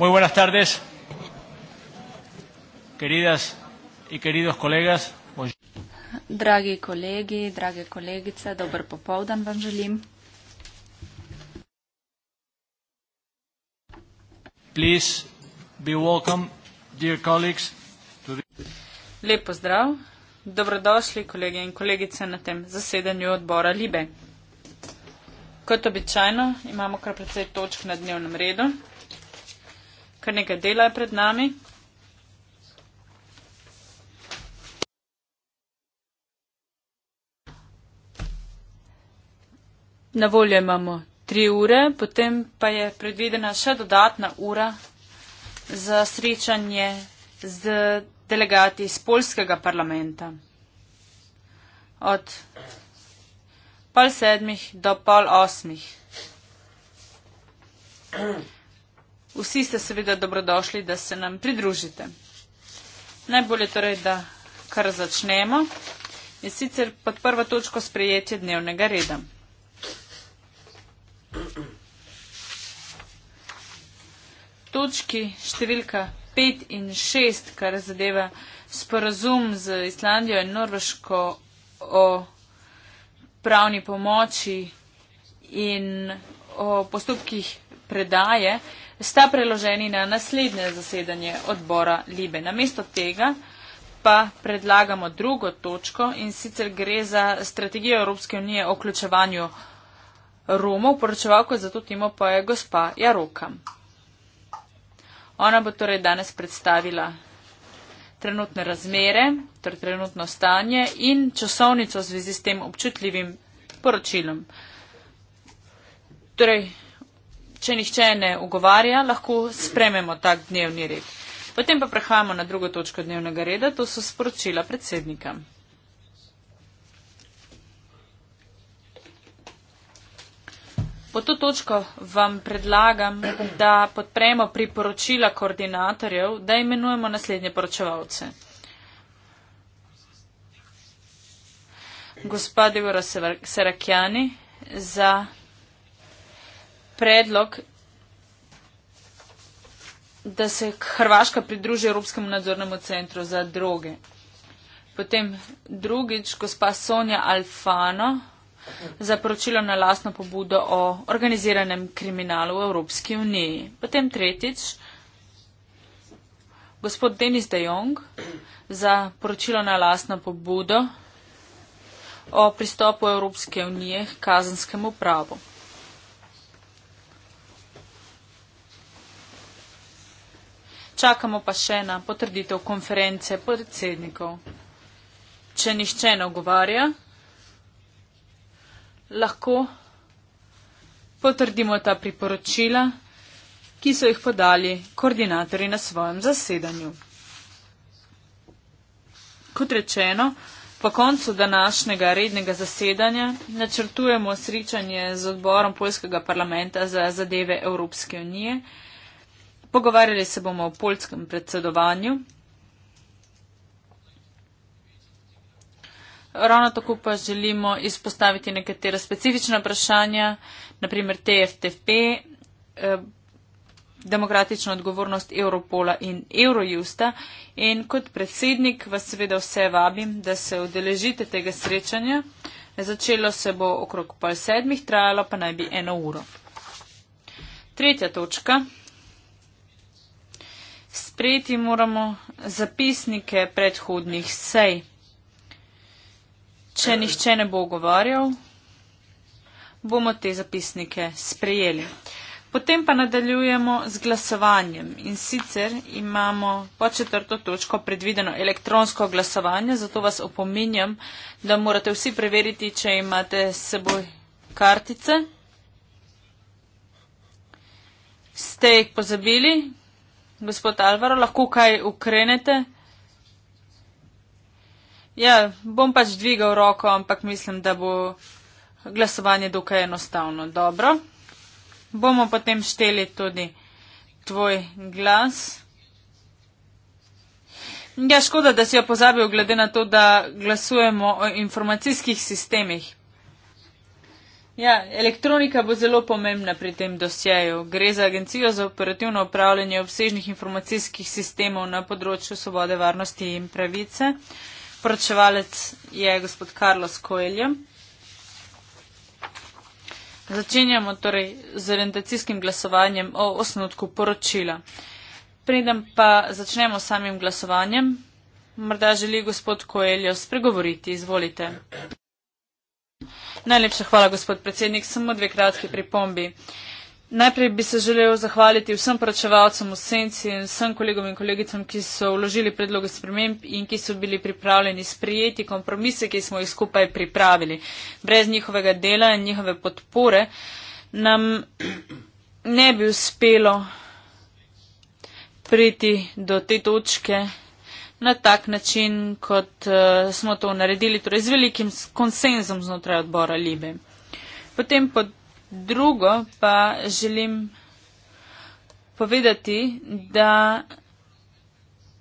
Muy buenas tardes, queridas y queridos colegas. Dragi kolegi, drage kolegice, dober popoldan vam želim. Please be welcome, dear colleagues. To the... Lepo zdrav. Dobrodošli, kolege in kolegice, na tem zasedanju odbora Libe. Kot običajno imamo kar precej točk na dnevnem redu kar nekaj dela je pred nami. Na voljo imamo tri ure, potem pa je predvidena še dodatna ura za srečanje z delegati iz polskega parlamenta. Od pol sedmih do pol osmih. Vsi ste seveda dobrodošli, da se nam pridružite. Najbolje torej, da kar začnemo. In sicer pod prvo točko sprejetje dnevnega reda. Točki številka 5 in 6, kar zadeva sporazum z Islandijo in Norveško o pravni pomoči in o postopkih predaje, sta preloženi na naslednje zasedanje odbora Libe. Namesto tega pa predlagamo drugo točko in sicer gre za strategijo Evropske unije o vključevanju Romov. Poročevalko za to timo pa je gospa Jaroka. Ona bo torej danes predstavila trenutne razmere, torej trenutno stanje in časovnico v zvezi s tem občutljivim poročilom. Torej, če nihče ne ugovarja, lahko sprememo tak dnevni red. Potem pa prehajamo na drugo točko dnevnega reda, to so sporočila predsednika. Po to točko vam predlagam, da podpremo priporočila koordinatorjev, da imenujemo naslednje poročevalce. Gospod Igor Serakjani za predlog, da se Hrvaška pridruži Evropskemu nadzornemu centru za droge. Potem drugič, gospa Sonja Alfano za poročilo na lasno pobudo o organiziranem kriminalu v Evropski uniji. Potem tretjič, gospod Denis De Jong za poročilo na lasno pobudo o pristopu Evropske unije k kazanskemu pravu. čakamo pa še na potrditev konference predsednikov. Če nišče ne ogovarja, lahko potrdimo ta priporočila, ki so jih podali koordinatori na svojem zasedanju. Kot rečeno, po koncu današnjega rednega zasedanja načrtujemo srečanje z odborom Poljskega parlamenta za zadeve Evropske unije, Pogovarjali se bomo o polskem predsedovanju. Ravno tako pa želimo izpostaviti nekatera specifična vprašanja, naprimer TFTP, eh, demokratična odgovornost Europola in Eurojusta. In kot predsednik vas seveda vse vabim, da se udeležite tega srečanja. Začelo se bo okrog pol sedmih, trajalo pa naj bi eno uro. Tretja točka. Sprejeti moramo zapisnike predhodnih sej. Če nihče ne bo govarjal, bomo te zapisnike sprejeli. Potem pa nadaljujemo z glasovanjem in sicer imamo po četrto točko predvideno elektronsko glasovanje, zato vas opominjam, da morate vsi preveriti, če imate s seboj kartice. Ste jih pozabili, Gospod Alvaro, lahko kaj ukrenete? Ja, bom pač dvigal roko, ampak mislim, da bo glasovanje dokaj enostavno. Dobro. Bomo potem šteli tudi tvoj glas. Ja, škoda, da si jo pozabil, glede na to, da glasujemo o informacijskih sistemih. Ja, elektronika bo zelo pomembna pri tem dosjeju. Gre za agencijo za operativno upravljanje obsežnih informacijskih sistemov na področju svobode, varnosti in pravice. Poročevalec je gospod Carlos Coelho. Začenjamo torej z orientacijskim glasovanjem o osnutku poročila. Preden pa začnemo samim glasovanjem, morda želi gospod Coelho spregovoriti. Izvolite. Najlepša hvala, gospod predsednik. Samo dve kratki pripombi. Najprej bi se želel zahvaliti vsem poročevalcem v senci in vsem kolegom in kolegicam, ki so vložili predloge sprememb in ki so bili pripravljeni sprijeti kompromise, ki smo jih skupaj pripravili. Brez njihovega dela in njihove podpore nam ne bi uspelo priti do te točke, na tak način, kot uh, smo to naredili, torej z velikim konsenzom znotraj odbora Libe. Potem pod drugo pa želim povedati, da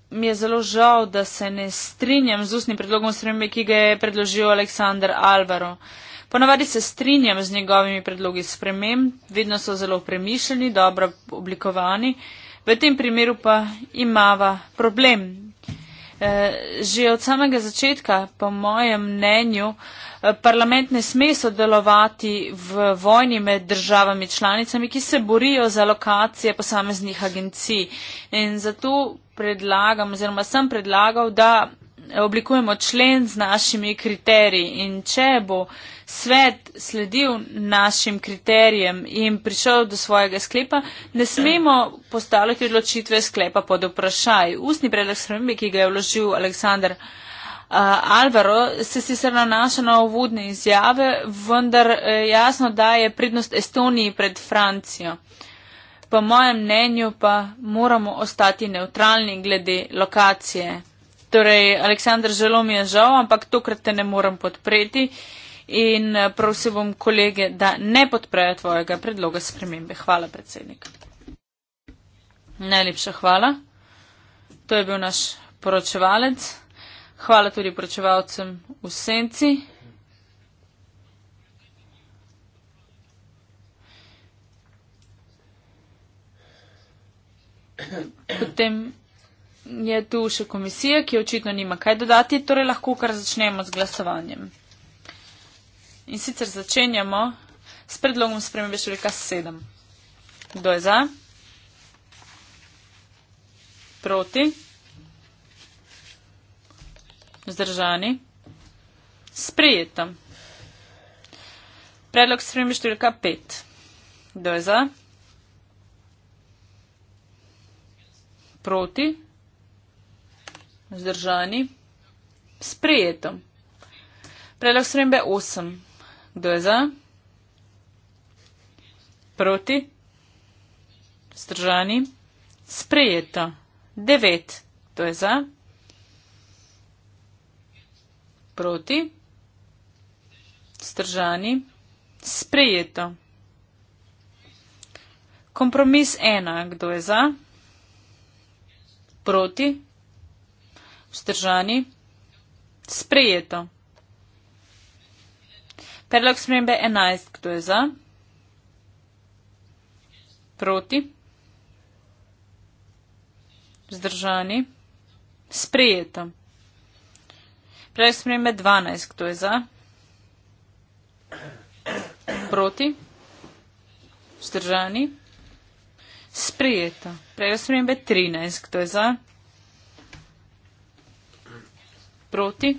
mi je zelo žal, da se ne strinjam z ustnim predlogom spremembe, ki ga je predložil Aleksandar Alvaro. Ponavadi se strinjam z njegovimi predlogi sprememb, vedno so zelo premišljeni, dobro oblikovani, v tem primeru pa imava problem, že od samega začetka, po mojem mnenju, parlament ne sme sodelovati v vojni med državami članicami, ki se borijo za lokacije posameznih agencij. In zato predlagam oziroma sem predlagal, da oblikujemo člen z našimi kriteriji in če bo svet sledil našim kriterijem in prišel do svojega sklepa, ne smemo postavljati odločitve sklepa pod vprašaj. Ustni predlog spremembe, ki ga je vložil Aleksandar uh, Alvaro, se sicer nanaša na uvodne izjave, vendar uh, jasno daje prednost Estoniji pred Francijo. Po mojem mnenju pa moramo ostati neutralni glede lokacije. Torej, Aleksandr, zelo mi je žal, ampak tokrat te ne morem podpreti in eh, prosim bom kolege, da ne podprejo tvojega predloga spremembe. Hvala, predsednik. Najlepša hvala. To je bil naš poročevalec. Hvala tudi poročevalcem v senci. Potem je tu še komisija, ki očitno nima kaj dodati, torej lahko kar začnemo z glasovanjem. In sicer začenjamo s predlogom spremembe številka 7. Kdo je za? Proti? Zdržani? Sprijeta. Predlog spremembe številka 5. Kdo je za? Proti? Vzdržani. Sprejeto. Predlog srembe 8. Kdo je za? Proti. Vzdržani. Sprejeto. 9. Kdo je za? Proti. Vzdržani. Sprejeto. Kompromis 1. Kdo je za? Proti. Vzdržani? Sprejeto. Predlog smrembe 11. Kdo je za? Proti? Vzdržani? Sprejeto. Predlog smrembe 12. Kdo je za? Proti? Vzdržani? Sprejeto. Predlog smrembe 13. Kdo je za? Proti? proti,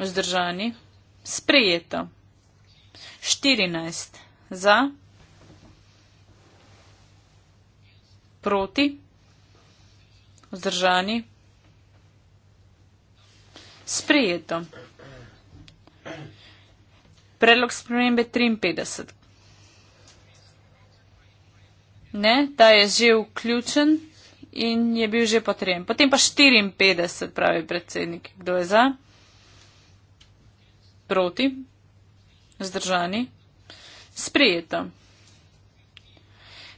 vzdržani, sprejeto. 14 za, proti, vzdržani, sprejeto. Predlog spremembe 53. Ne, ta je že vključen in je bil že potrjen. Potem pa 54 pravi predsednik, kdo je za, proti, zdržani, sprijeto.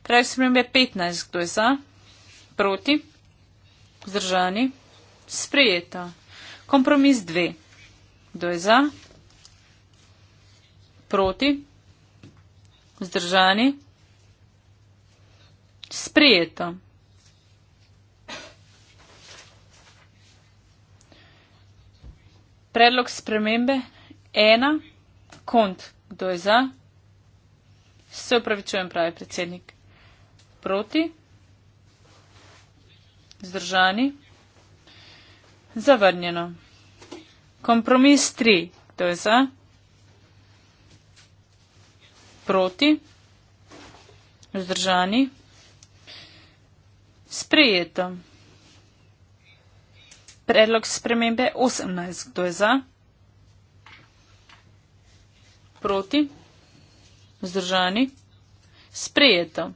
Pravi spremembe 15, kdo je za, proti, zdržani, sprijeto. Kompromis 2, kdo je za, proti, zdržani, sprijeto. Predlog spremembe ena, kont, kdo je za? Se upravičujem, pravi predsednik. Proti, zdržani, zavrnjeno. Kompromis tri, kdo je za? Proti, zdržani, sprejeto. Predlog spremembe 18. Kdo je za? Proti? Zdržani? Sprejeto.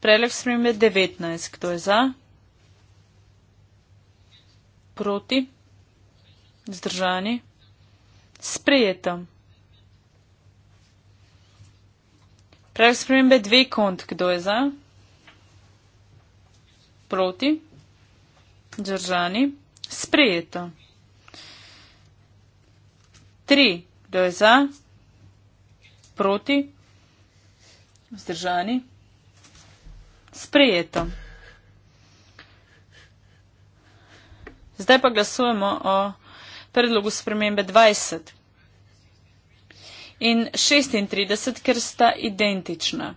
Predlog spremembe 19. Kdo je za? Proti? Zdržani? Sprejeto. Predlog spremembe 2. Kdo je za? Proti? Držani. Sprejeto. Tri. Kdo je za? Proti? Vzdržani. Sprejeto. Zdaj pa glasujemo o predlogu spremembe 20 in 36, ker sta identična.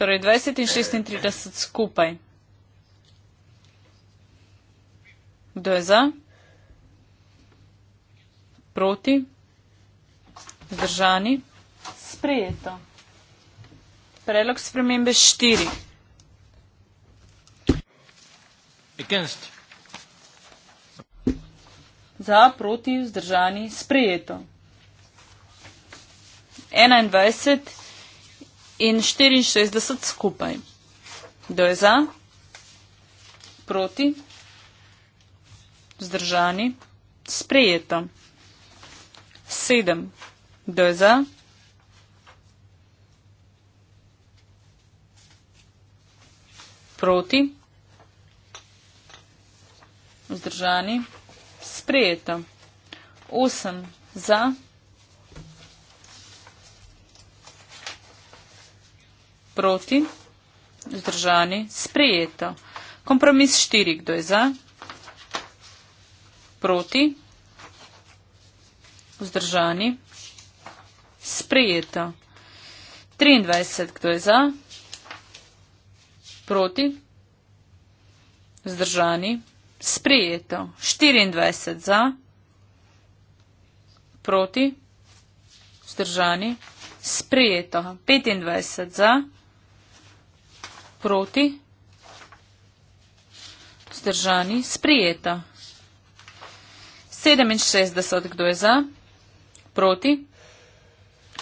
Torej 20 in 36 skupaj. Kdo je za? Proti? Zdržani? Sprejeto. Predlog spremembe štiri. Against. Za, proti, vzdržani, sprejeto. 21 in 64 skupaj. Kdo je za? Proti? Vzdržani. Sprejeto. Sedem. Kdo je za? Proti. Vzdržani. Sprejeto. Osem. Za. Proti. Vzdržani. Sprejeto. Kompromis štiri. Kdo je za? proti, vzdržani, sprejeto. 23, kdo je za, proti, vzdržani, sprejeto. 24 za, proti, vzdržani, sprejeto. 25 za, proti, vzdržani, sprejeto. 67, kdo je za, proti,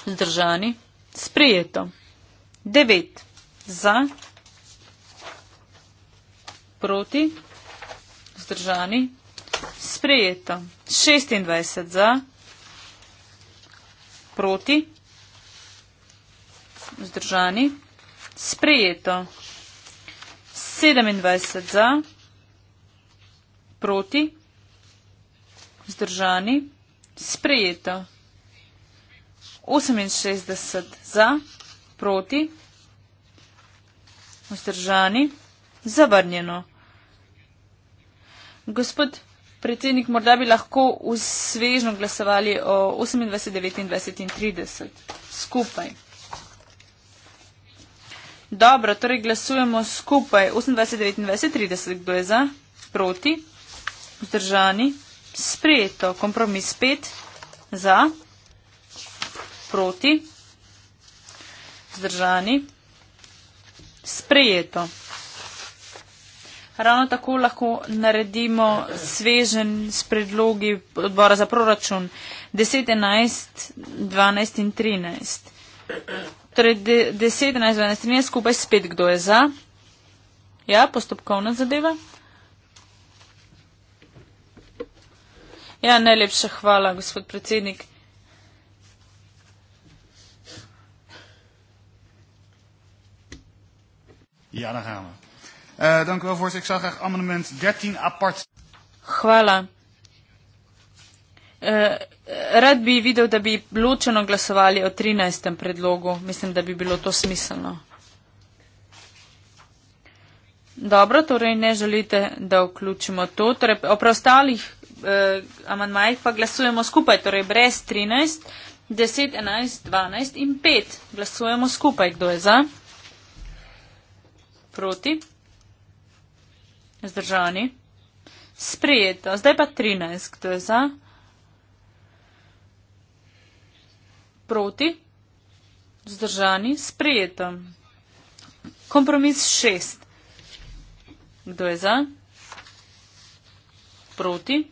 zdržani, sprijeto. 9 za, proti, zdržani, sprijeto. 26 za, proti, zdržani, sprijeto. 27 za, proti, zdržani, sprijeto. Vzdržani. Sprejeto. 68 za, proti. Vzdržani. Zavrnjeno. Gospod predsednik, morda bi lahko usvežno glasovali o 28, 29 in 30 skupaj. Dobro, torej glasujemo skupaj 28, 29, 30. Kdo je za? Proti? Vzdržani? sprejeto. Kompromis 5 za, proti, zdržani, sprejeto. Ravno tako lahko naredimo svežen s predlogi odbora za proračun 10, 11, 12 in 13. Torej 10, 11, 12 in 13 skupaj spet kdo je za. Ja, postopkovna zadeva. Ja, najlepša hvala, gospod predsednik. Ja, daar gaan we. Uh, dank u wel, voorzitter. Ik zou graag amendement 13 apart. Hvala. Uh, rad bi videl, da bi ločeno glasovali o 13. predlogu. Mislim, da bi bilo to smiselno. Dobro, torej ne želite, da vključimo to. Torej, o preostalih eh, amandmajih pa glasujemo skupaj, torej brez 13, 10, 11, 12 in 5. Glasujemo skupaj, kdo je za, proti, zdržani, sprijeto. Zdaj pa 13, kdo je za, proti, zdržani, sprijeto. Kompromis 6. Kdo je za? Proti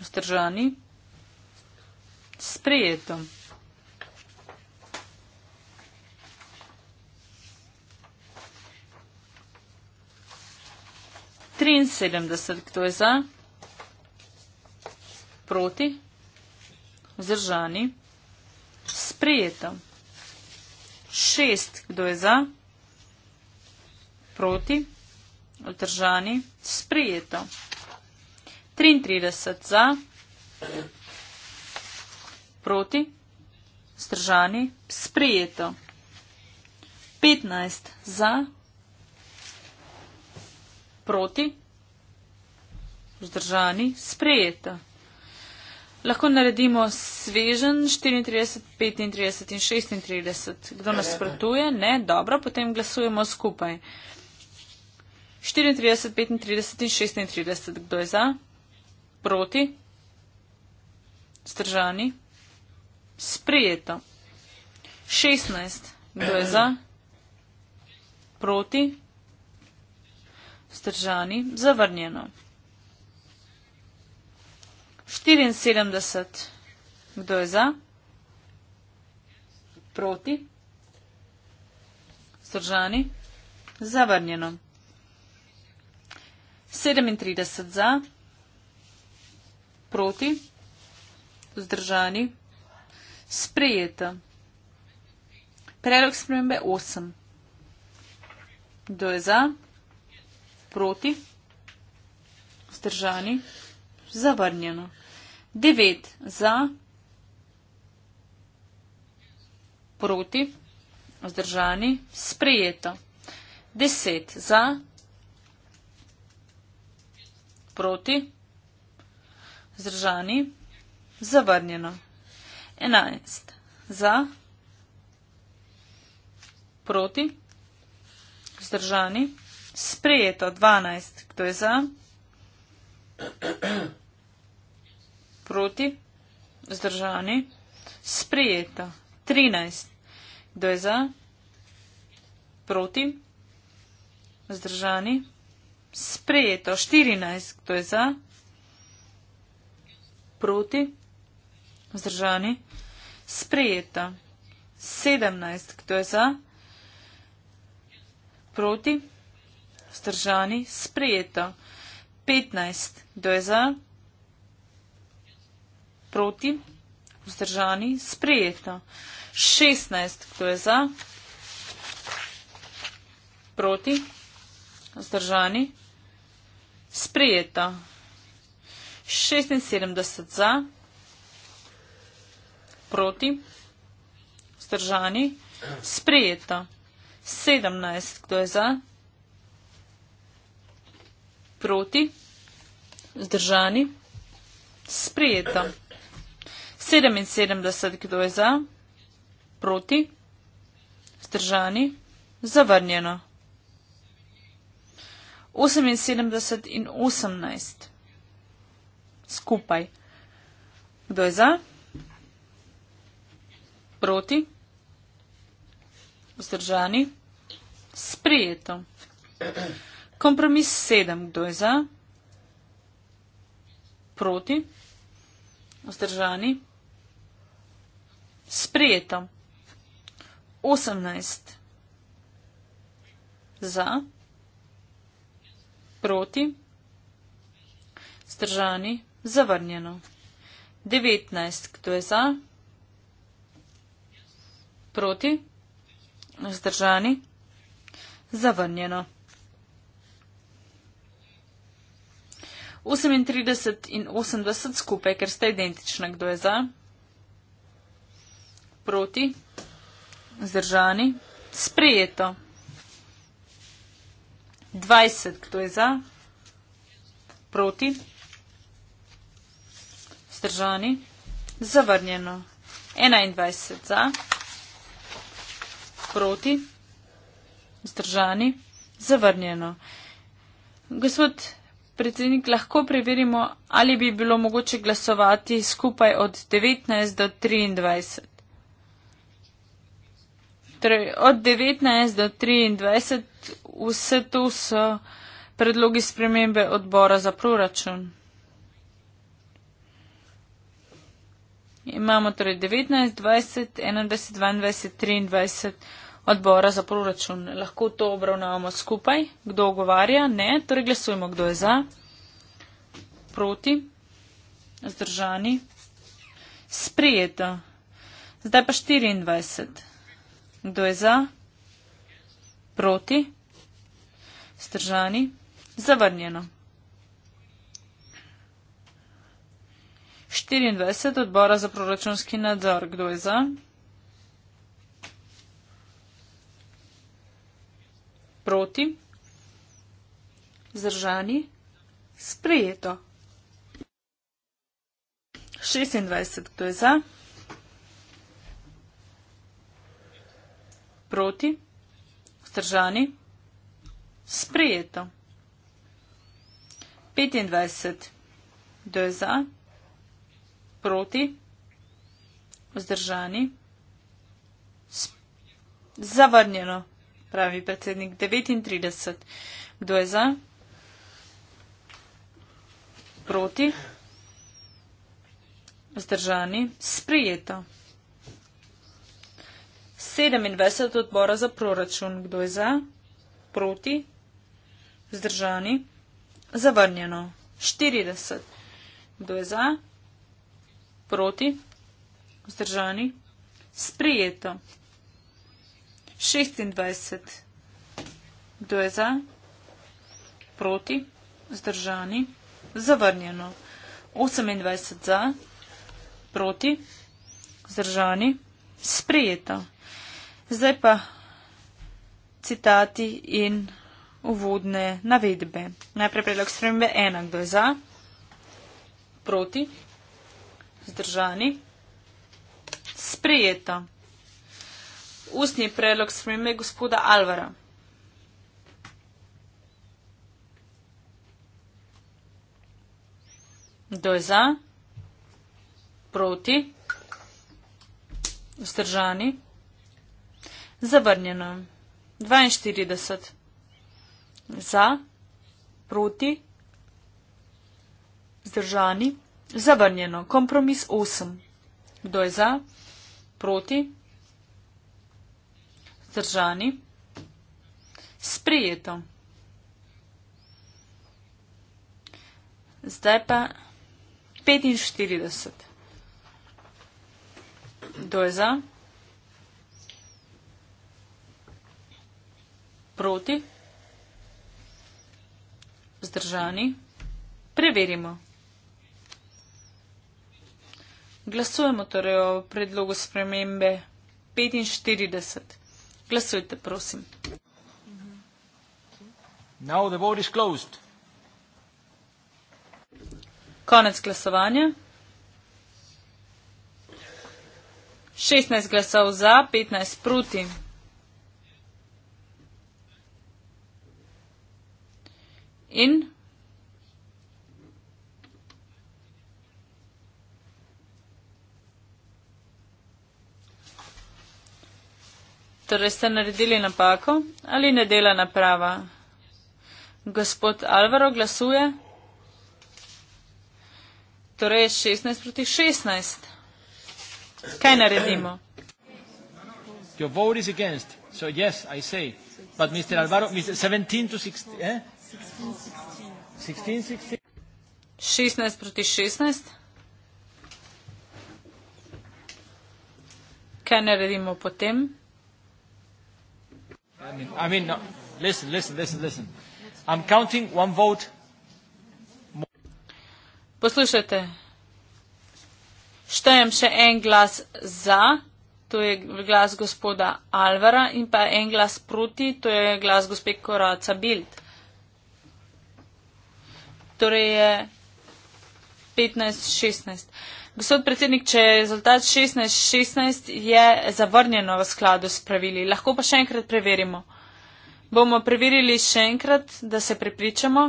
vzdržani, sprejeto. Triinsedemdeset, kdo je za? Proti? Vzdržani? Sprejeto. Šest, kdo je za? Proti? Vzdržani? Sprejeto. 33 za, proti, stržani, sprejeto. 15 za, proti, vzdržani, sprejeto. Lahko naredimo svežen 34, 35 in 36. Kdo nas spratuje? Ne, dobro, potem glasujemo skupaj. 34, 35 in 36. Kdo je za? Proti? Zdržani? Sprijeto. 16. Kdo je za? Proti? Zdržani? Zavrnjeno. 74. Kdo je za? Proti? Zdržani? Zavrnjeno. 37 za, proti, vzdržani, sprejeta. Predlog spremembe 8. Kdo je za, proti, vzdržani, zavrnjeno. 9. Za, proti, vzdržani, sprejeta. 10. Za, proti, vzdržani. Zdržani. Zavrnjeno. 11. Za. Proti. Zdržani. Sprejeto. 12. Kdo je za? Proti. Zdržani. Sprejeto. 13. Kdo je za? Proti. Zdržani. Sprejeto. 14. Kdo je za? Proti proti, vzdržani, sprejeta. 17, kdo je za, proti, vzdržani, sprejeta. 15, kdo je za, proti, vzdržani, sprejeta. 16, kdo je za, proti, vzdržani, sprejeta. 76 za, proti, vzdržani, sprejeto. 17, kdo je za, proti, vzdržani, sprejeto. 77, kdo je za, proti, vzdržani, zavrnjeno. 78 in 18 skupaj. Kdo je za? Proti? Vzdržani? Sprijeto. Kompromis sedem. Kdo je za? Proti? Vzdržani? Sprijeto. Osemnajst. Za? Proti? Vzdržani? Sprijeto. Zavrnjeno. 19. Kdo je za? Proti? Zdržani? Zavrnjeno. 38 in 80 skupaj, ker sta identična. Kdo je za? Proti? Zdržani? Sprejeto. 20. Kdo je za? Proti? vzdržani, zavrnjeno. 21 za, proti, vzdržani, zavrnjeno. Gospod predsednik, lahko preverimo, ali bi bilo mogoče glasovati skupaj od 19 do 23. Torej, od 19 do 23 vse to so predlogi spremembe odbora za proračun. Imamo torej 19, 20, 21, 22, 23 odbora za proračun. Lahko to obravnavamo skupaj. Kdo ogovarja? Ne. Torej glasujemo, kdo je za, proti, zdržani. Sprijeto. Zdaj pa 24. Kdo je za, proti, zdržani. Zavrnjeno. 24 odbora za proračunski nadzor. Kdo je za? Proti? Zdržani? Sprijeto. 26. Kdo je za? Proti? Zdržani? Sprijeto. 25. Kdo je za? Proti? sproti, vzdržani, S zavrnjeno, pravi predsednik 39. Kdo je za? Proti, vzdržani, sprijeto. 27 odbora za proračun. Kdo je za? Proti, vzdržani, zavrnjeno. 40. Kdo je za? proti, vzdržani, sprijeto. 26, kdo je za, proti, vzdržani, zavrnjeno. 28 za, proti, vzdržani, sprijeto. Zdaj pa citati in uvodne navedbe. Najprej predlog spremembe 1, kdo je za, proti, vzdržani vzdržani. Sprejeto. Ustni predlog spremembe gospoda Alvara. Kdo je za? Proti? Vzdržani? Zavrnjeno. 42. Za? Proti? Vzdržani? Zavrnjeno. Kompromis 8. Kdo je za? Proti? Zdržani? Sprijeto. Zdaj pa 45. Kdo je za? Proti? Zdržani? Preverimo. Glasujemo torej o predlogu spremembe 45. Glasujte, prosim. Now the vote is closed. Konec glasovanja. 16 glasov za, 15 proti. In Torej ste naredili napako ali ne dela naprava? Gospod Alvaro glasuje. Torej je 16 proti 16. Kaj naredimo? Your vote is against. So yes, I say. But Mr. Alvaro, 17 to 16, eh? 16, 16. 16 proti 16. Kaj naredimo potem? I mean, I mean, no. listen, listen, listen, listen. I'm counting one vote. Poslušajte. Štejem še en glas za, to je glas gospoda Alvara in pa en glas proti, to je glas gospe Koraca Bild. Torej je 15-16. Gospod predsednik, če je rezultat 16-16, je zavrnjeno v skladu s pravili. Lahko pa še enkrat preverimo. Bomo preverili še enkrat, da se prepričamo.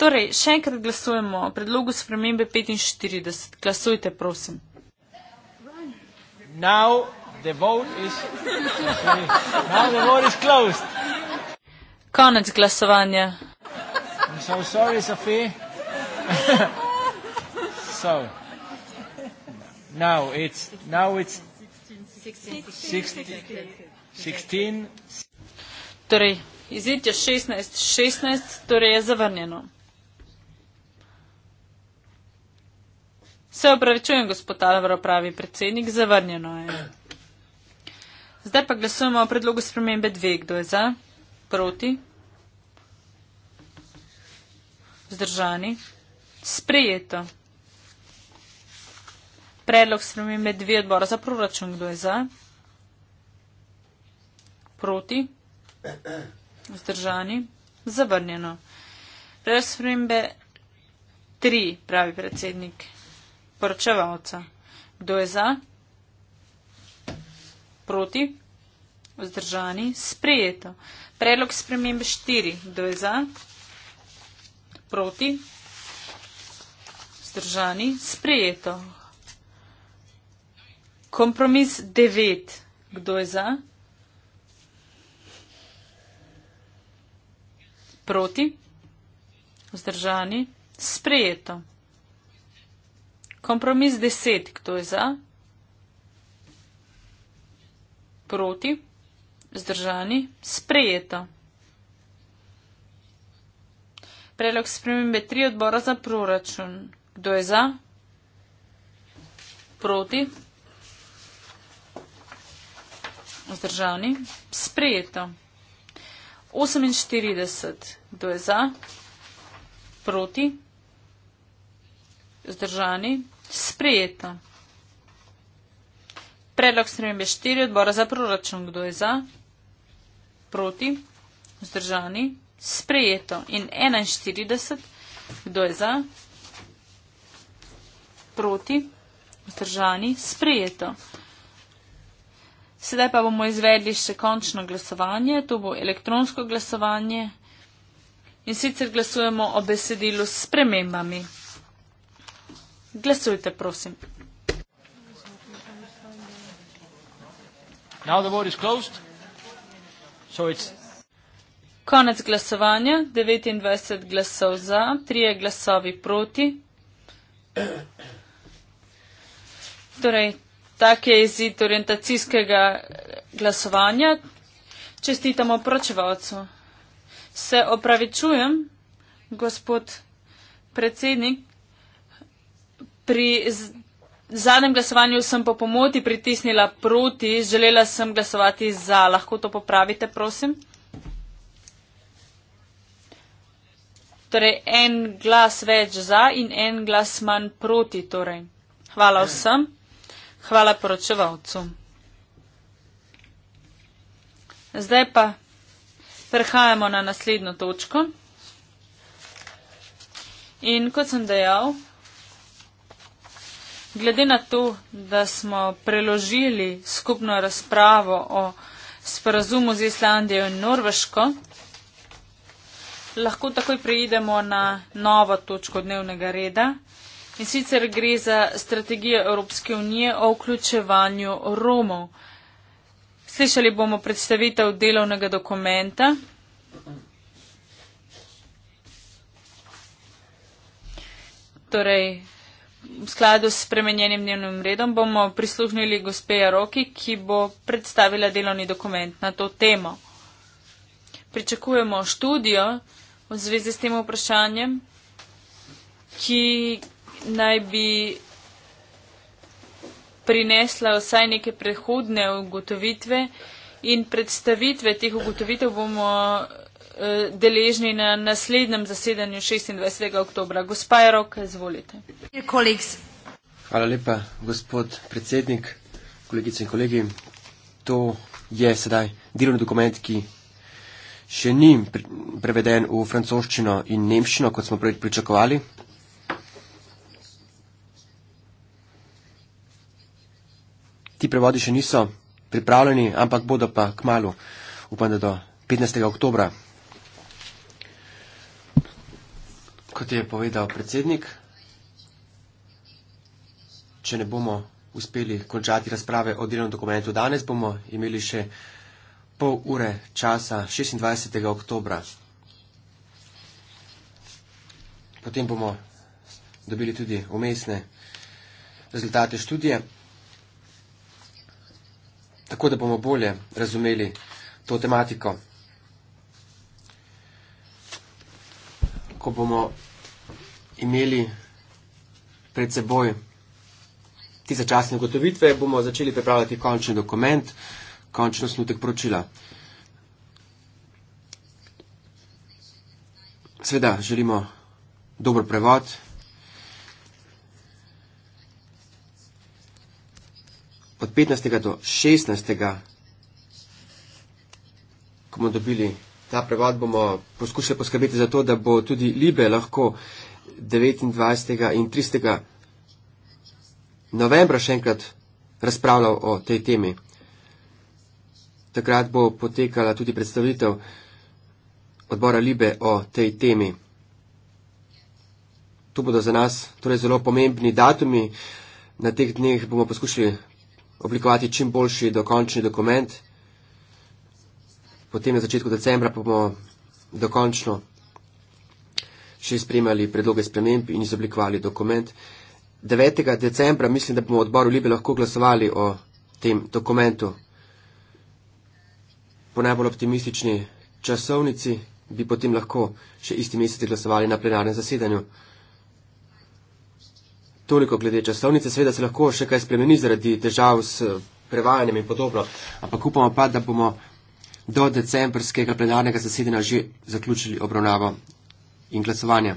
Torej, še enkrat glasujemo o predlogu spremembe 45. Glasujte, prosim. Now the vote is, now the vote is closed. Konec glasovanja. I'm so sorry, Sophie. so now it's now it's 16 torej izid je 16 16 torej je zavrnjeno Se opravičujem, gospod Alvaro, pravi predsednik, zavrnjeno je. Zdaj pa glasujemo o predlogu spremembe dve. Kdo je za? Proti? Zdržani? Sprejeto. Predlog spremembe dve odbora za proračun. Kdo je za? Proti? Zdržani? Zavrnjeno. Predlog spremembe tri, pravi predsednik. Poročevalca. Kdo je za? Proti? Vzdržani. Sprejeto. Predlog spremembe 4. Kdo je za? Proti? vzdržani, sprejeto. Kompromis 9. Kdo je za? Proti? Vzdržani, sprejeto. Kompromis 10. Kdo je za? Proti? Vzdržani, sprejeto. Predlog spremembe 3 odbora za proračun. Kdo je za? Proti? Vzdržavni? Sprejeto. 48. Kdo je za? Proti? Vzdržavni? Sprejeto. Predlog spremembe 4 odbora za proračun. Kdo je za? Proti? Vzdržavni? Sprejeto. In 41. Kdo je za? Proti? proti, vzdržani, sprejeto. Sedaj pa bomo izvedli še končno glasovanje, to bo elektronsko glasovanje in sicer glasujemo o besedilu s premembami. Glasujte, prosim. Konec glasovanja, 29 glasov za, 3 glasovi proti. Torej, tak je izid orientacijskega eh, glasovanja. Čestitamo pročevalcu. Se opravičujem, gospod predsednik, pri zadnjem glasovanju sem po pomoti pritisnila proti, želela sem glasovati za. Lahko to popravite, prosim? Torej, en glas več za in en glas manj proti. Torej. Hvala vsem. Hvala poročevalcu. Zdaj pa prehajamo na naslednjo točko. In kot sem dejal, glede na to, da smo preložili skupno razpravo o sporazumu z Islandijo in Norveško, lahko takoj prejdemo na novo točko dnevnega reda. In sicer gre za strategijo Evropske unije o vključevanju Romov. Slišali bomo predstavitev delovnega dokumenta. Torej, v skladu s spremenjenim dnevnim redom bomo prisluhnili gospeja Roki, ki bo predstavila delovni dokument na to temo. Pričakujemo študijo v zvezi s tem vprašanjem, ki naj bi prinesla vsaj neke prehodne ugotovitve in predstavitve teh ugotovitev bomo eh, deležni na naslednjem zasedanju 26. oktobra. Gospa Jarok, izvolite. Hvala lepa, gospod predsednik, kolegice in kolegi. To je sedaj delovni dokument, ki še ni preveden v francoščino in nemščino, kot smo prej pričakovali. Ti prevodi še niso pripravljeni, ampak bodo pa k malu, upam, da do 15. oktobra. Kot je povedal predsednik, če ne bomo uspeli končati razprave o delovnem dokumentu danes, bomo imeli še pol ure časa 26. oktobra. Potem bomo dobili tudi umestne rezultate študije tako da bomo bolje razumeli to tematiko. Ko bomo imeli pred seboj te začasne ugotovitve, bomo začeli pripravljati končni dokument, končno snutek poročila. Sveda želimo dober prevod od 15. do 16. ko bomo dobili ta prevod, bomo poskušali poskrbeti za to, da bo tudi Libe lahko 29. in 30. novembra še enkrat razpravljal o tej temi. Takrat bo potekala tudi predstavitev odbora Libe o tej temi. To bodo za nas torej zelo pomembni datumi. Na teh dneh bomo poskušali oblikovati čim boljši dokončni dokument. Potem na začetku decembra pa bomo dokončno še spremljali predloge sprememb in izoblikovali dokument. 9. decembra mislim, da bomo v odboru Libe lahko glasovali o tem dokumentu. Po najbolj optimistični časovnici bi potem lahko še isti mesec glasovali na plenarnem zasedanju toliko glede časovnice, seveda se lahko še kaj spremeni zaradi težav s eh, prevajanjem in podobno, ampak upamo pa, da bomo do decembrskega plenarnega zasedena že zaključili obravnavo in glasovanje.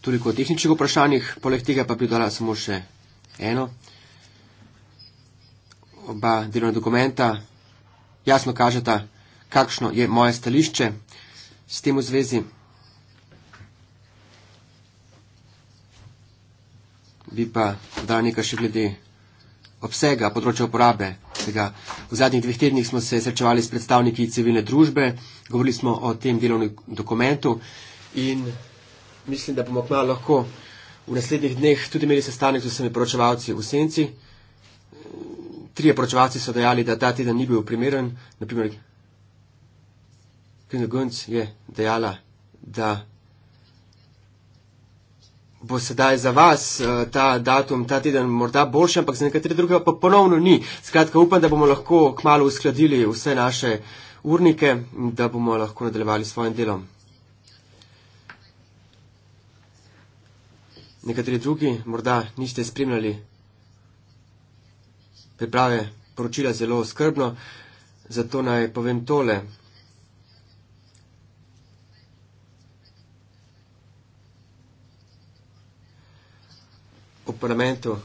Toliko o tehničnih vprašanjih, poleg tega pa bi dala samo še eno. Oba delovna dokumenta jasno kažeta, kakšno je moje stališče s tem v zvezi. bi pa dal nekaj še glede obsega področja uporabe tega. V zadnjih dveh tednih smo se srečevali s predstavniki civilne družbe, govorili smo o tem delovnem dokumentu in mislim, da bomo kmalo lahko v naslednjih dneh tudi imeli sestanek z vsemi poročevalci v senci. Trije poročevalci so dejali, da ta teden ni bil primeren. Naprimer, Kino Gunc je dejala, da bo sedaj za vas eh, ta datum, ta teden morda boljši, ampak za nekatere druge pa ponovno ni. Skratka, upam, da bomo lahko kmalo uskladili vse naše urnike in da bomo lahko nadaljevali s svojim delom. Nekateri drugi morda niste spremljali priprave poročila zelo skrbno, zato naj povem tole. v parlamentu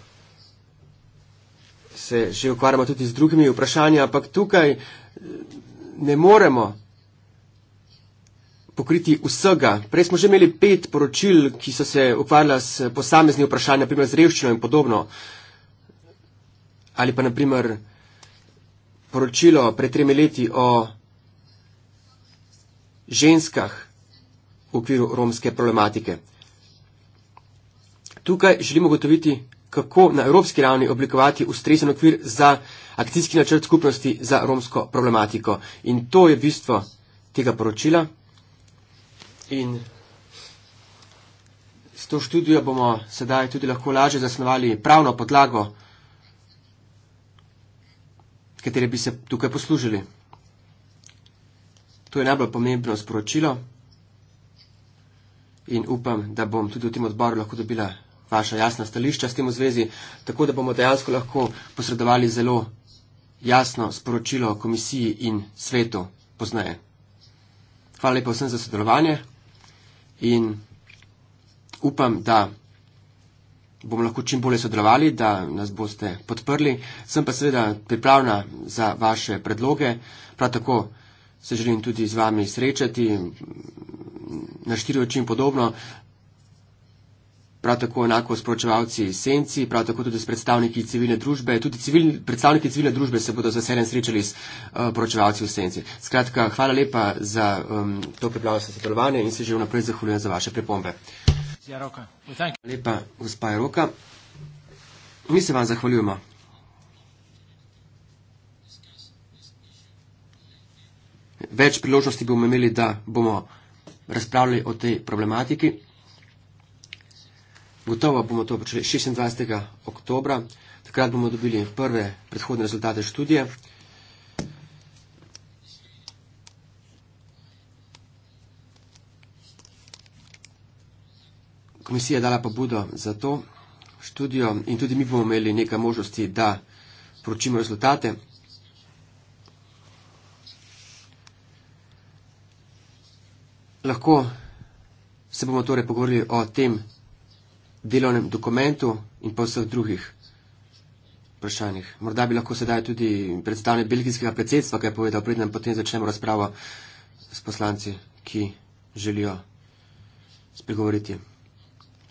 se že ukvarjamo tudi z drugimi vprašanji, ampak tukaj eh, ne moremo pokriti vsega. Prej smo že imeli pet poročil, ki so se ukvarjala s posamezni vprašanji, naprimer z revščino in podobno. Ali pa naprimer poročilo pred tremi leti o ženskah v okviru romske problematike. Tukaj želimo gotoviti, kako na evropski ravni oblikovati ustrezen okvir za akcijski načrt skupnosti za romsko problematiko. In to je bistvo tega poročila. In s to študijo bomo sedaj tudi lahko lažje zasnovali pravno podlago, katere bi se tukaj poslužili. To je najbolj pomembno sporočilo in upam, da bom tudi v tem odboru lahko dobila vaša jasna stališča s tem v zvezi, tako da bomo dejansko lahko posredovali zelo jasno sporočilo komisiji in svetu poznaje. Hvala lepa vsem za sodelovanje in upam, da bomo lahko čim bolje sodelovali, da nas boste podprli. Sem pa seveda pripravljena za vaše predloge, prav tako se želim tudi z vami srečati na štiri oči in podobno, prav tako enako s pročevalci senci, prav tako tudi s predstavniki civilne družbe, tudi civil, predstavniki civilne družbe se bodo z veseljem srečali s uh, eh, pročevalci v senci. Skratka, hvala lepa za um, to pripravljeno sodelovanje in se že vnaprej zahvaljujem za vaše pripombe. Hvala lepa, gospa Roka. Mi se vam zahvaljujemo. Več priložnosti bomo imeli, da bomo razpravljali o tej problematiki. Gotovo bomo to počeli 26. oktober, takrat bomo dobili prve predhodne rezultate študije. Komisija je dala pobudo za to študijo in tudi mi bomo imeli nekaj možnosti, da poročimo rezultate. Lahko se bomo torej pogovorili o tem, delovnem dokumentu in pa vseh drugih vprašanjih. Morda bi lahko sedaj tudi predstavnik belgijskega predsedstva kaj povedal, predtem potem začnemo razpravo s poslanci, ki želijo spregovoriti.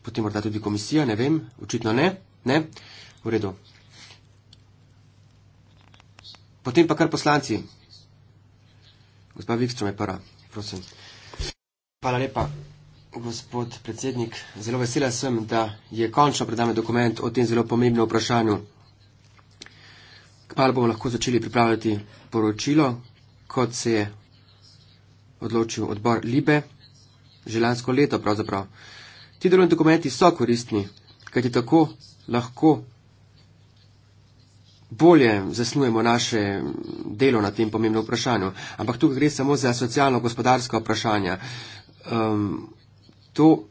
Potem morda tudi komisija, ne vem, očitno ne. ne? V redu. Potem pa kar poslanci. Gospa Vikstrom je prva, prosim. Hvala lepa gospod predsednik, zelo vesela sem, da je končno pred nami dokument o tem zelo pomembnem vprašanju. Kmalo bomo lahko začeli pripravljati poročilo, kot se je odločil odbor Libe, že lansko leto pravzaprav. Ti delovni dokumenti so koristni, kajti tako lahko bolje zasnujemo naše delo na tem pomembnem vprašanju. Ampak tukaj gre samo za socialno-gospodarsko vprašanje. Um, to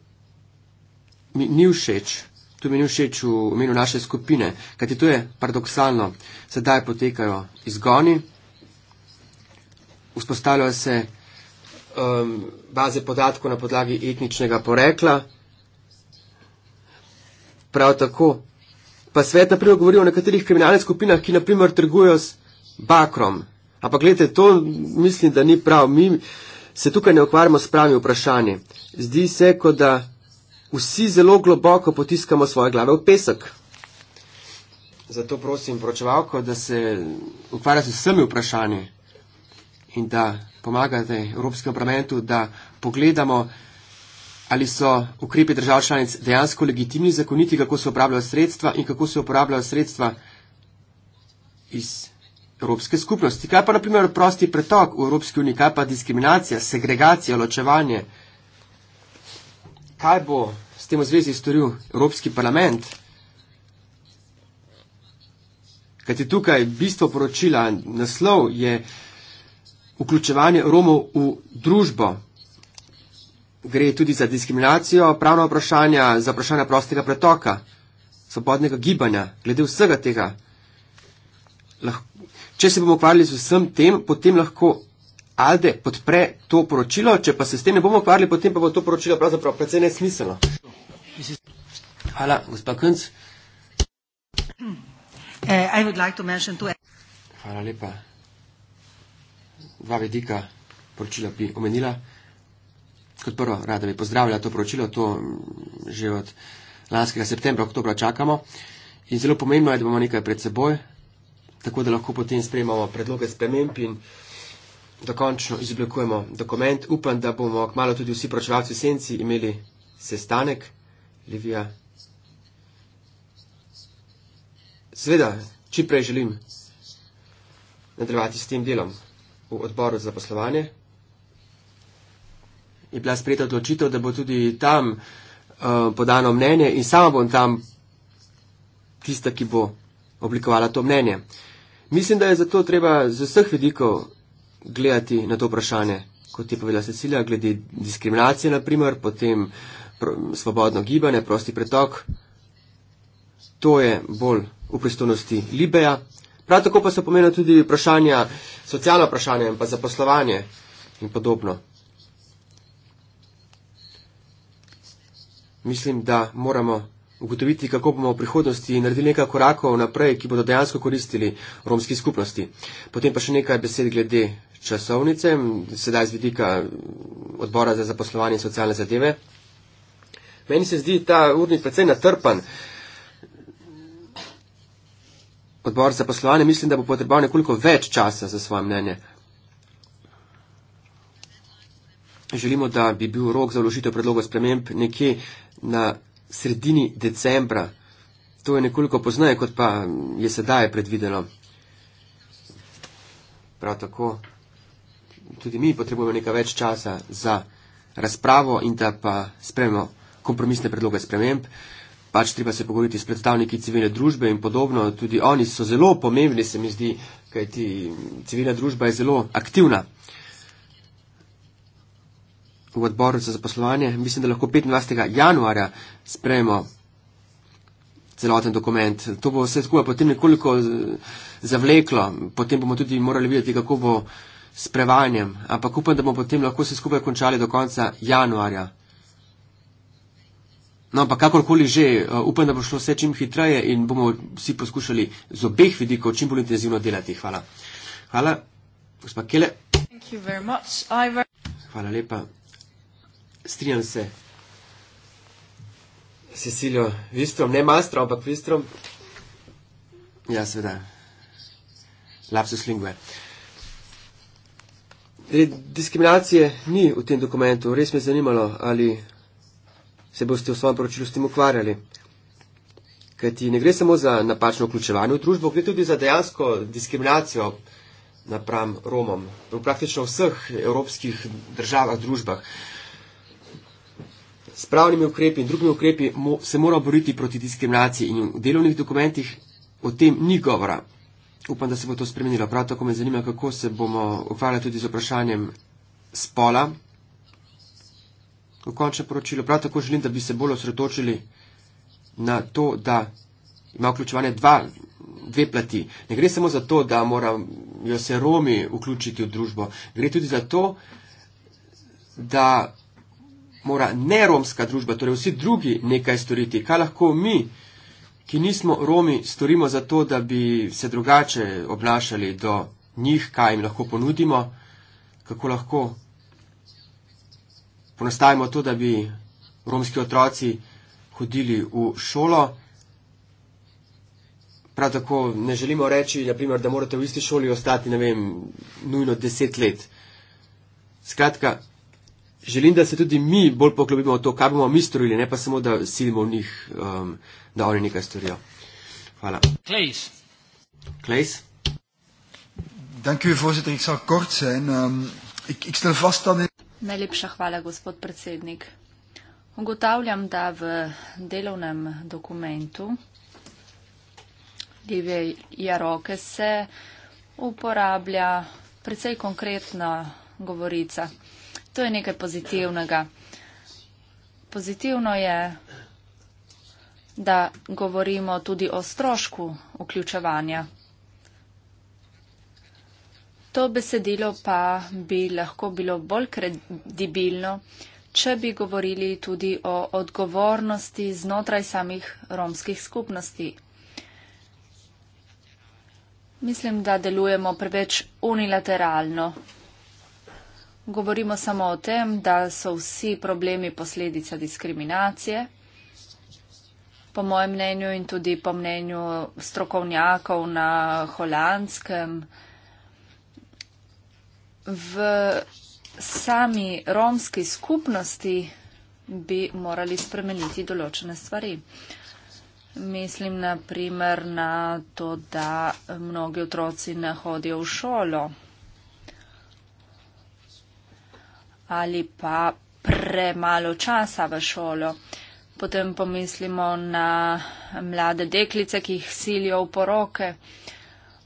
mi ni všeč, to mi ni všeč v imenu naše skupine, kajti to je paradoksalno. Sedaj potekajo izgoni, vzpostavljajo se um, baze podatkov na podlagi etničnega porekla, prav tako pa svet naprimer govori o nekaterih kriminalnih skupinah, ki naprimer trgujejo s bakrom. Ampak gledajte, to mislim, da ni prav. Mi, se tukaj ne ukvarjamo s pravimi vprašanji. Zdi se, kot da vsi zelo globoko potiskamo svoje glave v pesek. Zato prosim poročevalko, da se ukvarja z vsemi vprašanji in da pomagate Evropskemu parlamentu, da pogledamo, ali so ukrepi držav članic dejansko legitimni, zakoniti, kako se uporabljajo sredstva in kako se uporabljajo sredstva iz Evropske skupnosti. Kaj pa naprimer prosti pretok v Evropski uniji, kaj pa diskriminacija, segregacija, ločevanje? Kaj bo s tem v zvezi storil Evropski parlament? Kaj ti tukaj bistvo poročila, naslov je vključevanje Romov v družbo. Gre tudi za diskriminacijo, pravna vprašanja, za vprašanja prostega pretoka, svobodnega gibanja, glede vsega tega. Lahko Če se bomo ukvarjali z vsem tem, potem lahko Alde podpre to poročilo, če pa se s tem ne bomo ukvarjali, potem pa bo to poročilo pravzaprav precej nesmiselno. Hvala, gospa Kunc. Uh, eh, like Hvala lepa. Dva vedika poročila bi omenila. Kot prvo, rada bi pozdravila to poročilo, to mm, že od lanskega septembra, oktobra čakamo. In zelo pomembno je, da bomo nekaj pred seboj, tako da lahko potem sprejmamo predloge sprememb in dokončno izoblikujemo dokument. Upam, da bomo kmalo tudi vsi pročevalci senci imeli sestanek. Livija. Sveda, čim prej želim nadaljevati s tem delom v odboru za poslovanje. Je bila sprejeta odločitev, da bo tudi tam uh, podano mnenje in sama bom tam tista, ki bo oblikovala to mnenje. Uh, Mislim, da je zato treba z vseh vidikov gledati na to vprašanje, kot je povedala Cecilija, glede diskriminacije, naprimer, potem pr svobodno gibanje, prosti pretok. To je bolj v pristojnosti Libeja. Prav tako pa so pomena tudi vprašanja, socialna vprašanja in pa zaposlovanje in podobno. Mislim, da moramo ugotoviti, kako bomo v prihodnosti naredili nekaj korakov naprej, ki bodo dejansko koristili romski skupnosti. Potem pa še nekaj besed glede časovnice, sedaj z vidika mm, odbora za zaposlovanje in socialne zadeve. Meni se zdi ta urnik precej natrpan. Odbor za poslovanje mislim, da bo potreboval nekoliko več časa za svoje mnenje. Želimo, da bi bil rok za vložitev predlogov sprememb nekje na sredini decembra. To je nekoliko poznaje, kot pa je sedaj predvideno. Prav tako tudi mi potrebujemo nekaj več časa za razpravo in da pa spremljamo kompromisne predloge sprememb. Pač treba se pogovoriti s predstavniki civilne družbe in podobno. Tudi oni so zelo pomembni, se mi zdi, kajti civilna družba je zelo aktivna v odboru za zaposlovanje. Mislim, da lahko 25. januarja sprejmo celoten dokument. To bo vse skupaj potem nekoliko zavleklo. Potem bomo tudi morali videti, kako bo s prevajanjem. Ampak upam, da bomo potem lahko vse skupaj končali do konca januarja. No, pa kakorkoli že, eh, upam, da bo šlo vse čim hitreje in bomo vsi poskušali z obeh vidikov čim bolj intenzivno delati. Hvala. Hvala, gospod Kele. Hvala lepa strijam se. Cecilio, vistrom, ne mastro, ampak vistrom. Ja, seveda. Lapsus lingue. Diskriminacije ni v tem dokumentu. Res me je zanimalo, ali se boste v svojem poročilu s tem ukvarjali. Kajti ne gre samo za napačno vključevanje v družbo, gre tudi za dejansko diskriminacijo napram Romom v praktično vseh evropskih državah, družbah. Uh, s pravnimi ukrepi in drugimi ukrepi mo, se mora boriti proti diskriminaciji in v delovnih dokumentih o tem ni govora. Upam, da se bo to spremenilo. Prav tako me zanima, kako se bomo ukvarjali tudi z vprašanjem spola. V končnem poročilu prav tako želim, da bi se bolj osredotočili na to, da ima vključevanje dva, dve plati. Ne gre samo za to, da morajo se Romi vključiti v družbo. Gre tudi za to, da mora ne romska družba, torej vsi drugi nekaj storiti. Kaj lahko mi, ki nismo Romi, storimo za to, da bi se drugače obnašali do njih, kaj jim lahko ponudimo, kako lahko ponastavimo to, da bi romski otroci hodili v šolo. Prav tako ne želimo reči, naprimer, da morate v isti šoli ostati, ne vem, nujno deset let. Skratka, želim, da se tudi mi bolj poklopimo v to, kar bomo mi storili, ne pa samo, da silimo v njih, um, da oni nekaj storijo. Hvala. Klejs. Klejs. Danke, voorzitter. Ik zal kort zijn. Um, ik, ik stel vast dat. Najlepša hvala, gospod predsednik. Ugotavljam, da v delovnem dokumentu Live Jaroke se uporablja precej konkretna govorica, To je nekaj pozitivnega. Pozitivno je, da govorimo tudi o strošku vključevanja. To besedilo pa bi lahko bilo bolj kredibilno, če bi govorili tudi o odgovornosti znotraj samih romskih skupnosti. Mislim, da delujemo preveč unilateralno. Govorimo samo o tem, da so vsi problemi posledica diskriminacije. Po mojem mnenju in tudi po mnenju strokovnjakov na holandskem, v sami romski skupnosti bi morali spremeniti določene stvari. Mislim naprimer na to, da mnogi otroci ne hodijo v šolo. ali pa premalo časa v šolo. Potem pomislimo na mlade deklice, ki jih silijo v poroke.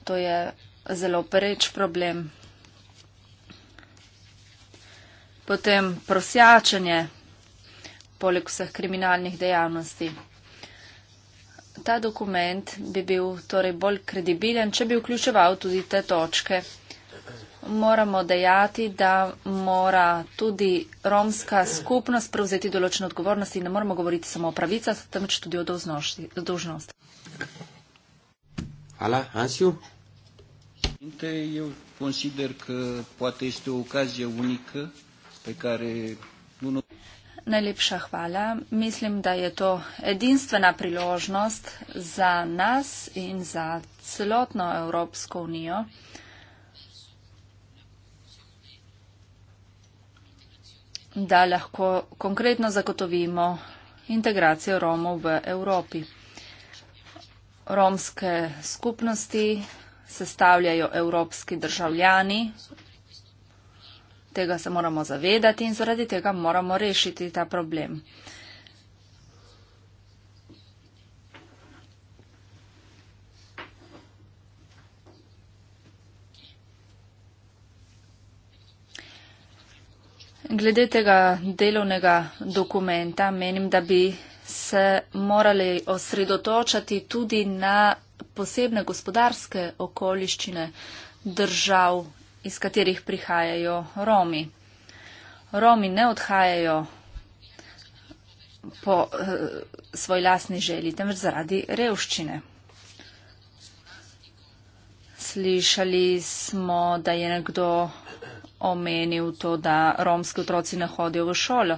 To je zelo preč problem. Potem prosjačenje, poleg vseh kriminalnih dejavnosti. Ta dokument bi bil torej bolj kredibilen, če bi vključeval tudi te točke moramo dejati, da mora tudi romska skupnost prevzeti določene odgovornosti in ne moramo govoriti samo o pravicah, temveč tudi o dožnosti. Hvala, Ansiu. Najlepša hvala. Mislim, da je to edinstvena priložnost za nas in za celotno Evropsko unijo. da lahko konkretno zagotovimo integracijo Romov v Evropi. Romske skupnosti sestavljajo evropski državljani. Tega se moramo zavedati in zaradi tega moramo rešiti ta problem. Glede tega delovnega dokumenta menim, da bi se morali osredotočati tudi na posebne gospodarske okoliščine držav, iz katerih prihajajo Romi. Romi ne odhajajo po eh, svoj lasni želji, temveč zaradi revščine. Slišali smo, da je nekdo omenil to, da romski otroci ne hodijo v šolo.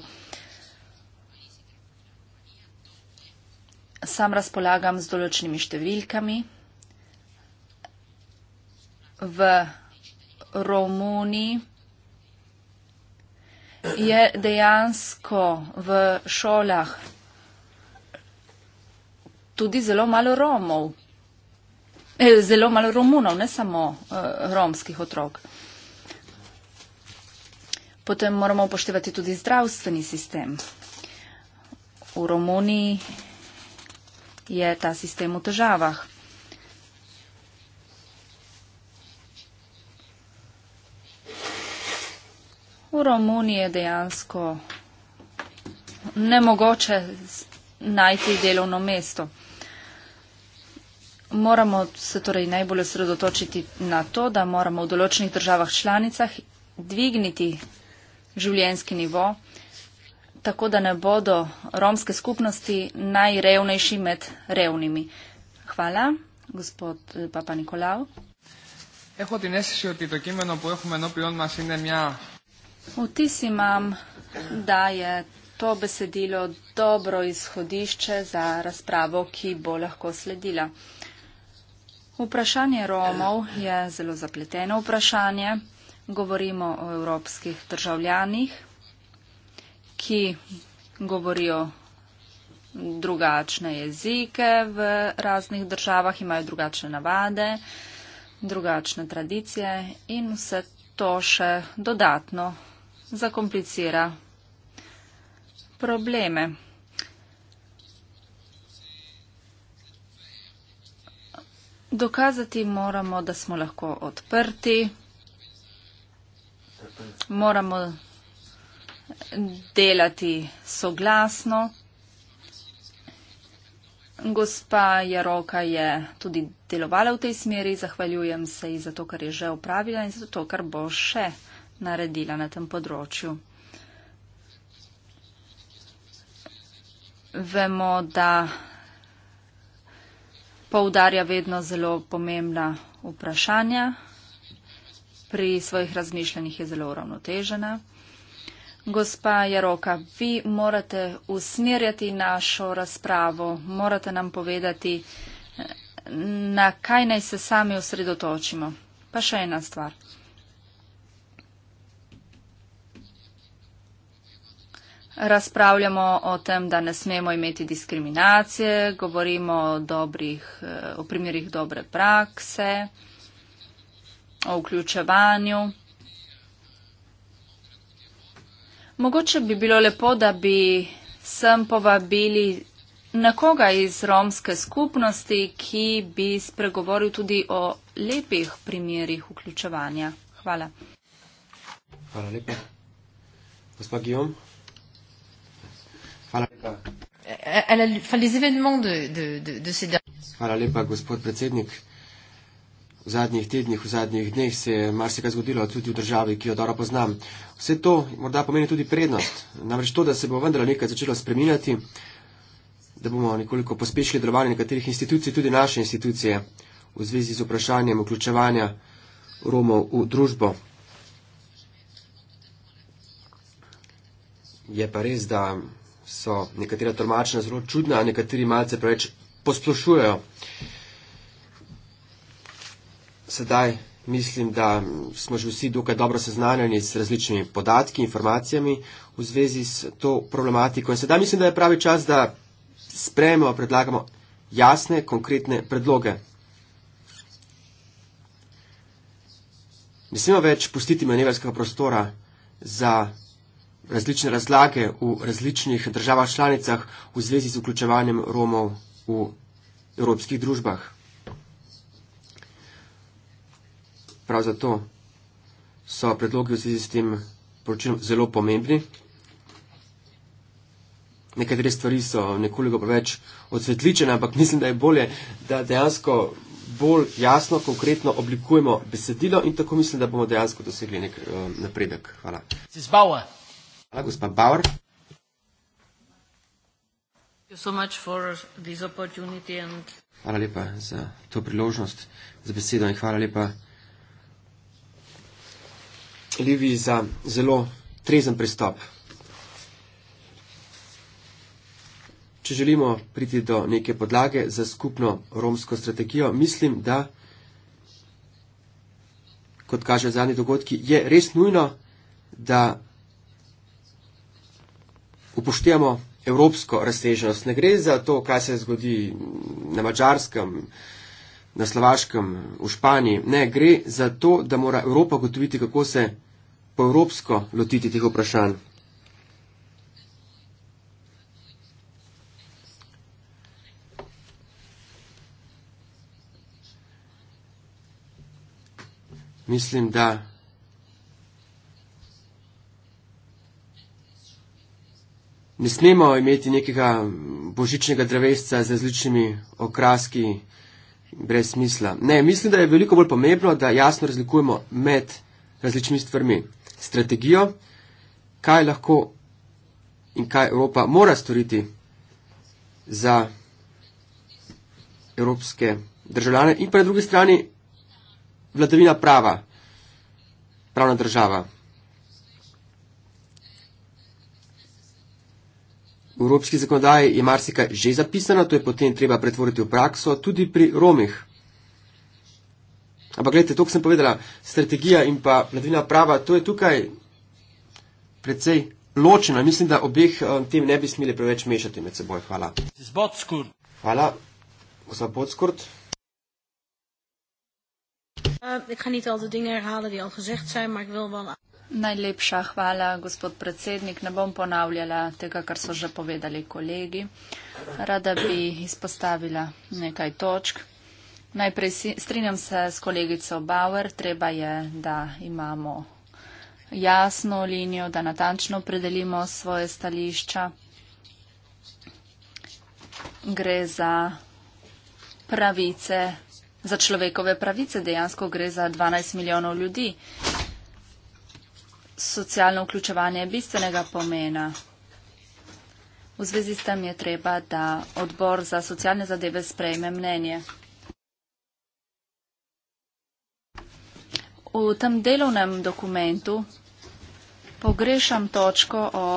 Sam razpolagam z določenimi številkami. V Romuniji je dejansko v šolah tudi zelo malo Romov, eh, zelo malo Romunov, ne samo eh, romskih otrok. Potem moramo upoštevati tudi zdravstveni sistem. V Romuniji je ta sistem v težavah. V Romuniji je dejansko nemogoče najti delovno mesto. Moramo se torej najbolj osredotočiti na to, da moramo v določenih državah članicah dvigniti življenski nivo, tako da ne bodo romske skupnosti najrevnejši med revnimi. Hvala, gospod eh, Papa Nikolav. Vtis imam, da je to besedilo dobro izhodišče za razpravo, ki bo lahko sledila. Vprašanje Romov je zelo zapleteno vprašanje govorimo o evropskih državljanih, ki govorijo drugačne jezike v raznih državah, imajo drugačne navade, drugačne tradicije in vse to še dodatno zakomplicira probleme. Dokazati moramo, da smo lahko odprti, moramo delati soglasno. Gospa Jaroka je tudi delovala v tej smeri. Zahvaljujem se ji za to, kar je že upravila in za to, kar bo še naredila na tem področju. Vemo, da poudarja vedno zelo pomembna vprašanja pri svojih razmišljanjih je zelo uravnotežena. Gospa Jaroka, vi morate usmerjati našo razpravo, morate nam povedati, na kaj naj se sami osredotočimo. Pa še ena stvar. Razpravljamo o tem, da ne smemo imeti diskriminacije, govorimo o, dobrih, eh, o primerih dobre prakse o vključevanju. Mogoče bi bilo lepo, da bi sem povabili nekoga iz romske skupnosti, ki bi spregovoril tudi o lepih primerjih vključevanja. Hvala. Hvala lepa. Gospa Gijom. Hvala lepa. Hvala lepa, gospod predsednik. V zadnjih tednih, v zadnjih dneh se je marsikaj zgodilo tudi v državi, ki jo dobro poznam. Vse to morda pomeni tudi prednost. Namreč to, da se bo vendar nekaj začelo spreminjati, da bomo nekoliko pospešili delovanje nekaterih institucij, tudi naše institucije, v zvezi z vprašanjem vključevanja Romov v družbo. Je pa res, da so nekatera tolmačenja zelo čudna, nekateri malce preveč posplošujejo sedaj mislim, da smo že vsi dokaj dobro seznanjeni s različnimi podatki, informacijami v zvezi s to problematiko. In sedaj mislim, da je pravi čas, da sprejmemo, predlagamo jasne, konkretne predloge. Ne smemo več pustiti manevrskega prostora za različne razlage v različnih državah članicah v zvezi z vključevanjem Romov v evropskih družbah. Prav zato so predlogi v zvezi s tem poročilom zelo pomembni. Nekatere stvari so nekoliko preveč odsvetličene, ampak mislim, da je bolje, da dejansko bolj jasno, konkretno oblikujemo besedilo in tako mislim, da bomo dejansko dosegli nek uh, napredek. Hvala. Hvala, gospa Bauer. Hvala lepa za to priložnost, za besedo in hvala lepa hvaležni za zelo trezen pristop. Če želimo priti do neke podlage za skupno romsko strategijo, mislim, da, kot kaže zadnji dogodki, je res nujno, da upoštevamo evropsko razsežnost. Ne gre za to, kaj se zgodi na Mačarskem, na Slovaškem, v Španiji. Ne gre za to, da mora Evropa gotoviti, kako se poevropsko lotiti teh vprašanj. Mislim, da ne smemo imeti nekega božičnega drevesca z različnimi okraski brez smisla. Ne, mislim, da je veliko bolj pomembno, da jasno razlikujemo med različnimi stvarmi strategijo, kaj lahko in kaj Evropa mora storiti za evropske državljane in pa na drugi strani vladavina prava, pravna država. V evropski zakonodaji je marsika že zapisana, to je potem treba pretvoriti v prakso, tudi pri romih. Ampak, gledajte, to, kar sem povedala, strategija in pa vladavina prava, to je tukaj precej ločeno. Mislim, da obeh um, tem ne bi smeli preveč mešati med seboj. Hvala. Hvala, gospod Bodskurt. Eh, Najlepša hvala, gospod predsednik. Ne bom ponavljala tega, kar so že povedali kolegi. Rada bi izpostavila nekaj točk. Najprej strinjam se s kolegico Bauer, treba je, da imamo jasno linijo, da natančno predelimo svoje stališča. Gre za pravice, za človekove pravice, dejansko gre za 12 milijonov ljudi. Socialno vključevanje je bistvenega pomena. V zvezi s tem je treba, da odbor za socialne zadeve sprejme mnenje. V tem delovnem dokumentu pogrešam točko o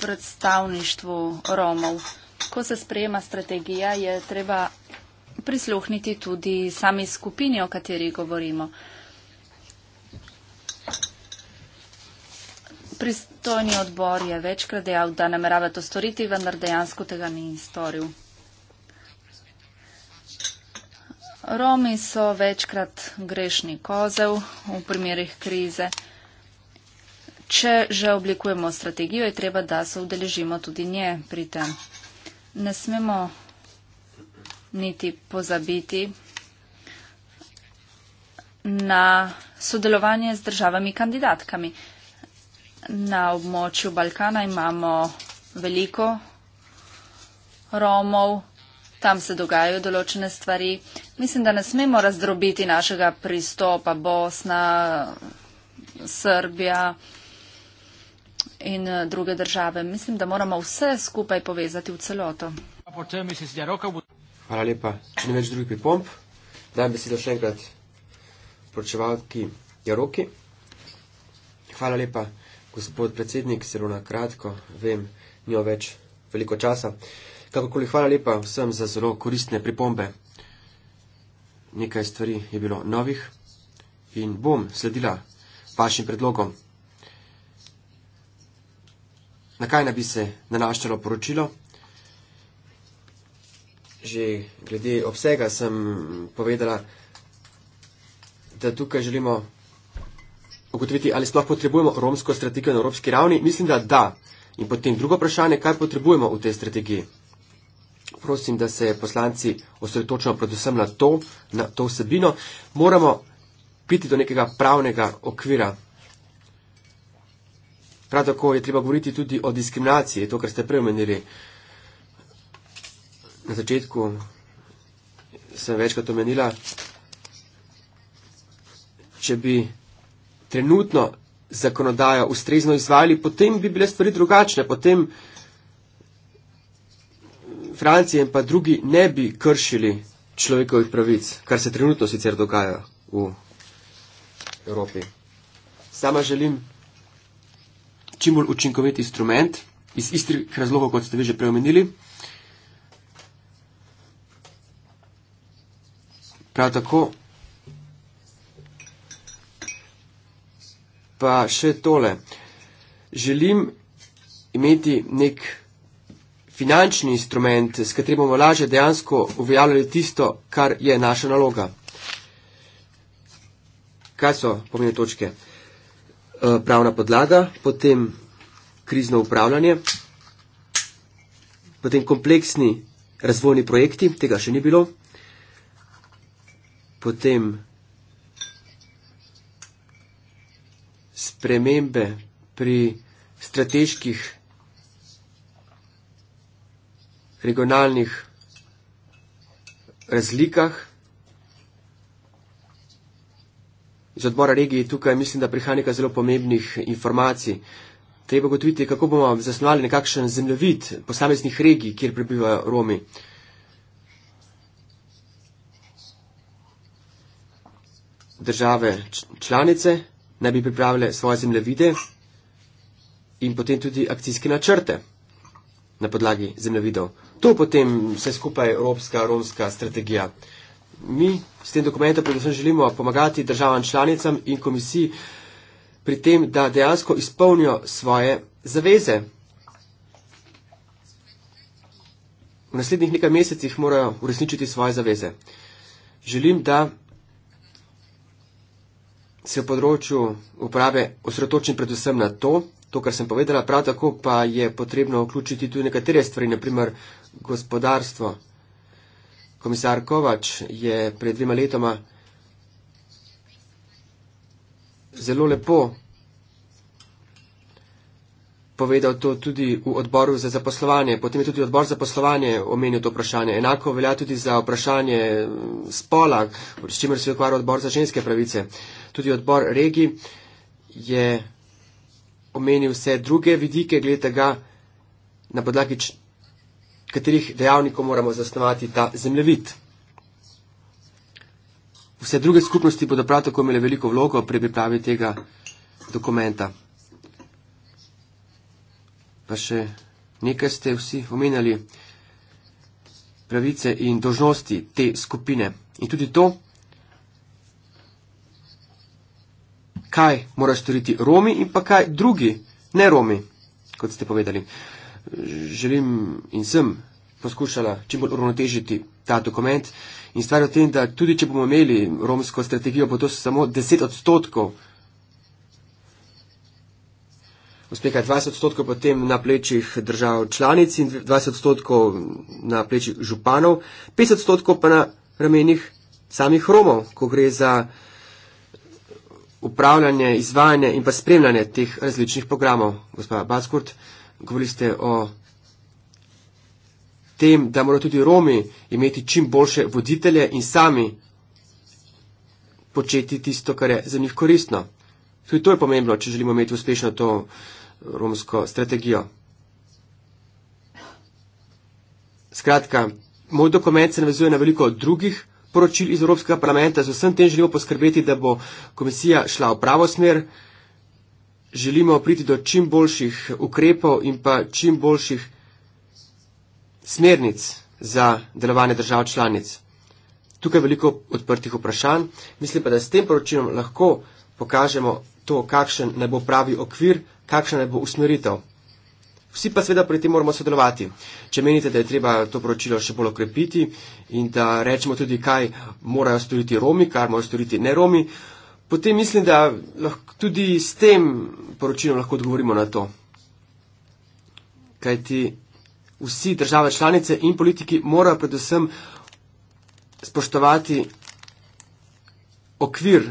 predstavništvu Romov. Ko se sprejema strategija, je treba prisluhniti tudi sami skupini, o kateri govorimo. Pristojni odbor je večkrat dejal, da namerava to storiti, vendar dejansko tega ni storil. Romi so večkrat grešni kozel v primerih krize. Če že oblikujemo strategijo, je treba, da se udeležimo tudi nje pri tem. Ne smemo niti pozabiti na sodelovanje z državami kandidatkami. Na območju Balkana imamo veliko Romov, tam se dogajajo določene stvari. Mislim, da ne smemo razdrobiti našega pristopa Bosna, Srbija in eh, druge države. Mislim, da moramo vse skupaj povezati v celoto. Hvala lepa. Če ne več drugih pripomp, dajem besedo še enkrat poročevalki Jaroki. Hvala lepa, gospod predsednik, zelo na kratko, vem, njo več veliko časa. Kakorkoli, hvala lepa vsem za zelo koristne pripombe. Nekaj stvari je bilo novih in bom sledila vašim predlogom. Na kaj naj bi se nanašalo poročilo? Že glede obsega sem povedala, da tukaj želimo ugotoviti, ali sploh potrebujemo romsko strategijo na evropski ravni. Mislim, da da. In potem drugo vprašanje, kaj potrebujemo v tej strategiji prosim, da se poslanci osredotočajo predvsem na to, na to vsebino. Moramo piti do nekega pravnega okvira. Prav tako je treba govoriti tudi o diskriminaciji, to, kar ste preomenili. Na začetku sem večkrat omenila, če bi trenutno zakonodajo ustrezno izvajali, potem bi bile stvari drugačne, potem Francija in pa drugi ne bi kršili človekovih pravic, kar se trenutno sicer dogaja v Evropi. Sama želim čim bolj učinkovit instrument, iz istih razlogov, kot ste vi že preomenili. Prav tako pa še tole. Želim imeti nek finančni instrument, s katerim bomo lažje dejansko uveljavljali tisto, kar je naša naloga. Kaj so pomene točke? E, pravna podlaga, potem krizno upravljanje, potem kompleksni razvojni projekti, tega še ni bilo, potem spremembe pri strateških regionalnih razlikah. Iz odbora regije tukaj mislim, da prihaja nekaj zelo pomembnih informacij. Treba gotoviti, kako bomo zasnovali nekakšen zemljevid posameznih regij, kjer prebivajo Romi. Države članice naj bi pripravile svoje zemljevide in potem tudi akcijske načrte na podlagi zemljevidov. To potem vse skupaj evropska, romska strategija. Mi s tem dokumentom predvsem želimo pomagati državam članicam in komisiji pri tem, da dejansko izpolnijo svoje zaveze. V naslednjih nekaj mesecih morajo uresničiti svoje zaveze. Želim, da se v področju uprave osredotočim predvsem na to, to, kar sem povedala, prav tako pa je potrebno vključiti tudi nekatere stvari, naprimer gospodarstvo. Komisar Kovač je pred dvema letoma zelo lepo povedal to tudi v odboru za zaposlovanje. Potem je tudi odbor za zaposlovanje omenil to vprašanje. Enako velja tudi za vprašanje mm, spola, s čimer se je ukvarjal odbor za ženske pravice. Tudi odbor regi je omeni vse druge vidike, glede tega, na podlagi katerih dejavnikov moramo zasnovati ta zemljevid. Vse druge skupnosti bodo prav tako imele veliko vlogo pri pripravi tega dokumenta. Pa še nekaj ste vsi omenjali pravice in dožnosti te skupine. In tudi to, kaj morajo storiti Romi in pa kaj drugi, ne Romi, kot ste povedali. Želim in sem poskušala čim bolj uravnotežiti ta dokument in stvar o tem, da tudi če bomo imeli romsko strategijo, bo to samo 10 odstotkov. Uspeha 20 odstotkov potem na plečih držav članic in 20 odstotkov na plečih županov, 50 odstotkov pa na ramenih samih Romov, ko gre za uh, upravljanje, izvajanje in pa spremljanje teh različnih programov. Gospod Baskurt, govorili ste o tem, da morajo tudi Romi imeti čim boljše voditelje in sami početi tisto, kar je za njih koristno. Tudi to je pomembno, če želimo imeti uspešno to romsko strategijo. Skratka, moj dokument se navezuje na veliko drugih poročil iz Evropskega parlamenta, z vsem tem želimo poskrbeti, da bo komisija šla v pravo smer. Želimo priti do čim boljših ukrepov in pa čim boljših smernic za delovanje držav članic. Tukaj je veliko odprtih vprašanj. Mislim pa, da s tem poročilom lahko pokažemo to, kakšen ne bo pravi okvir, kakšen ne bo usmeritev. Vsi pa seveda pri tem moramo sodelovati. Če menite, da je treba to poročilo še bolj okrepiti in da rečemo tudi, kaj morajo storiti Romi, kaj morajo storiti ne Romi, potem mislim, da lahko, tudi s tem poročilom lahko odgovorimo na to. Kajti vsi države članice in politiki morajo predvsem spoštovati okvir.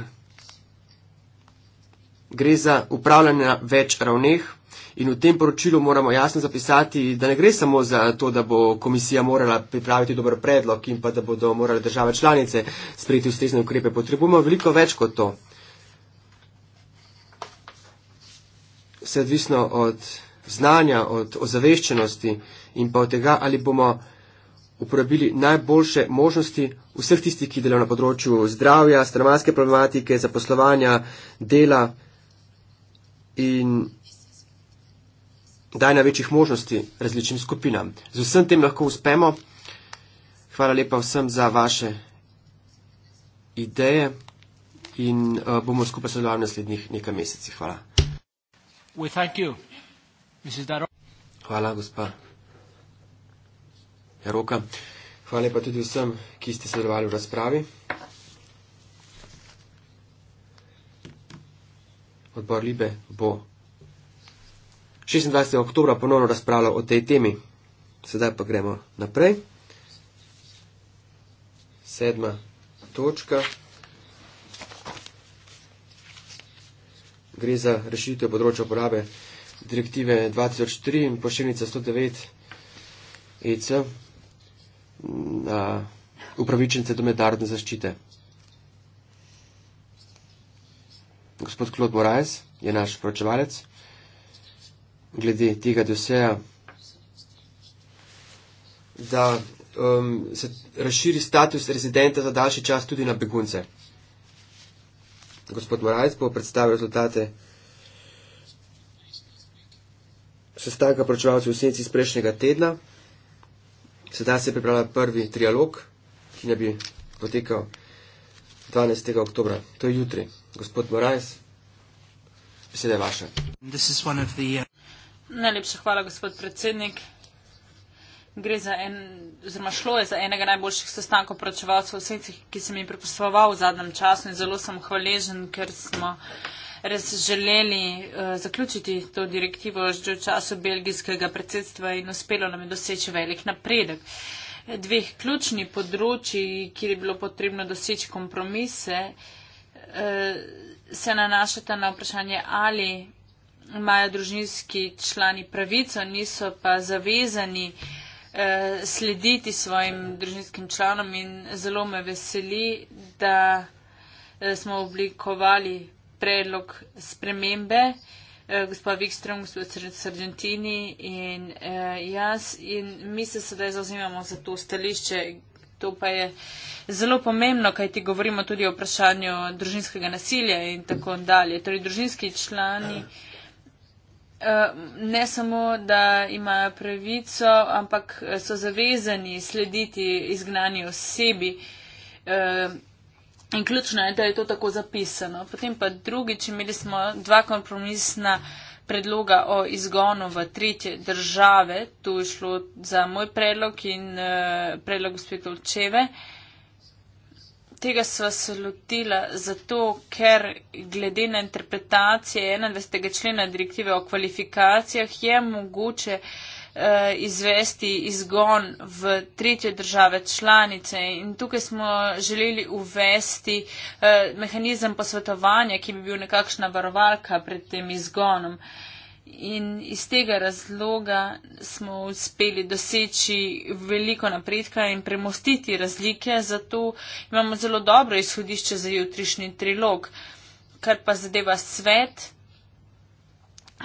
Gre za upravljanje na več ravneh. In v tem poročilu moramo jasno zapisati, da ne gre samo za to, da bo komisija morala pripraviti dober predlog in pa da bodo morale države članice sprejeti ustrezne ukrepe. Potrebujemo veliko več kot to. Vse odvisno od znanja, od ozaveščenosti in pa od tega, ali bomo uporabili najboljše možnosti vseh tistih, ki delajo na področju zdravja, stanovanske problematike, zaposlovanja, dela in daje največjih možnosti različnim skupinam. Z vsem tem lahko uspemo. Hvala lepa vsem za vaše ideje in uh, bomo skupaj sodelovali v naslednjih nekaj mesecih. Hvala. Hvala, gospa Jaroka. Hvala lepa tudi vsem, ki ste sodelovali v razpravi. Odbor Libe bo 26. oktobra ponovno razpravljal o tej temi. Sedaj pa gremo naprej. Sedma točka. Gre za rešitev področja uporabe direktive 2003 in pošiljnica 109 EC na upravičence do mednarodne zaščite. Gospod Klod Morajs je naš pročevalec glede tega Doseja, da um, se razširi status rezidenta za daljši čas tudi na begunce. Gospod Morajc bo predstavil rezultate sestanka pročevalcev v senci iz prejšnjega tedna. Sedaj se je pripravljal prvi trialog, ki ne bi potekal 12. oktobra. To je jutri. Gospod Morajc, beseda je vaša. This is one of the, uh... Najlepša hvala, gospod predsednik. Gre za en, oziroma šlo je za enega najboljših sestankov pročevalcev vseh, ki sem jim pripustoval v zadnjem času in zelo sem hvaležen, ker smo res želeli uh, zaključiti to direktivo že v času belgijskega predsedstva in uspelo nam je doseči velik napredek. Dveh ključni področji, kjer je bilo potrebno doseči kompromise, uh, se nanašata na vprašanje ali imajo družinski člani pravico, niso pa zavezani eh, slediti svojim družinskim članom in zelo me veseli, da eh, smo oblikovali predlog spremembe, eh, gospod Vikström, gospod Sargentini in eh, jaz in mi se sedaj zauzimamo za to stališče. To pa je zelo pomembno, kaj ti govorimo tudi o vprašanju družinskega nasilja in tako dalje. Torej, družinski člani eh, Eh, ne samo, da imajo pravico, ampak eh, so zavezani slediti izgnani osebi. Eh, in ključno je, da je to tako zapisano. Potem pa drugič, imeli smo dva kompromisna predloga o izgonu v tretje države. Tu je šlo za moj predlog in predlog gospod Olčeve. Uh, tega sva se lotila zato, ker glede na interpretacije 21. člena direktive o kvalifikacijah je mogoče eh, izvesti izgon v tretje države članice in tukaj smo želeli uvesti eh, mehanizem posvetovanja, ki bi bil nekakšna varovalka pred tem izgonom. Uh, in iz tega razloga smo uspeli doseči veliko napredka in premostiti razlike, zato imamo zelo dobro izhodišče za jutrišnji trilog. Kar pa zadeva svet,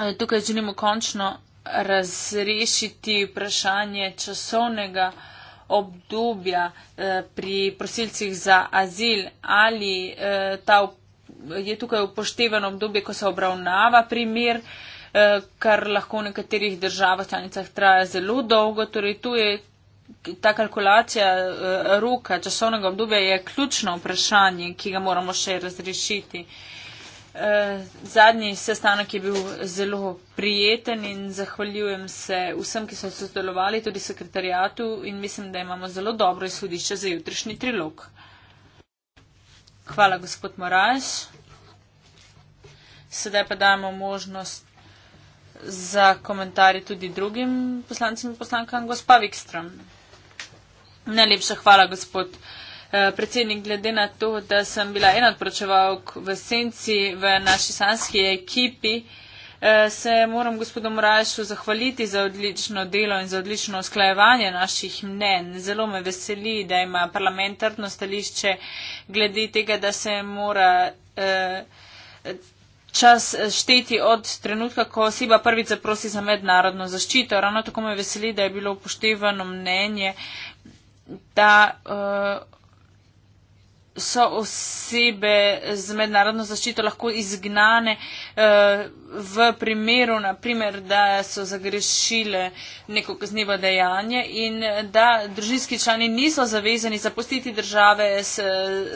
eh, tukaj želimo končno razrešiti vprašanje časovnega obdobja eh, pri prosilcih za azil ali eh, ta, je tukaj upoštevan obdobje, ko se obravnava primer. Eh, kar lahko v nekaterih državah članicah traja zelo dolgo. Torej, tu je ta kalkulacija eh, roka časovnega obdobja je ključno vprašanje, ki ga moramo še razrešiti. Eh, zadnji sestanek je bil zelo prijeten in zahvaljujem se vsem, ki so sodelovali, tudi sekretarijatu in mislim, da imamo zelo dobro izhodišče za jutrišnji trilog. Hvala, gospod Moraš. Sedaj pa dajemo možnost za komentarje tudi drugim poslancem in poslankam, gospa Vikström. Najlepša hvala, gospod eh, predsednik, glede na to, da sem bila ena od poročevalk v senci v naši sanski ekipi. Eh, se moram gospodu Morajšu zahvaliti za odlično delo in za odlično usklajevanje naših mnen. Zelo me veseli, da ima parlamentarno stališče glede tega, da se mora. Eh, čas eh, šteti od trenutka, ko oseba prvič zaprosi za mednarodno zaščito. Ravno tako me veseli, da je bilo upoštevano mnenje, da uh, so osebe z mednarodno zaščito lahko izgnane eh, v primeru, naprimer, da so zagrešile neko kaznivo dejanje in da družinski člani niso zavezani zapustiti države s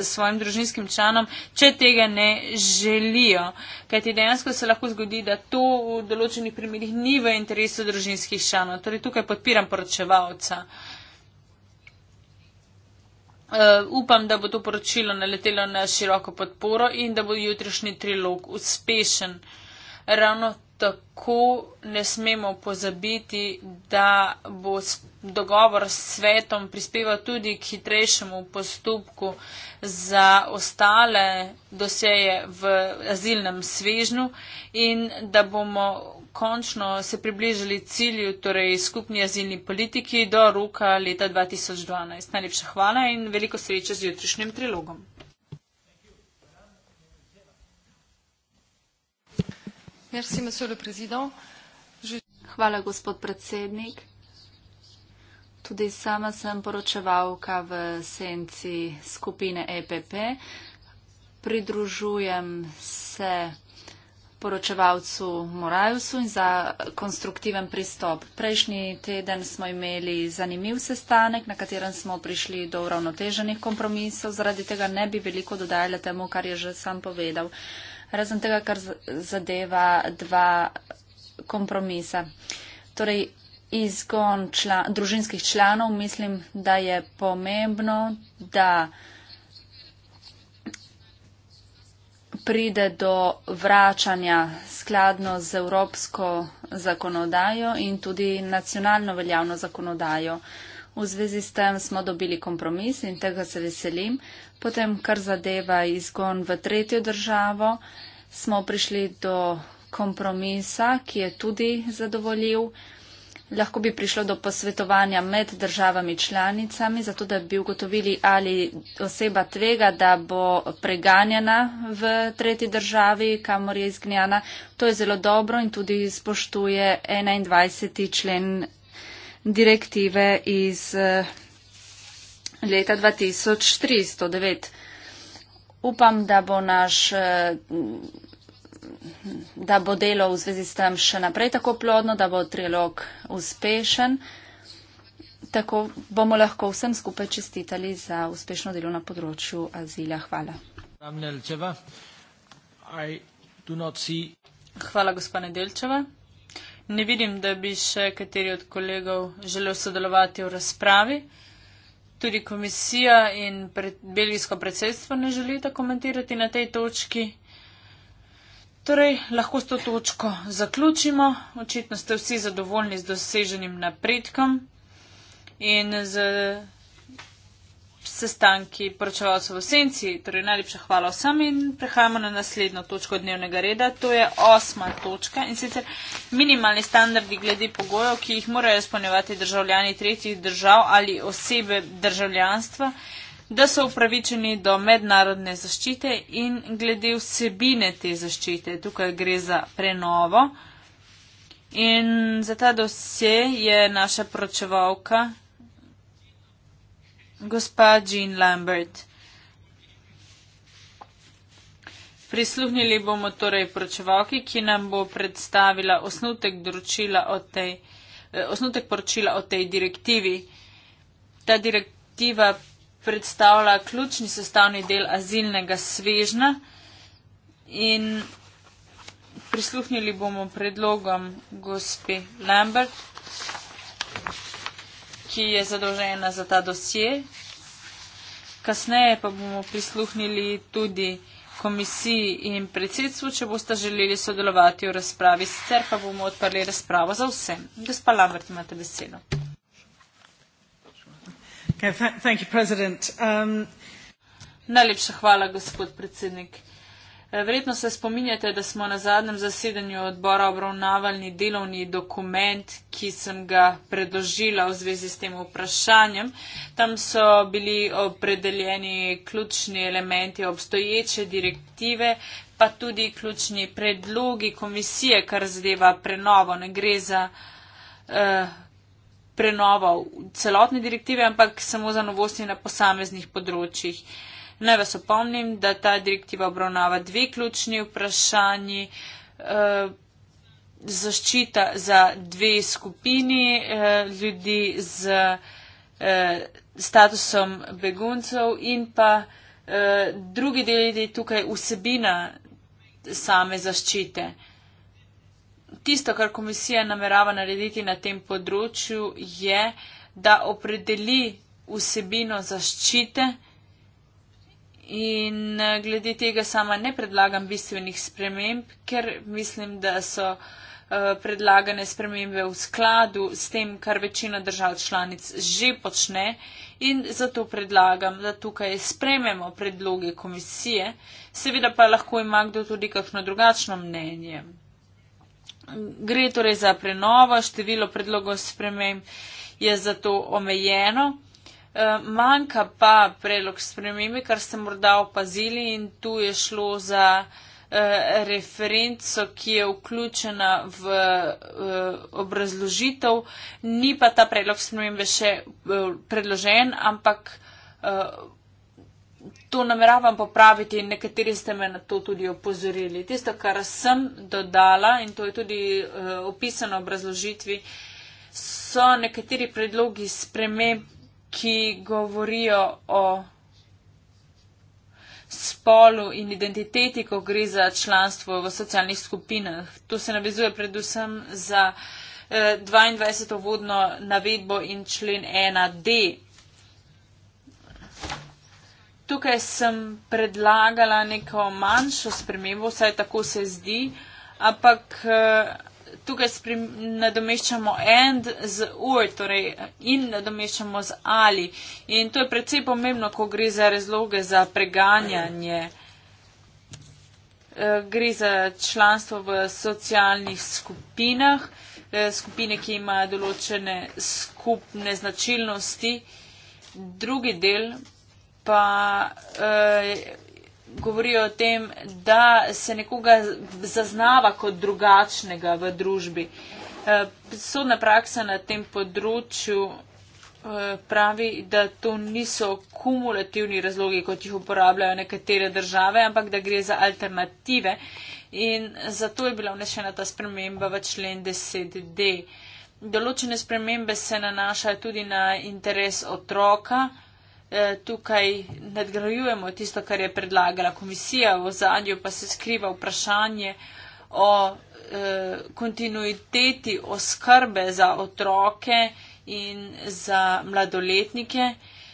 svojim družinskim članom, če tega ne želijo. Kajti dejansko se lahko zgodi, da to v določenih primerih ni v interesu družinskih članov. Torej tukaj podpiram poročevalca. Eh, upam, da bo to poročilo naletelo na široko podporo in da bo jutrišnji trilog uspešen. Ravno tako ne smemo pozabiti, da bo dogovor s svetom prispeval tudi k hitrejšemu postopku za ostale doseje v azilnem svežnu in da bomo končno se približali cilju, torej skupni azilni politiki do roka leta 2012. Najlepša hvala in veliko sreče z jutrišnjim trilogom. Hvala, gospod predsednik. Tudi sama sem poročevalka v senci skupine EPP. Pridružujem se poročevalcu Morajusu in za konstruktiven pristop. Prejšnji teden smo imeli zanimiv sestanek, na katerem smo prišli do uravnoteženih kompromisov, zaradi tega ne bi veliko dodajala temu, kar je že sam povedal, razen tega, kar zadeva dva kompromisa. Torej, izgon član, družinskih članov mislim, da je pomembno, da pride do vračanja skladno z evropsko zakonodajo in tudi nacionalno veljavno zakonodajo. V zvezi s tem smo dobili kompromis in tega se veselim. Potem, kar zadeva izgon v tretjo državo, smo prišli do kompromisa, ki je tudi zadovoljiv. Lahko bi prišlo do posvetovanja med državami članicami, zato da bi ugotovili, ali oseba tvega, da bo preganjena v tretji državi, kamor je izgnjena. To je zelo dobro in tudi spoštuje 21. člen direktive iz eh, leta 2309. Upam, da bo naš eh, da bo delo v zvezi s tem še naprej tako plodno, da bo trilog uspešen. Tako bomo lahko vsem skupaj čestitali za uspešno delo na področju azila. Hvala. Hvala, gospa Nedelčeva. Ne vidim, da bi še kateri od kolegov želel sodelovati v razpravi. Tudi komisija in pred, belgijsko predsedstvo ne želita komentirati na tej točki. Torej, lahko s to točko zaključimo. Očitno ste vsi zadovoljni z doseženim napredkom in z sestanki poročevalcev v senci. Torej, najlepša hvala vsem in prehajamo na naslednjo točko dnevnega reda. To je osma točka in sicer minimalni standardi glede pogojev, ki jih morajo izpolnjevati državljani tretjih držav ali osebe državljanstva da so upravičeni do mednarodne zaščite in glede vsebine te zaščite. Tukaj gre za prenovo. In za ta dosje je naša pročevalka gospa Jean Lambert. Prisluhnili bomo torej pročevalki, ki nam bo predstavila osnutek, tej, eh, osnutek poročila o tej direktivi. Ta direktiva predstavlja ključni sestavni del azilnega svežna in prisluhnili bomo predlogom gospe Lambert, ki je zadolžena za ta dosje. Kasneje pa bomo prisluhnili tudi komisiji in predsedstvu, če boste želeli sodelovati v razpravi. Sicer pa bomo odprli razpravo za vse. Gospa Lambert, imate besedo. Um, Najlepša hvala, gospod predsednik. Eh, verjetno se spominjate, da smo na zadnjem zasedanju odbora obravnavali delovni dokument, ki sem ga predložila v zvezi s tem vprašanjem. Tam so bili opredeljeni ključni elementi obstoječe direktive, pa tudi ključni predlogi komisije, kar zadeva prenovo. Ne gre za. Uh, prenova celotne direktive, ampak samo za novosti na posameznih področjih. Naj vas opomnim, da ta direktiva obravnava dve ključni vprašanji. Eh, zaščita za dve skupini eh, ljudi z eh, statusom beguncev in pa drugi del je tukaj vsebina same zaščite tisto, kar komisija namerava narediti na tem področju, je, da opredeli vsebino zaščite in eh, glede tega sama ne predlagam bistvenih sprememb, ker mislim, da so eh, predlagane spremembe v skladu s tem, kar večina držav članic že počne in zato predlagam, da tukaj sprememo predloge komisije, seveda pa lahko ima kdo tudi kakšno drugačno mnenje. Gre torej za prenovo, število predlogov sprememb je zato omejeno. Eh, manjka pa predlog spremembe, kar ste morda opazili in tu je šlo za eh, referenco, ki je vključena v eh, obrazložitev. Ni pa ta predlog spremembe še predložen, ampak to nameravam popraviti in nekateri ste me na to tudi opozorili. Tisto, kar sem dodala in to je tudi uh, opisano v obrazložitvi, so nekateri predlogi sprememb, ki govorijo o spolu in identiteti, ko gre za članstvo v socialnih skupinah. To se navezuje predvsem za 22. Eh, vodno navedbo in člen 1D Tukaj sem predlagala neko manjšo spremembo, vsaj tako se zdi, ampak eh, tukaj nadomeščamo end z ur, torej in nadomeščamo z ali. In to je predvsej pomembno, ko gre za razloge za preganjanje. Eh, gre za članstvo v socialnih skupinah, eh, skupine, ki ima določene skupne značilnosti. Drugi del pa uh, eh, govorijo o tem, da se nekoga zaznava kot drugačnega v družbi. Uh, sodna praksa na tem področju uh, pravi, da to niso kumulativni razlogi, kot jih uporabljajo nekatere države, ampak da gre za alternative. In zato je bila vnešena ta sprememba v člen 10d. Določene spremembe se nanašajo tudi na interes otroka. Uh, Eh, tukaj nadgrajujemo tisto, kar je predlagala komisija, v zadnjo pa se skriva vprašanje o eh, kontinuiteti oskrbe za otroke in za mladoletnike.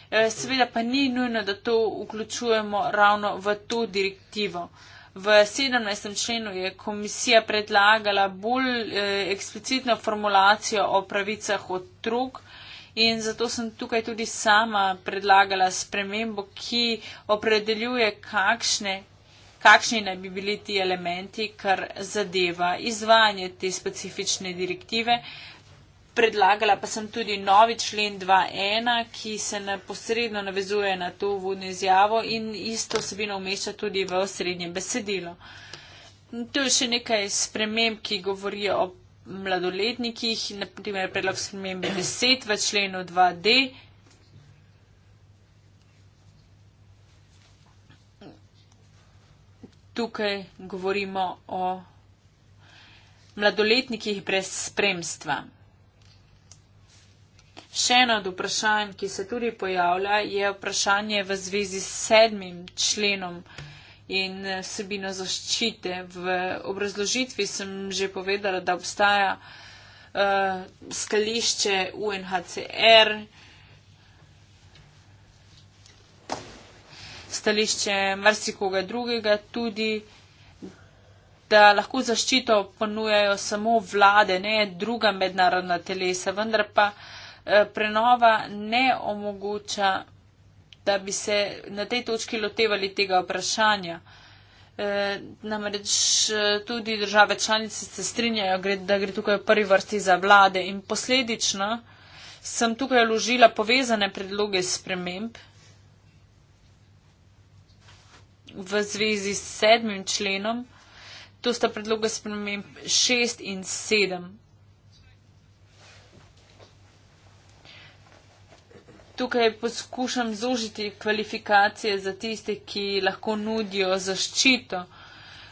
Eh, seveda pa ni nujno, da to vključujemo ravno v to direktivo. V 17. členu je komisija predlagala bolj eksplicitno formulacijo o pravicah otrok, In zato sem tukaj tudi sama predlagala spremembo, ki opredeljuje, kakšne, kakšni naj bi bili ti elementi, kar zadeva izvajanje te specifične direktive. Predlagala pa sem tudi novi člen 2.1, ki se neposredno navezuje na to vodno izjavo in isto sebino umešča tudi v srednje besedilo. To je še nekaj sprememb, ki govorijo o mladoletnikih, naprimer predlog spremembe 10 v členu 2D. Tukaj govorimo o mladoletnikih brez spremstva. Še eno od vprašanj, ki se tudi pojavlja, je vprašanje v zvezi s sedmim členom in eh, vsebino zaščite. V obrazložitvi sem že povedala, da obstaja uh, skališče UNHCR, stališče marsikoga drugega tudi, da lahko zaščito ponujajo samo vlade, ne druga mednarodna telesa, vendar pa uh, prenova ne omogoča da bi se na tej točki lotevali tega vprašanja. E, namreč e, tudi države članice se strinjajo, da gre tukaj v prvi vrsti za vlade in posledično sem tukaj vložila povezane predloge sprememb v zvezi s sedmim členom. To sta predloga sprememb 6 in 7. tukaj poskušam zožiti kvalifikacije za tiste, ki lahko nudijo zaščito.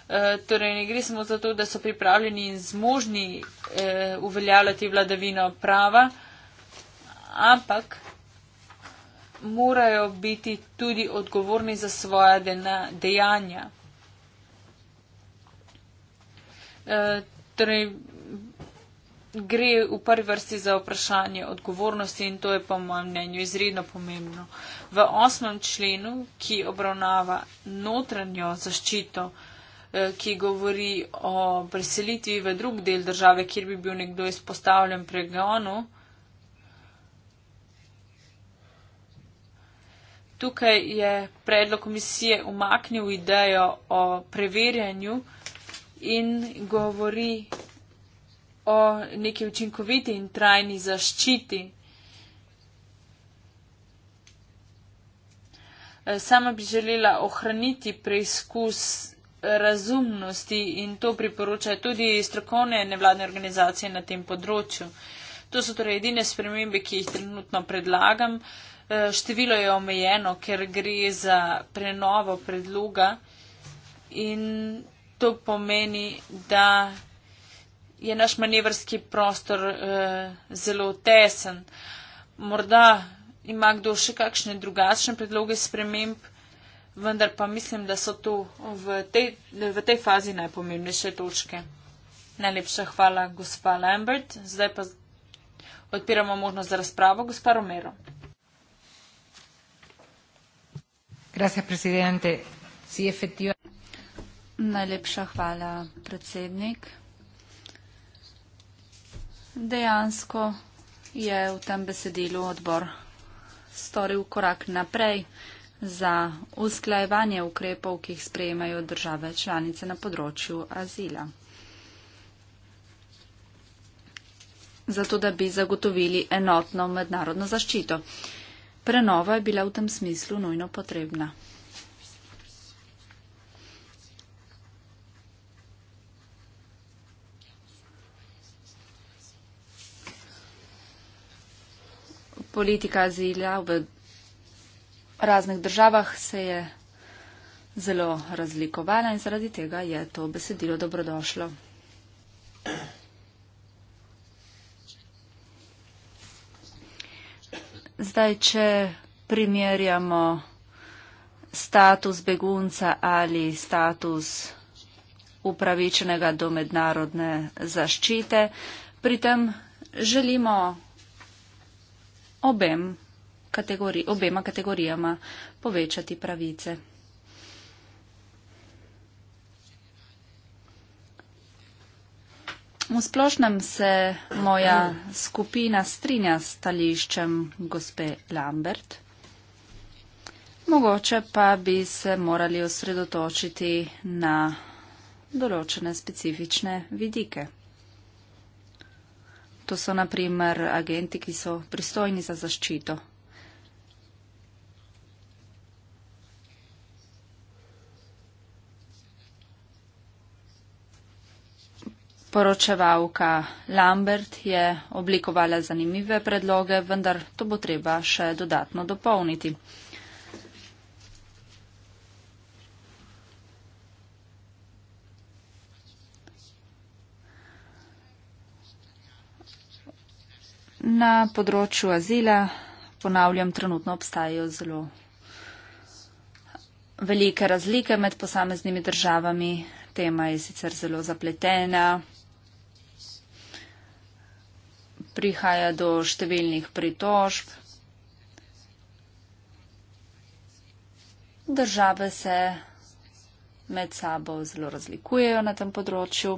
E, torej, ne gre samo za to, da so pripravljeni in zmožni e, uveljavljati vladavino prava, ampak morajo biti tudi odgovorni za svoja dejanja. E, torej, gre v prvi vrsti za vprašanje odgovornosti in to je po mojem mnenju izredno pomembno. V osmem členu, ki obravnava notranjo zaščito, eh, ki govori o preselitvi v drug del države, kjer bi bil nekdo izpostavljen pregonu, tukaj je predlog komisije umaknil idejo o preverjanju in govori o neki učinkoviti in trajni zaščiti. E, sama bi želela ohraniti preizkus razumnosti in to priporočajo tudi strokovne nevladne organizacije na tem področju. To so torej edine spremembe, ki jih trenutno predlagam. E, število je omejeno, ker gre za prenovo predloga in to pomeni, da je naš manevrski prostor uh, zelo tesen. Morda ima kdo še kakšne drugačne predloge sprememb, vendar pa mislim, da so to v tej, v tej fazi najpomembnejše točke. Najlepša hvala, gospa Lambert. Zdaj pa odpiramo možnost za razpravo, gospa Romero. Grazie, predsednik. Si efektivno. Najlepša hvala, predsednik dejansko je v tem besedilu odbor storil korak naprej za usklajevanje ukrepov, ki jih sprejemajo države članice na področju azila. Zato, da bi zagotovili enotno mednarodno zaščito. Prenova je bila v tem smislu nujno potrebna. politika azila v raznih državah se je zelo razlikovala in zaradi tega je to besedilo dobrodošlo. Zdaj, če primerjamo status begunca ali status upravičenega do mednarodne zaščite, pri tem želimo obem kategori, obema kategorijama povečati pravice. V splošnem se moja skupina strinja s stališčem gospe Lambert. Mogoče pa bi se morali osredotočiti na določene specifične vidike. To so naprimer agenti, ki so pristojni za zaščito. Poročevalka Lambert je oblikovala zanimive predloge, vendar to bo treba še dodatno dopolniti. Na področju azila, ponavljam, trenutno obstajajo zelo velike razlike med posameznimi državami. Tema je sicer zelo zapletena. Prihaja do številnih pritožb. Države se med sabo zelo razlikujejo na tem področju.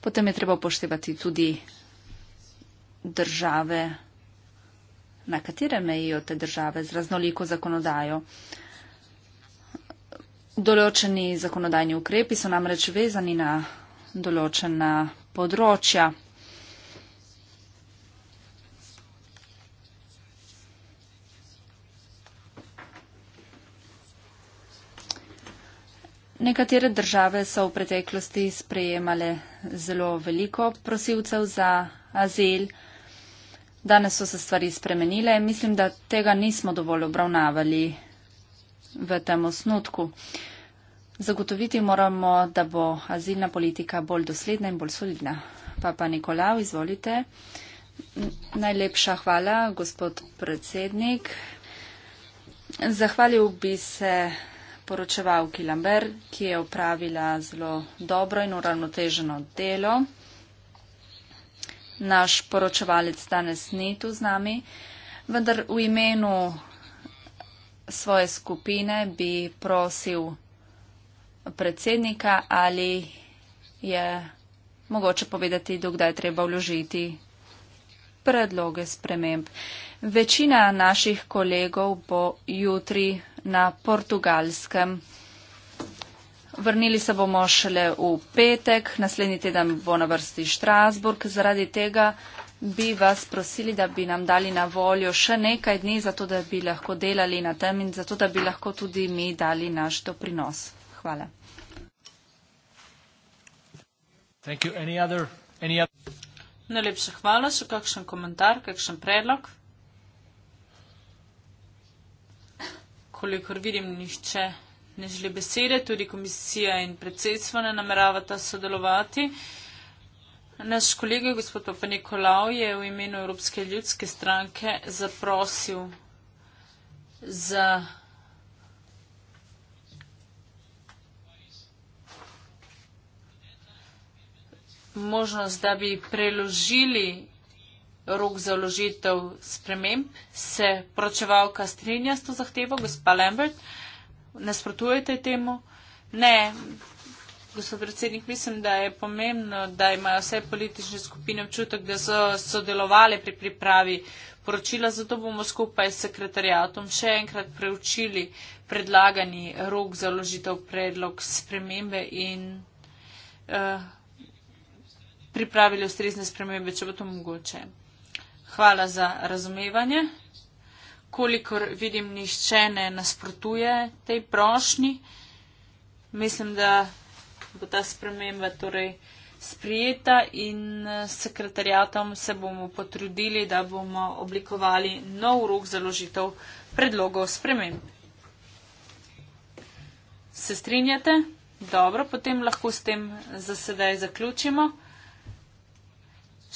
Potem je treba upoštevati tudi države, na katere mejijo te države z raznoliko zakonodajo. Določeni zakonodajni ukrepi so namreč vezani na določena področja. Nekatere države so v preteklosti sprejemale zelo veliko prosilcev za azil. Danes so se stvari spremenile in mislim, da tega nismo dovolj obravnavali v tem osnutku. Zagotoviti moramo, da bo azilna politika bolj dosledna in bolj solidna. Papa Nikolav, izvolite. Najlepša hvala, gospod predsednik. Zahvalil bi se poročevalki Lambert, ki je opravila zelo dobro in uravnoteženo delo naš poročevalec danes ni tu z nami, vendar v imenu svoje skupine bi prosil predsednika ali je mogoče povedati, dokdaj je treba vložiti predloge sprememb. Večina naših kolegov bo jutri na portugalskem. Vrnili se bomo šele v petek, naslednji teden bo na vrsti Štrasburg. Zaradi tega bi vas prosili, da bi nam dali na voljo še nekaj dni, zato da bi lahko delali na tem in zato da bi lahko tudi mi dali naš doprinos. Hvala. Any other, any other... Najlepša hvala. Še kakšen komentar, kakšen predlog? Kolikor vidim, nihče ne želi besede, tudi komisija in predsedstvo ne nameravata sodelovati. Naš kolega, gospod Papa Nikolaj, je v imenu Evropske ljudske stranke zaprosil za. možnost, da bi preložili rok za vložitev sprememb. Se poročevalka strinja s to zahtevo, gospa Lambert? Uh, nasprotujete temu? Ne, gospod predsednik, mislim, da je pomembno, da imajo vse politične skupine občutek, da so sodelovali pri pripravi poročila, zato bomo skupaj s sekretarjatom še enkrat preučili predlagani rok za ložitev predlog spremembe in eh, pripravili ustrezne spremembe, če bo to mogoče. Hvala za razumevanje kolikor vidim, nišče ne nasprotuje tej prošnji. Mislim, da bo ta sprememba torej sprijeta in eh, s sekretarjatom se bomo potrudili, da bomo oblikovali nov rok založitev predlogov sprememb. Se strinjate? Dobro, potem lahko s tem za sedaj zaključimo.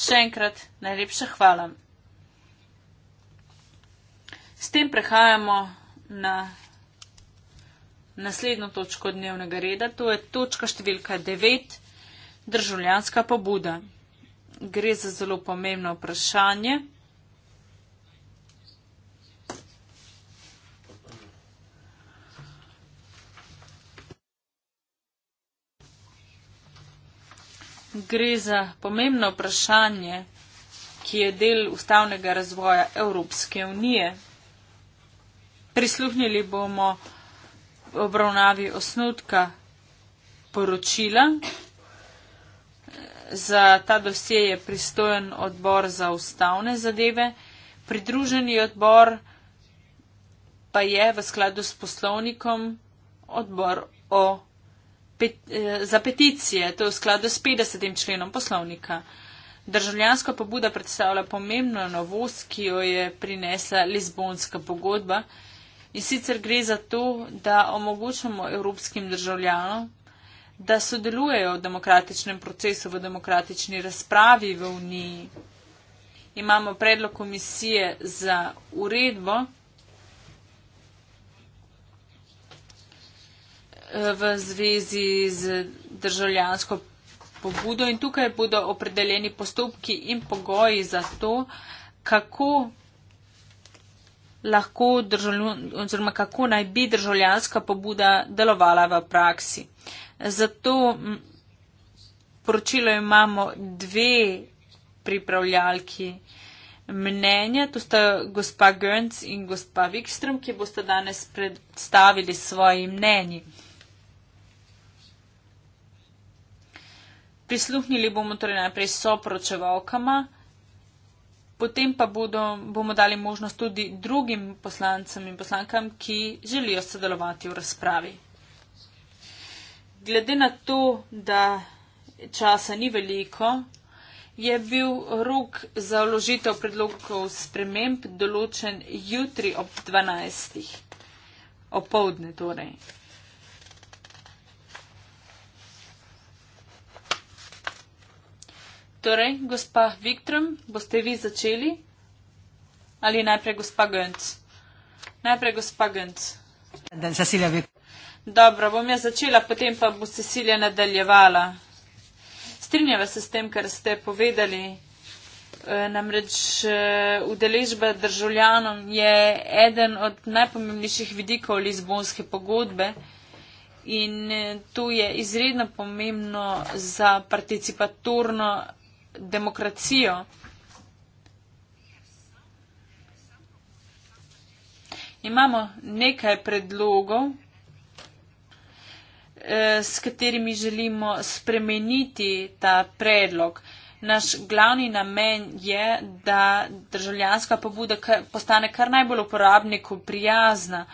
Še enkrat najlepša hvala. S tem prehajamo na naslednjo točko dnevnega reda, to je točka številka 9, državljanska pobuda. Gre za zelo pomembno vprašanje. Gre za pomembno vprašanje, ki je del ustavnega razvoja Evropske unije. Prisluhnili bomo obravnavi osnutka poročila. Za ta dosje je pristojen odbor za ustavne zadeve. Pridruženi odbor pa je v skladu s poslovnikom odbor o, pet, eh, za peticije, to je v skladu s 50. členom poslovnika. Državljanska pobuda predstavlja pomembno novost, ki jo je prinesla Lizbonska pogodba, In sicer gre za to, da omogočamo evropskim državljanom, da sodelujejo v demokratičnem procesu, v demokratični razpravi v Uniji. Imamo predlog komisije za uredbo eh, v zvezi z državljansko pobudo in tukaj bodo opredeljeni postopki in pogoji za to, kako lahko državljan, oziroma kako naj bi državljanska pobuda delovala v praksi. Zato poročilo imamo dve pripravljalki mnenja, to sta gospa Gönc in gospa Wikström, ki boste danes predstavili svoji mnenji. Prisluhnili bomo torej najprej soporočevalkama. Potem pa bodo, bomo dali možnost tudi drugim poslancem in poslankam, ki želijo sodelovati v razpravi. Glede na to, da časa ni veliko, je bil rok za vložitev predlogov sprememb določen jutri ob 12. Opovdne torej. Torej, gospa Viktorem, boste vi začeli ali najprej gospa Gönc? Najprej gospa Gönc. Cecilija Viktor. Dobro, bom jaz začela, potem pa bo Cecilija nadaljevala. Strinjava se s tem, kar ste povedali. E, namreč e, udeležba državljanom je eden od najpomembnejših vidikov Lizbonske pogodbe in e, tu je izredno pomembno za participatorno demokracijo. Imamo nekaj predlogov, eh, s katerimi želimo spremeniti ta predlog. Naš glavni namen je, da državljanska pobuda postane kar najbolj uporabniku prijazna.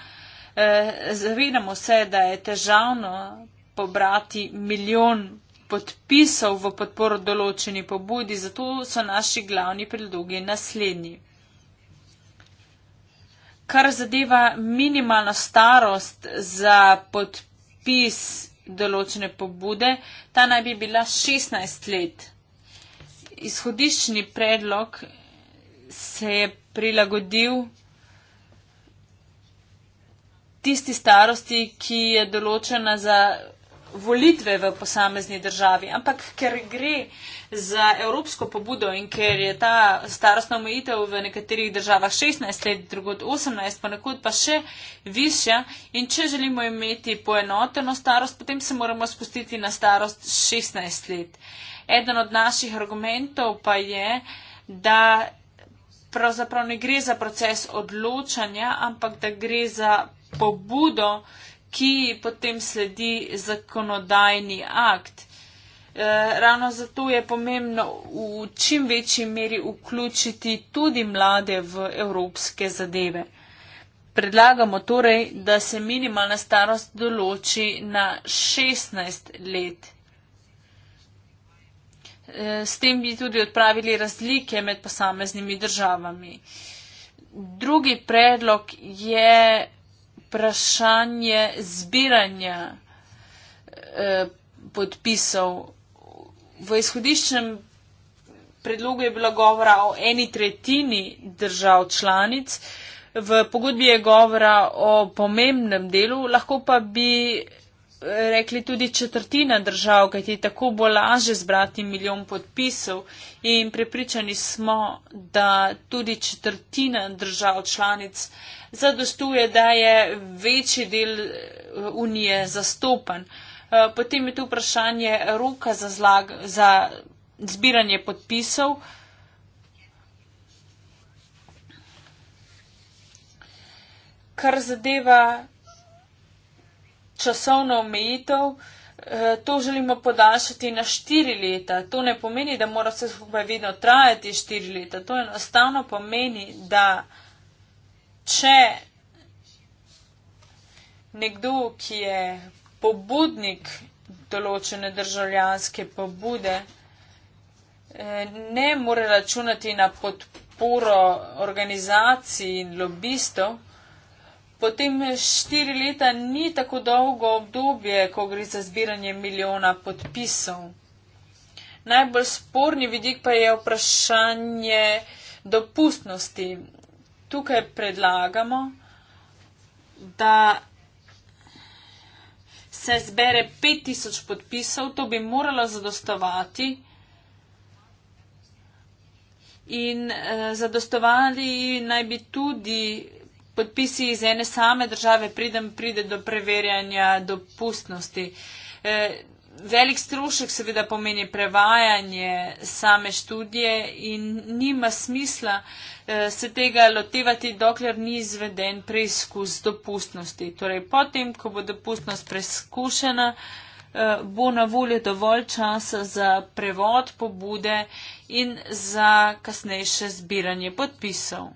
Eh, zavedamo se, da je težavno pobrati milijon podpisov v podporo določeni pobudi, zato so naši glavni predlogi naslednji. Kar zadeva minimalno starost za podpis določene pobude, ta naj bi bila 16 let. Izhodiščni predlog se je prilagodil tisti starosti, ki je določena za volitve v posamezni državi, ampak ker gre za evropsko pobudo in ker je ta starostna omejitev v nekaterih državah 16 let, drugod 18, ponekud pa še višja in če želimo imeti poenoteno starost, potem se moramo spustiti na starost 16 let. Eden od naših argumentov pa je, da pravzaprav ne gre za proces odločanja, ampak da gre za pobudo, ki potem sledi zakonodajni akt. E, ravno zato je pomembno v čim večji meri vključiti tudi mlade v evropske zadeve. Predlagamo torej, da se minimalna starost določi na 16 let. E, s tem bi tudi odpravili razlike med posameznimi državami. Drugi predlog je vprašanje zbiranja eh, podpisov. V izhodiščnem predlogu je bilo govora o eni tretjini držav članic, v pogodbi je govora o pomembnem delu, lahko pa bi rekli tudi četrtina držav, kajti tako bo laže zbrati milijon podpisov in prepričani smo, da tudi četrtina držav članic zadostuje, da je večji del eh, unije zastopan. Eh, potem je tu vprašanje roka za, zlag, za zbiranje podpisov. Kar zadeva časovno omejitev. Eh, to želimo podaljšati na štiri leta. To ne pomeni, da mora vse skupaj vedno trajati štiri leta. To enostavno pomeni, da če nekdo, ki je pobudnik določene državljanske pobude, eh, ne more računati na podporo organizacij in lobistov, Potem štiri leta ni tako dolgo obdobje, ko gre za zbiranje milijona podpisov. Najbolj sporni vidik pa je vprašanje dopustnosti. Tukaj predlagamo, da se zbere 5000 podpisov, to bi moralo zadostovati. In eh, zadostovali naj bi tudi podpisi iz ene same države, pridem pride do preverjanja dopustnosti. E, velik strošek seveda pomeni prevajanje same študije in nima smisla e, se tega lotevati, dokler ni izveden preizkus dopustnosti. Torej, potem, ko bo dopustnost preizkušena, e, bo na voljo dovolj časa za prevod pobude in za kasnejše zbiranje podpisov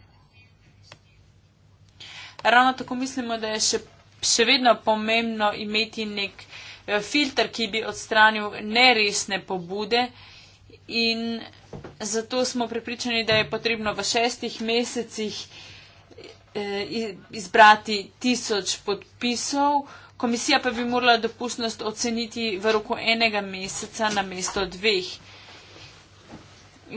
ravno tako mislimo, da je še, še vedno pomembno imeti nek eh, filter, ki bi odstranil neresne pobude in zato smo pripričani, da je potrebno v šestih mesecih eh, izbrati tisoč podpisov. Komisija pa bi morala dopustnost oceniti v roku enega meseca na mesto dveh.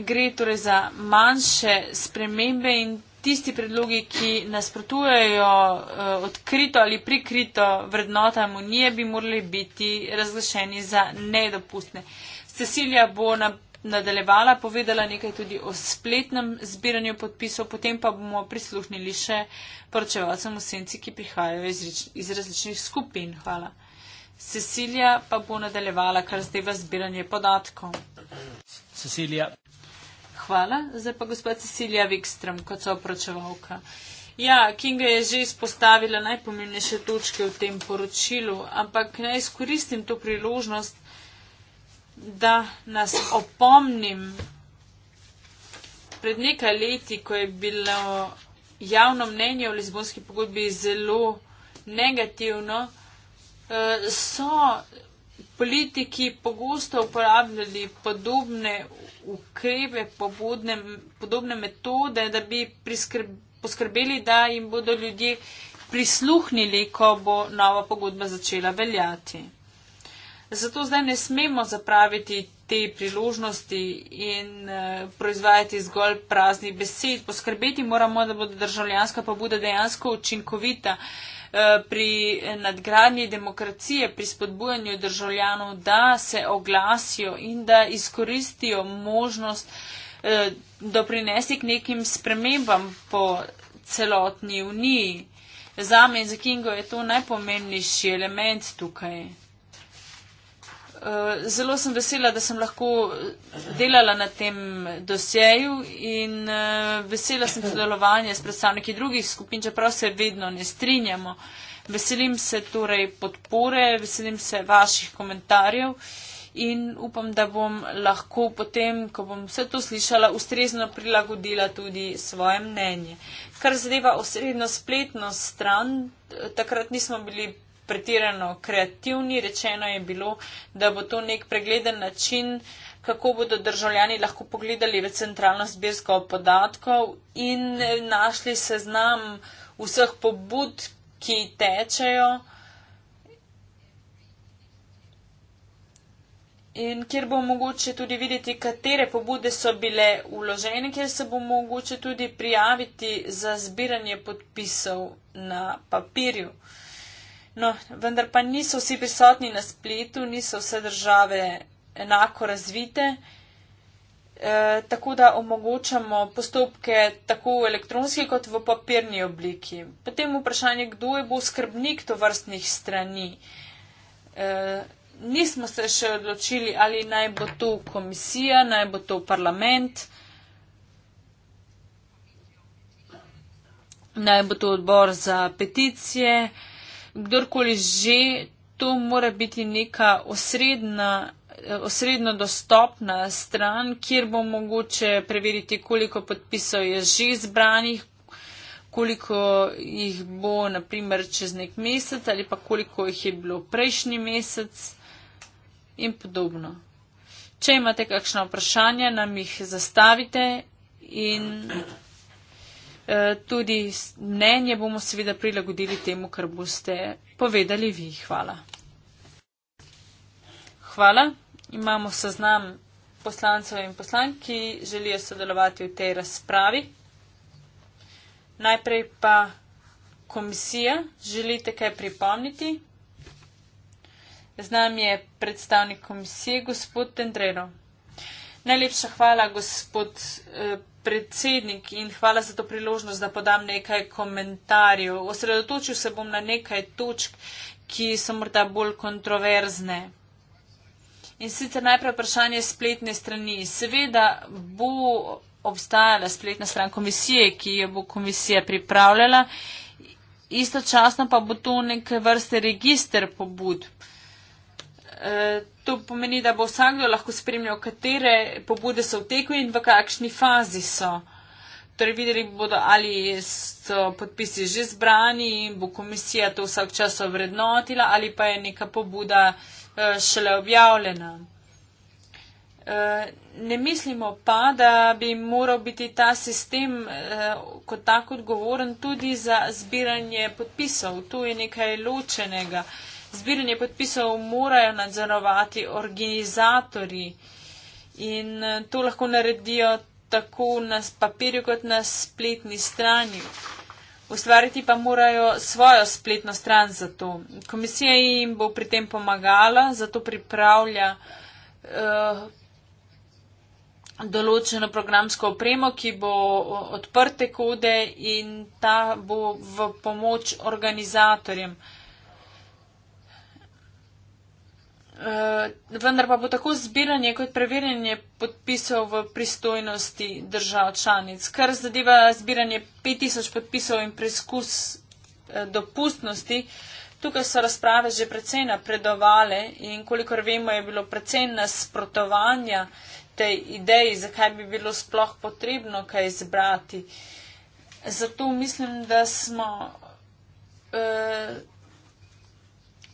Gre torej za manjše spremembe in tisti predlogi, ki nasprotujejo uh, odkrito ali prikrito vrednotam unije, bi morali biti razglašeni za nedopustne. Cecilija bo na, nadaljevala, povedala nekaj tudi o spletnem zbiranju podpisov, potem pa bomo prisluhnili še poročevalcem v senci, ki prihajajo iz, rič, iz različnih skupin. Hvala. Cecilija pa bo nadaljevala, kar zdaj v zbiranje podatkov. Cecilija hvala. Zdaj pa gospod Cecilija Vikstrom, kot so opračevalka. Ja, Kinga je že izpostavila najpomembnejše točke v tem poročilu, ampak naj izkoristim to priložnost, da nas opomnim. Pred nekaj leti, ko je bilo javno mnenje o Lizbonski pogodbi zelo negativno, eh, so politiki pogosto uporabljali podobne ukrepe, pobudne, podobne metode, da bi poskrbeli, da jim bodo ljudje prisluhnili, ko bo nova pogodba začela veljati. Zato zdaj ne smemo zapraviti te priložnosti in uh, proizvajati zgolj praznih besed. Poskrbeti moramo, da bo državljanska pobuda dejansko učinkovita. Uh, Eh, pri nadgradnji demokracije, pri spodbujanju državljanov, da se oglasijo in da izkoristijo možnost eh, doprinesti k nekim spremembam po celotni uniji. Za me in za Kingo je to najpomembnejši element tukaj. Eh, zelo sem vesela, da sem lahko delala na tem dosjeju in eh, vesela sem sodelovanja s predstavniki drugih skupin, čeprav se vedno ne strinjamo. Veselim se torej podpore, veselim se vaših komentarjev in upam, da bom lahko potem, ko bom vse to slišala, ustrezno prilagodila tudi svoje mnenje. Kar zadeva osrednjo spletno stran, eh, takrat nismo bili pretirano kreativni. Rečeno je bilo, da bo to nek pregleden način, kako bodo državljani lahko pogledali v centralno zbirko podatkov in eh, našli seznam vseh pobud, ki tečejo. In kjer bo mogoče tudi videti, katere pobude so bile uložene, kjer se bo mogoče tudi prijaviti za zbiranje podpisov na papirju. No, vendar pa niso vsi prisotni na spletu, niso vse države enako razvite, e, tako da omogočamo postopke tako v elektronski kot v papirni obliki. Potem vprašanje, kdo je bo skrbnik to vrstnih strani. E, nismo se še odločili, ali naj bo to komisija, naj bo to parlament. Naj bo to odbor za peticije, uh, kdorkoli že, to mora biti neka osredna, eh, osredno dostopna stran, kjer bo mogoče preveriti, koliko podpisov je že zbranih, koliko jih bo, naprimer, čez nek mesec ali pa koliko jih je bilo prejšnji mesec in podobno. Če imate kakšno vprašanje, nam jih zastavite in. Eh, tudi mnenje bomo seveda prilagodili temu, kar boste povedali vi. Hvala. Hvala. Imamo seznam poslancev in poslank, ki želijo sodelovati v tej razpravi. Najprej pa komisija, želite kaj pripomniti? Z nami je predstavnik komisije, gospod Tendrero. Najlepša hvala, gospod eh, predsednik in hvala za to priložnost, da podam nekaj komentarjev. Osredotočil se bom na nekaj točk, ki so morda bolj kontroverzne. In sicer najprej vprašanje spletne strani. Seveda bo obstajala spletna stran komisije, ki jo bo komisija pripravljala, istočasno pa bo to neke vrste registr pobud. Eh, to pomeni, da bo vsakdo lahko spremljal, katere pobude so v teku in v kakšni fazi so. Torej videli bodo, ali so podpisi že zbrani in bo komisija to vsak čas ovrednotila ali pa je neka pobuda eh, šele objavljena. Eh, ne mislimo pa, da bi moral biti ta sistem kot tako odgovoren tudi za zbiranje podpisov. Tu je nekaj ločenega zbiranje podpisov morajo nadzorovati organizatori in eh, to lahko naredijo tako na papirju kot na spletni strani. Ustvariti pa morajo svojo spletno stran za to. Komisija jim bo pri tem pomagala, zato pripravlja uh, določeno programsko opremo, ki bo odprte kode in ta bo v pomoč organizatorjem. Uh, Eh, vendar pa bo tako zbiranje kot preverjanje podpisov v pristojnosti držav članic, kar zadeva zbiranje 5000 podpisov in preizkus eh, dopustnosti. Tukaj so razprave že precej napredovale in kolikor vemo je bilo precej nasprotovanja tej ideji, zakaj bi bilo sploh potrebno kaj zbrati. Zato mislim, da smo. Uh,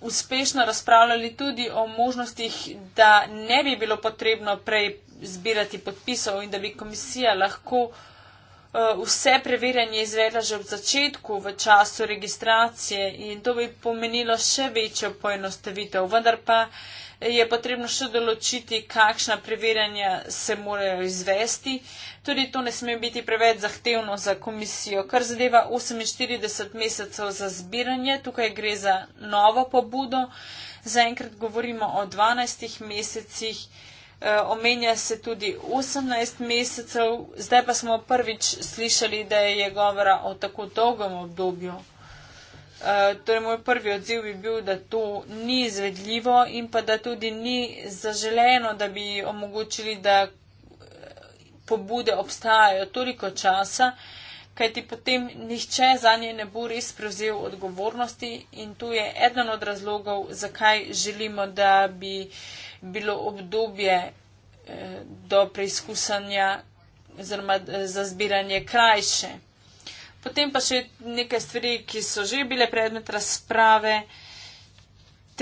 uspešno razpravljali tudi o možnostih, da ne bi bilo potrebno prej zbirati podpisov in da bi komisija lahko eh, vse preverjanje izvedla že v začetku, v času registracije in to bi pomenilo še večjo poenostavitev. Vendar pa je potrebno še določiti, kakšna preverjanja se morajo izvesti. Tudi to ne sme biti preveč zahtevno za komisijo, kar zadeva 48 mesecev za zbiranje. Tukaj gre za novo pobudo. Zaenkrat govorimo o 12 mesecih. Eh, omenja se tudi 18 mesecev, zdaj pa smo prvič slišali, da je govora o tako dolgem obdobju. Eh, torej, moj prvi odziv bi bil, da to ni izvedljivo in pa da tudi ni zaželeno, da bi omogočili, da eh, pobude obstajajo toliko časa, kajti potem nihče za nje ne bo res prevzel odgovornosti in to je eden od razlogov, zakaj želimo, da bi bilo obdobje eh, do preizkusanja oziroma za zbiranje krajše. Potem pa še nekaj stvari, ki so že bile predmet razprave.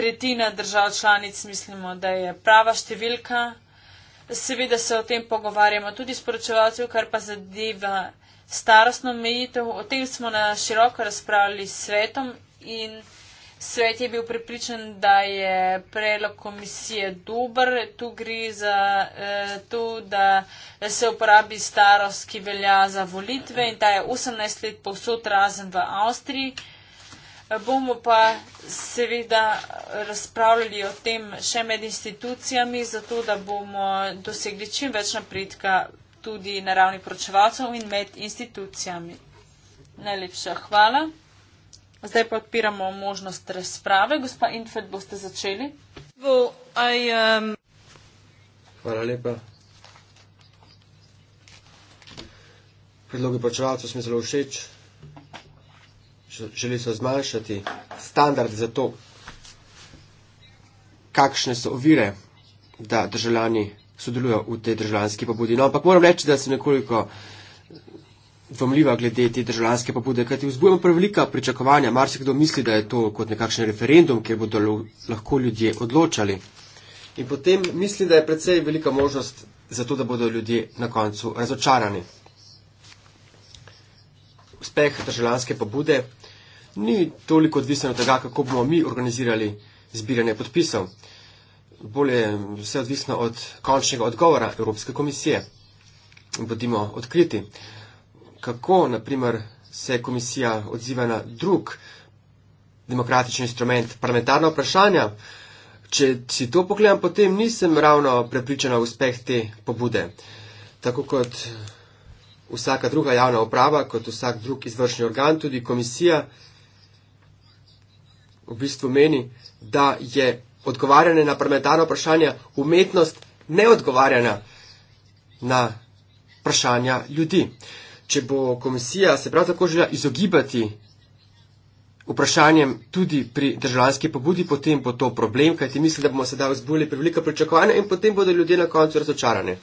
Tretjina držav članic mislimo, da je prava številka. Seveda se o tem pogovarjamo tudi s poročevalcev, kar pa zadeva starostno mejitev. O tem smo na široko razpravljali s svetom in Svet je bil pripričan, da je predlog komisije dober. Tu gre za eh, to, da se uporabi starost, ki velja za volitve in ta je 18 let povsod razen v Avstriji. Eh, bomo pa seveda razpravljali o tem še med institucijami, zato da bomo dosegli čim več napredka tudi na ravni pročevalcev in med institucijami. Najlepša hvala. Zdaj pa odpiramo možnost razprave. Gospa Infed, boste začeli? I, um... Hvala lepa. Predloge počevalcev smo zelo všeč. Želi so zmanjšati standard za to, kakšne so ovire, da državljani sodelujo v tej državljanski pobudi. No, ampak moram reči, da sem nekoliko uh, dvomljiva glede te državljanske pobude, kajti vzbujamo prevelika pričakovanja. Marsikdo misli, da je to kot nekakšen referendum, kjer bodo lahko ljudje odločali. In potem misli, da je predvsej velika možnost za to, da bodo ljudje na koncu razočarani. Uspeh državljanske pobude ni toliko odvisen od tega, kako bomo mi organizirali zbiranje podpisov. Bolje je vse odvisno od končnega odgovora Evropske komisije. Bodimo odkriti kako naprimer, se komisija odziva na drug demokratični instrument, parlamentarna vprašanja. Če si to pogledam, potem nisem ravno prepričana o uspeh te pobude. Tako kot vsaka druga javna uprava, kot vsak drug izvršni organ, tudi komisija v bistvu meni, da je odgovarjanje na parlamentarno vprašanje umetnost neodgovarjanja na vprašanja ljudi če bo komisija se prav tako želela izogibati vprašanjem tudi pri državljanski pobudi, potem bo to problem, kajti mislim, da bomo sedaj vzbujali prevelika pričakovanja in potem bodo ljudje na koncu razočarani.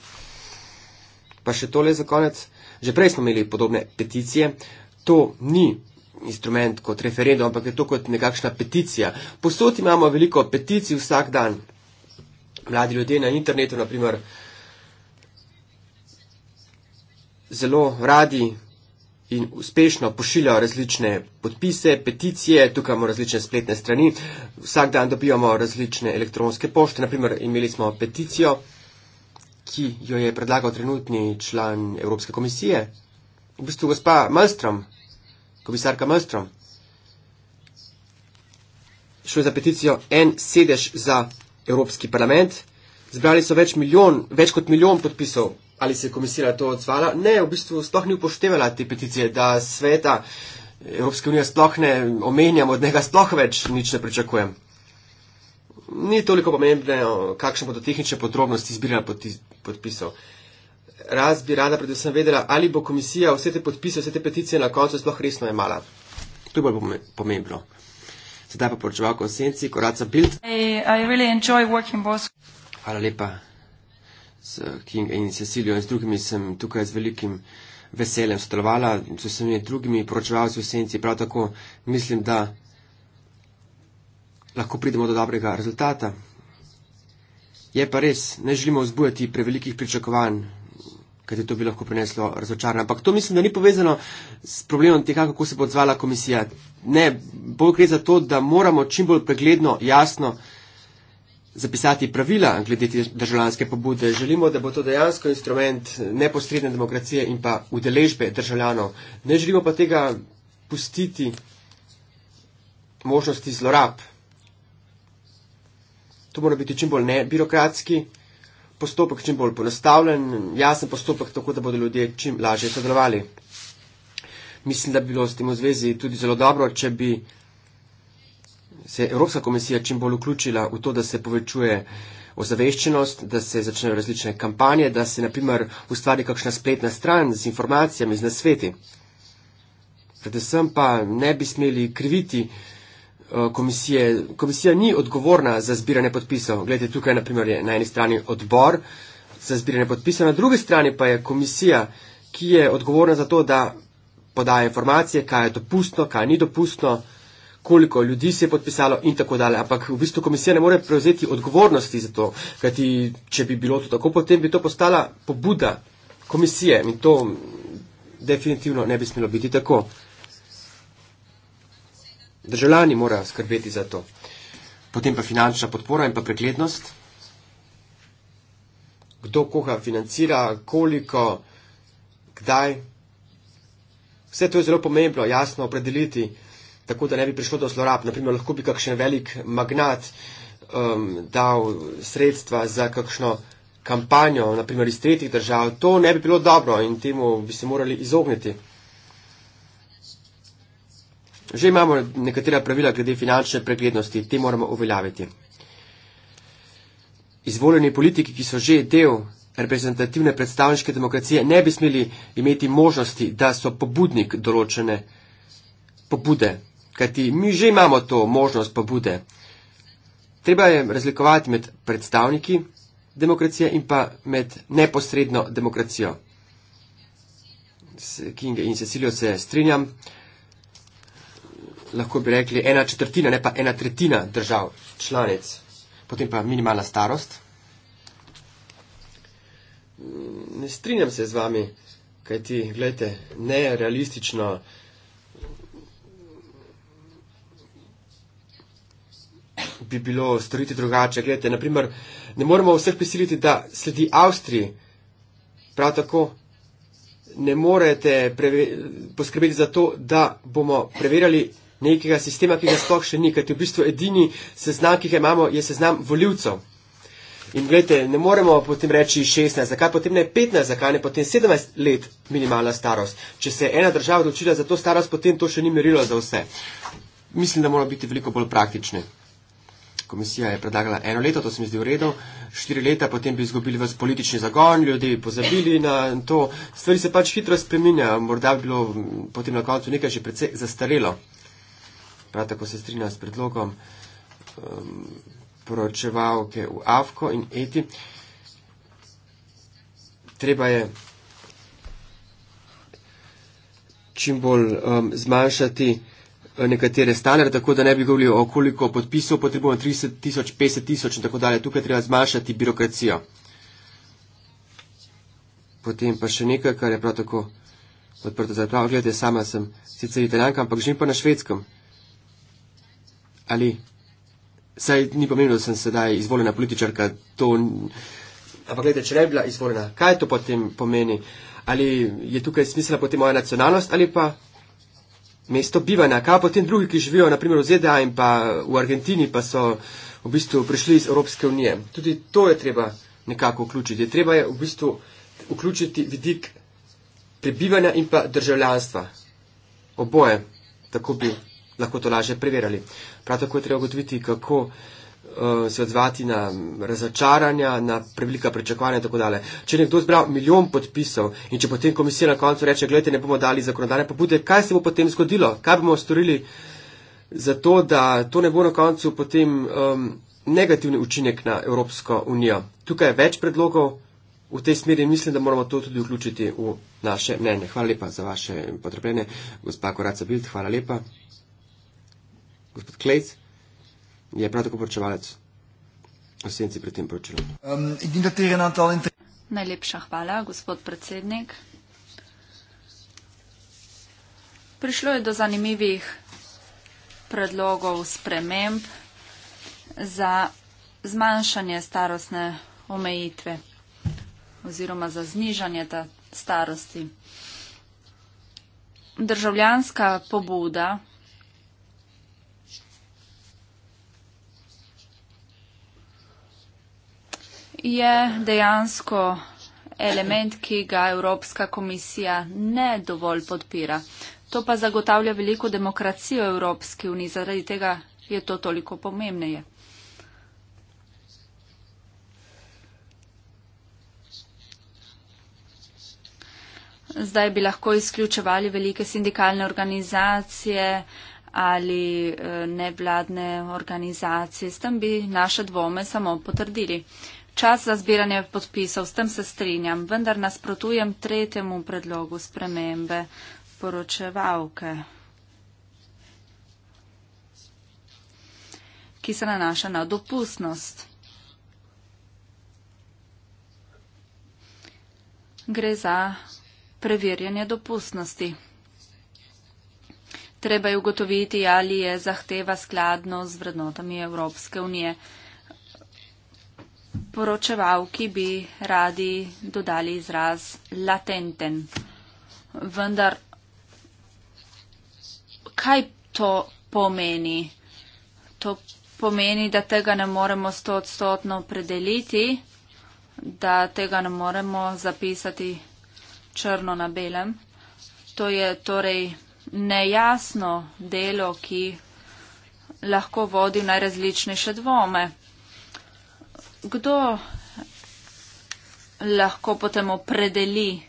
Pa še tole za konec. Že prej smo imeli podobne peticije. To ni instrument kot referendum, ampak je to kot nekakšna peticija. Posod imamo veliko peticij vsak dan. Mladi ljudje na internetu, naprimer, zelo radi in uspešno pošiljajo različne podpise, peticije, tukaj imamo različne spletne strani, vsak dan dobivamo različne elektronske pošte, naprimer imeli smo peticijo, ki jo je predlagal trenutni član Evropske komisije, v bistvu gospa Malmström, komisarka Malmström. Šlo je za peticijo en sedež za Evropski parlament. Zbrali so več, milijon, več kot milijon podpisov ali se je komisija to odzvala. Ne, v bistvu sploh ni upoštevala te peticije, da sveta Evropske unije sploh ne omenjamo, od njega sploh več nič ne pričakujem. Ni toliko pomembne, kakšne bodo tehnične podrobnosti izbirala podpisov. Raz bi rada predvsem vedela, ali bo komisija vse te podpise, vse te peticije na koncu sploh resno imala. To je bolj pomembno. Sedaj pa poročeval konsenci, koraca Bild. Hvala lepa s King in Cecilijo in z drugimi sem tukaj z velikim veseljem sodelovala, z vsemi drugimi poročevalci v senci, prav tako mislim, da lahko pridemo do dobrega rezultata. Je pa res, ne želimo vzbujati prevelikih pričakovanj, kaj to bi lahko prineslo razočaranje. Ampak to mislim, da ni povezano s problemom tega, kako se bo odzvala komisija. Ne, bolj gre za to, da moramo čim bolj pregledno, jasno zapisati pravila glede državljanske pobude. Želimo, da bo to dejansko instrument neposredne demokracije in pa udeležbe državljanov. Ne želimo pa tega pustiti možnosti zlorab. To mora biti čim bolj nebirokratski postopek, čim bolj ponastavljen, jasen postopek, tako da bodo ljudje čim lažje sodelovali. Mislim, da bi bilo s tem v zvezi tudi zelo dobro, če bi se je Evropska komisija čim bolj vključila v to, da se povečuje ozaveščenost, da se začnejo različne kampanje, da se naprimer ustvari kakšna spletna stran z informacijami, z nasveti. Predvsem pa ne bi smeli kriviti eh, komisije. Komisija ni odgovorna za zbiranje podpisov. Gledajte, tukaj naprimer je na eni strani odbor za zbiranje podpisov, na drugi strani pa je komisija, ki je odgovorna za to, da podaja informacije, kaj je dopustno, kaj ni dopustno koliko ljudi se je podpisalo in tako dalje. Ampak v bistvu komisija ne more prevzeti odgovornosti za to, kajti če bi bilo to tako, potem bi to postala pobuda komisije in to definitivno ne bi smelo biti tako. Državljani morajo skrbeti za to. Potem pa finančna podpora in pa preglednost. Kdo koga financira, koliko, kdaj. Vse to je zelo pomembno, jasno opredeliti tako da ne bi prišlo do zlorab. Naprimer, lahko bi kakšen velik magnat um, dal sredstva za kakšno kampanjo, naprimer iz tretjih držav. To ne bi bilo dobro in temu bi se morali izogniti. Že imamo nekatera pravila glede finančne preglednosti, te moramo uveljaviti. Izvoljeni politiki, ki so že del reprezentativne predstavniške demokracije, ne bi smeli imeti možnosti, da so pobudnik določene pobude, kajti mi že imamo to možnost pobude. Treba je razlikovati med predstavniki demokracije in pa med neposredno demokracijo. S King in Cecilijo se strinjam, lahko bi rekli ena četrtina, ne pa ena tretjina držav članic, potem pa minimalna starost. Ne strinjam se z vami, kajti, gledajte, nerealistično. bi bilo storiti drugače. Gledajte, naprimer, ne moremo vseh prisiliti, da sledi Avstriji. Prav tako ne morete preve, poskrbeti za to, da bomo preverjali nekega sistema, ki ga sploh še ni, ker je v bistvu edini seznam, ki ga imamo, je seznam voljivcev. In gledajte, ne moremo potem reči 16, zakaj potem ne 15, zakaj ne potem 17 let minimalna starost. Če se je ena država odločila za to starost, potem to še ni merilo za vse. Mislim, da moramo biti veliko bolj praktični komisija je predlagala eno leto, to se mi zdi v redu, štiri leta, potem bi izgubili vas politični zagon, ljudje bi pozabili na to. Stvari se pač hitro spreminjajo, morda bi bilo potem na koncu nekaj že predvsej zastarelo. Prav tako se strinjam s predlogom um, poročevalke v Avko in Eti. Treba je čim bolj um, zmanjšati nekatere standarde, tako da ne bi govorili o koliko podpisov potrebujemo, 30 tisoč, 50 tisoč in tako dalje. Tukaj treba zmanjšati birokracijo. Potem pa še nekaj, kar je prav tako odprto za prav. Gledajte, sama sem sicer italijanka, ampak živim pa na švedskem. Ali, saj ni pomembno, da sem sedaj izvoljena političarka, to. Ampak gledajte, če ne bi bila izvoljena, kaj to potem pomeni? Ali je tukaj smisla potem moja nacionalnost ali pa mesto bivanja, kaj potem drugi, ki živijo naprimer v ZDA in pa v Argentini, pa so v bistvu prišli iz Evropske unije. Tudi to je treba nekako vključiti. Treba je v bistvu vključiti vidik prebivanja in pa državljanstva. Oboje, tako bi lahko to laže preverjali. Prav tako je treba ugotoviti, kako. Eh, se odzvati na razočaranja, na prevelika prečakovanja in tako dalje. Če nekdo zbral milijon podpisov in če potem komisija na koncu reče, gledajte, ne bomo dali zakonodane pobude, kaj se bo potem zgodilo? Kaj bomo storili za to, da to ne bo na koncu potem um, negativni učinek na Evropsko unijo? Tukaj je več predlogov v tej smeri in mislim, da moramo to tudi vključiti v naše mnenje. Hvala lepa za vaše potrebne. Gospa Koraca Bild, hvala lepa. Gospod Klejc je prav tako poročevalec o senci pri tem poročilu. Um, Najlepša hvala, gospod predsednik. Prišlo je do zanimivih predlogov sprememb za zmanjšanje starostne omejitve oziroma za znižanje ta starosti. Državljanska pobuda je dejansko element, ki ga Evropska komisija ne dovolj podpira. To pa zagotavlja veliko demokracijo Evropski uniji, zaradi tega je to toliko pomembneje. Zdaj bi lahko izključevali velike sindikalne organizacije ali eh, nevladne organizacije, s tem bi naše dvome samo potrdili čas za zbiranje podpisov, s tem se strinjam, vendar nasprotujem tretjemu predlogu spremembe poročevalke, ki se nanaša na dopustnost. Gre za preverjanje dopustnosti. Treba je ugotoviti, ali je zahteva skladno z vrednotami Evropske unije poročevalki bi radi dodali izraz latenten. Vendar, kaj to pomeni? To pomeni, da tega ne moremo stotstotno predeliti, da tega ne moremo zapisati črno na belem. To je torej nejasno delo, ki lahko vodi v najrazličnejše dvome kdo lahko potem opredeli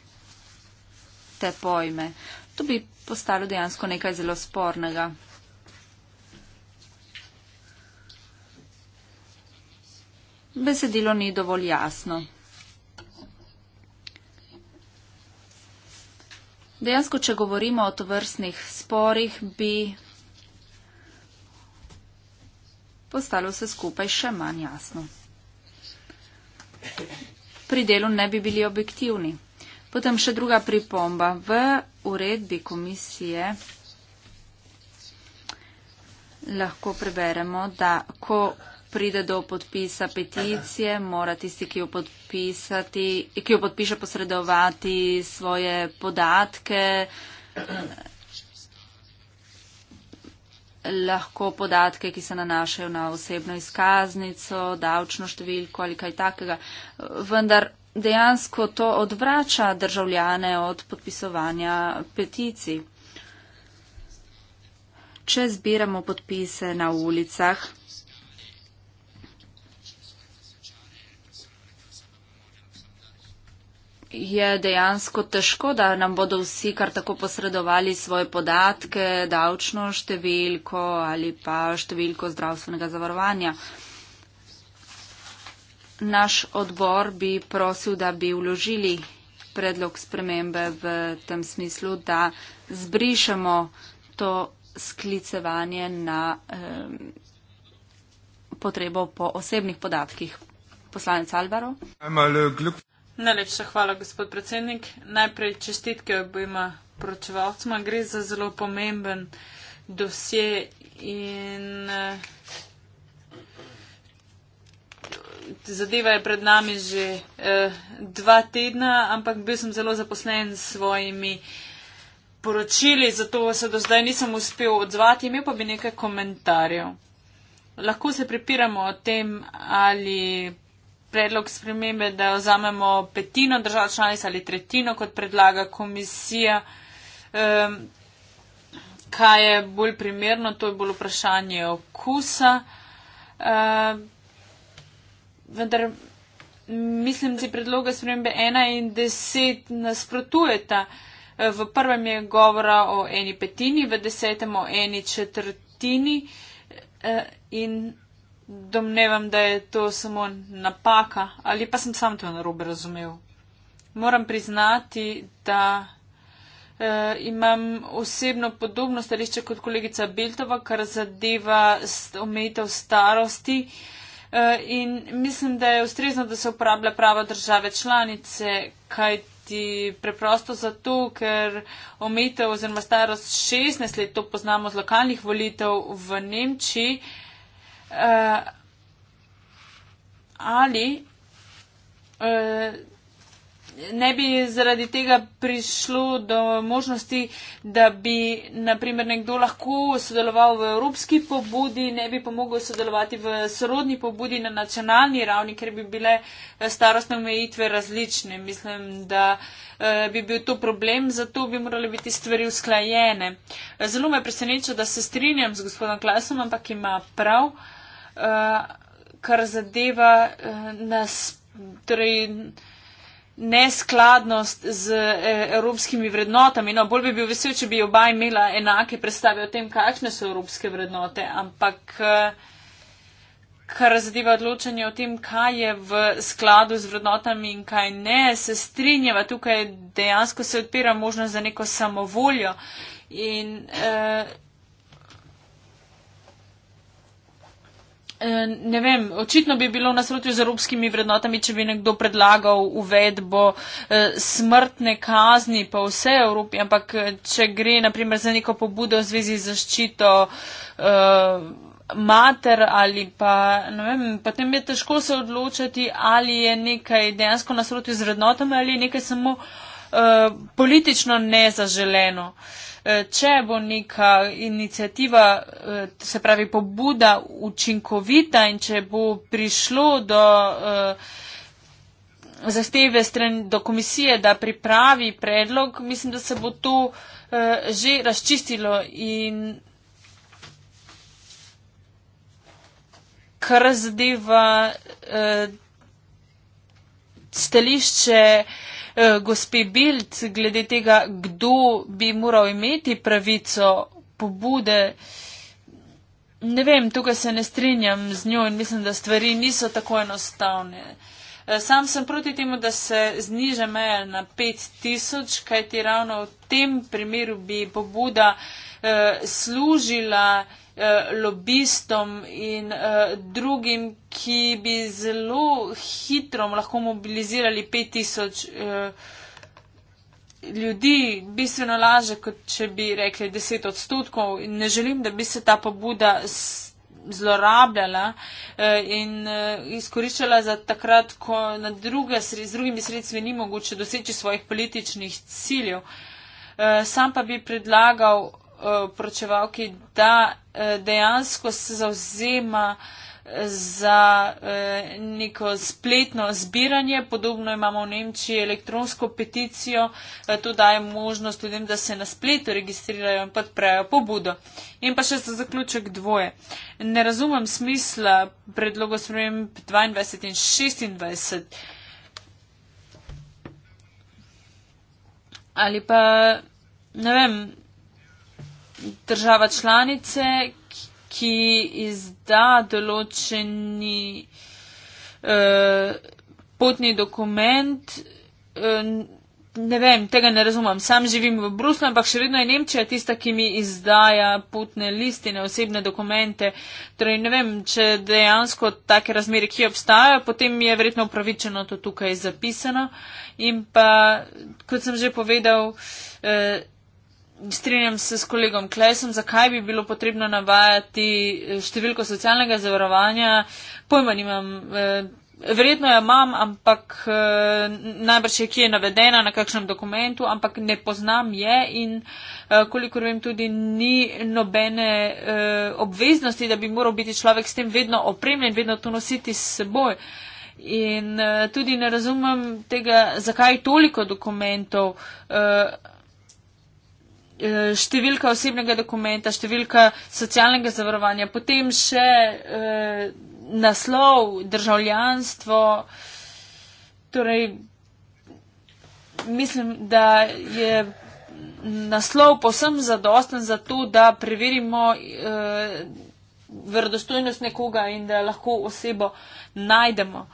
te pojme? To bi postalo dejansko nekaj zelo spornega. Besedilo ni dovolj jasno. Dejansko, če govorimo o tovrstnih sporih, bi postalo vse skupaj še manj jasno pri delu ne bi bili objektivni. Potem še druga pripomba. V uredbi komisije lahko preberemo, da ko pride do podpisa peticije, mora tisti, ki jo, ki jo podpiše, posredovati svoje podatke lahko podatke, ki se nanašajo na osebno izkaznico, davčno številko ali kaj takega. Vendar dejansko to odvrača državljane od podpisovanja peticij. Če zbiramo podpise na ulicah, je dejansko težko, da nam bodo vsi kar tako posredovali svoje podatke, davčno številko ali pa številko zdravstvenega zavarovanja. Naš odbor bi prosil, da bi vložili predlog spremembe v tem smislu, da zbrišemo to sklicevanje na eh, potrebo po osebnih podatkih. Poslanec Alvaro. Najlepša hvala, gospod predsednik. Najprej čestitke obima poročevalcema. Gre za zelo pomemben dosje in eh, zadeva je pred nami že eh, dva tedna, ampak bil sem zelo zaposlen s svojimi poročili, zato se do zdaj nisem uspel odzvati. Imel pa bi nekaj komentarjev. Lahko se pripiramo o tem, ali predlog spremembe, da vzamemo petino držav članic ali tretjino, kot predlaga komisija. Um, kaj je bolj primerno, to je bolj vprašanje okusa. Um, vendar mislim, da si predloga spremembe 1 in 10 nasprotujeta. V prvem je govora o eni petini, v desetem o eni četrtini. Eh, in domnevam, da je to samo napaka ali pa sem sam to narobe razumel. Moram priznati, da eh, imam osebno podobno stališče kot kolegica Biltova, kar zadeva omejitev starosti. Eh, in mislim, da je ustrezno, da se uporablja prava države članice, kajti preprosto zato, ker omejitev oziroma starost 16 let, to poznamo z lokalnih volitev v Nemčiji, eh, Uh, ali uh, ne bi zaradi tega prišlo do možnosti, da bi naprimer nekdo lahko sodeloval v evropski pobudi, ne bi pa mogel sodelovati v sorodni pobudi na nacionalni ravni, ker bi bile eh, starostne omejitve različne. Mislim, da bi bil to problem, zato bi morali biti stvari usklajene. Zelo me preseneča, da se strinjam z gospodom Klasom, ampak ima prav. Uh, uh, kar zadeva uh, nas, torej neskladnost z uh, evropskimi vrednotami. No, bolj bi bil vesel, če bi oba imela enake predstave o tem, kakšne so evropske vrednote, ampak. Uh, kar zadeva odločanje o tem, kaj je v skladu z vrednotami in kaj ne, se strinjava. Tukaj dejansko se odpira možnost za neko samovoljo. In eh, Eh, ne vem, očitno bi bilo v nasprotju z evropskimi vrednotami, če bi nekdo predlagal uvedbo eh, smrtne kazni po vsej Evropi, ampak eh, če gre naprimer za neko pobudo v zvezi z zaščito mater ali pa, ne vem, potem je težko se odločiti, ali je nekaj dejansko nasprotju z vrednotami ali je nekaj samo politično nezaželeno. Eh, če bo neka inicijativa, eh, se pravi pobuda učinkovita in če bo prišlo do eh, zahteve stran do komisije, da pripravi predlog, mislim, da se bo to že razčistilo in kar zadeva stališče Eh, gospe Bild glede tega, kdo bi moral imeti pravico pobude. Ne vem, tukaj se ne strinjam z njo in mislim, da stvari niso tako enostavne. Eh, sam sem proti temu, da se zniža meja na 5000, kajti ravno v tem primeru bi pobuda eh, služila. Eh, lobistom in eh, drugim, ki bi zelo hitro lahko mobilizirali 5000 eh, ljudi, bistveno laže, kot če bi rekli 10 odstotkov. Ne želim, da bi se ta pobuda zlorabljala in izkoriščala za takrat, ko druge, z drugimi sredstvi ni mogoče doseči svojih političnih ciljev. Sam pa bi predlagal Eh, poročevalki, da eh, dejansko se zauzema eh, za neko spletno zbiranje. Podobno imamo v Nemčiji elektronsko peticijo, to daje možnost ljudem, da se na spletu registrirajo in podprejo pobudo. In pa še za zaključek dvoje. Ne razumem smisla predlogov sprememb 22 in 26. Ali pa, ne vem, država članice, ki izda določeni eh, potni dokument. Eh, ne vem, tega ne razumem. Sam živim v Bruslu, ampak še vedno je Nemčija tista, ki mi izdaja potne listine, osebne dokumente. Torej, ne vem, če dejansko take razmere, ki obstajajo, potem je verjetno upravičeno to tukaj zapisano. In pa, kot sem že povedal, eh, strinjam se s kolegom Klesom, zakaj bi bilo potrebno navajati eh, številko socialnega zavarovanja. Pojma nimam, eh, verjetno jo imam, ampak eh, najbrž je kje navedena, na kakšnem dokumentu, ampak ne poznam je in kolikor vem tudi ni nobene obveznosti, da bi moral biti človek s tem vedno opremljen, vedno to nositi s seboj. In tudi ne razumem tega, zakaj toliko dokumentov. Eh, številka osebnega dokumenta, številka socialnega zavarovanja, potem še eh, naslov, državljanstvo. Torej, mislim, da je naslov posem zadosten za to, da preverimo eh, verodostojnost nekoga in da lahko osebo najdemo.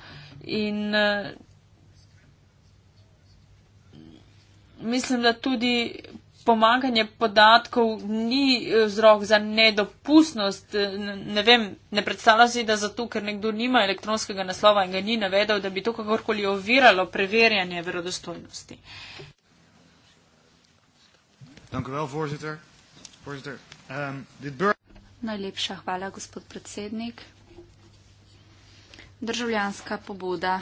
In mislim, da tudi pomankanje podatkov ni eh, vzrok za nedopustnost. Eh, ne vem, ne predstavljam si, da zato, ker nekdo nima elektronskega naslova in ga ni navedel, da bi to kakorkoli oviralo preverjanje verodostojnosti. Ehm, Najlepša hvala, gospod predsednik. Državljanska pobuda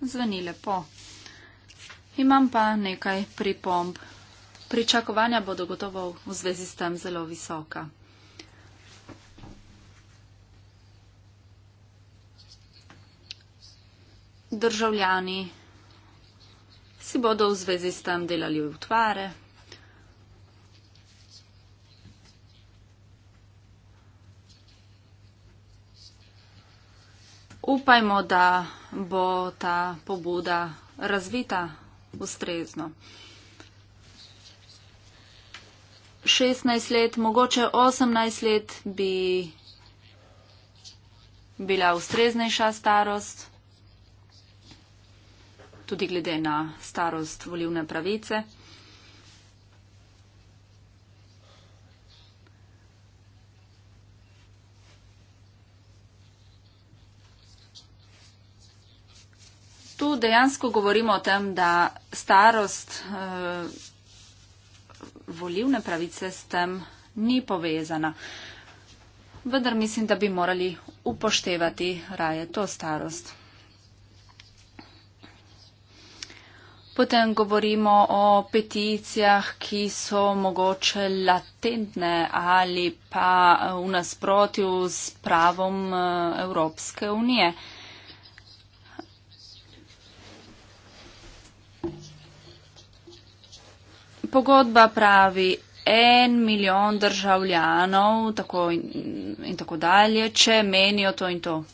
zveni lepo. Imam pa nekaj pripomb pričakovanja bodo gotovo v zvezi s tem zelo visoka. Državljani si bodo v zvezi s tem delali utvare. Upajmo, da bo ta pobuda razvita ustrezno. 16 let, mogoče 18 let bi bila ustreznejša starost, tudi glede na starost volivne pravice. Tu dejansko govorimo o tem, da starost. Uh, volivne pravice s tem ni povezana. Vendar mislim, da bi morali upoštevati raje to starost. Potem govorimo o peticijah, ki so mogoče latentne ali pa v nasprotju s pravom eh, Evropske unije. pogodba pravi en milijon državljanov tako in, in tako dalje, če menijo to in to.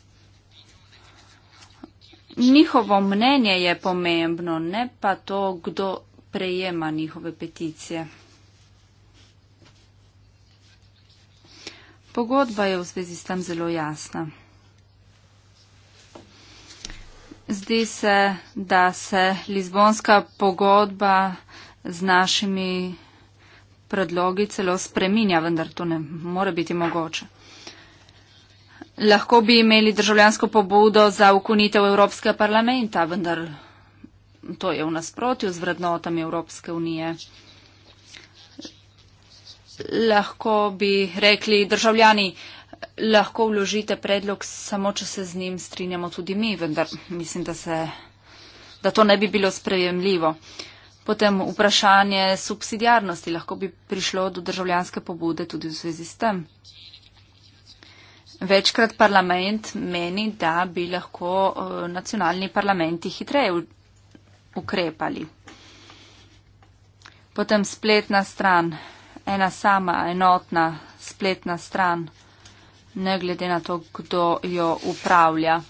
Njihovo mnenje je pomembno, ne pa to, kdo prejema njihove peticije. Pogodba je v zvezi s tem zelo jasna. Zdi se, da se Lizbonska pogodba z našimi predlogi celo spreminja, vendar to ne more biti mogoče. Lahko bi imeli državljansko pobudo za ukunitev Evropskega parlamenta, vendar to je v nasprotju z vrednotami Evropske unije. Lahko bi rekli državljani, lahko vložite predlog samo, če se z njim strinjamo tudi mi, vendar mislim, da, se, da to ne bi bilo sprejemljivo. Uh, Potem vprašanje subsidijarnosti. Lahko bi prišlo do državljanske pobude tudi v zvezi s tem. Večkrat parlament meni, da bi lahko eh, nacionalni parlamenti hitreje ukrepali. Potem spletna stran, ena sama enotna spletna stran, ne glede na to, kdo jo upravlja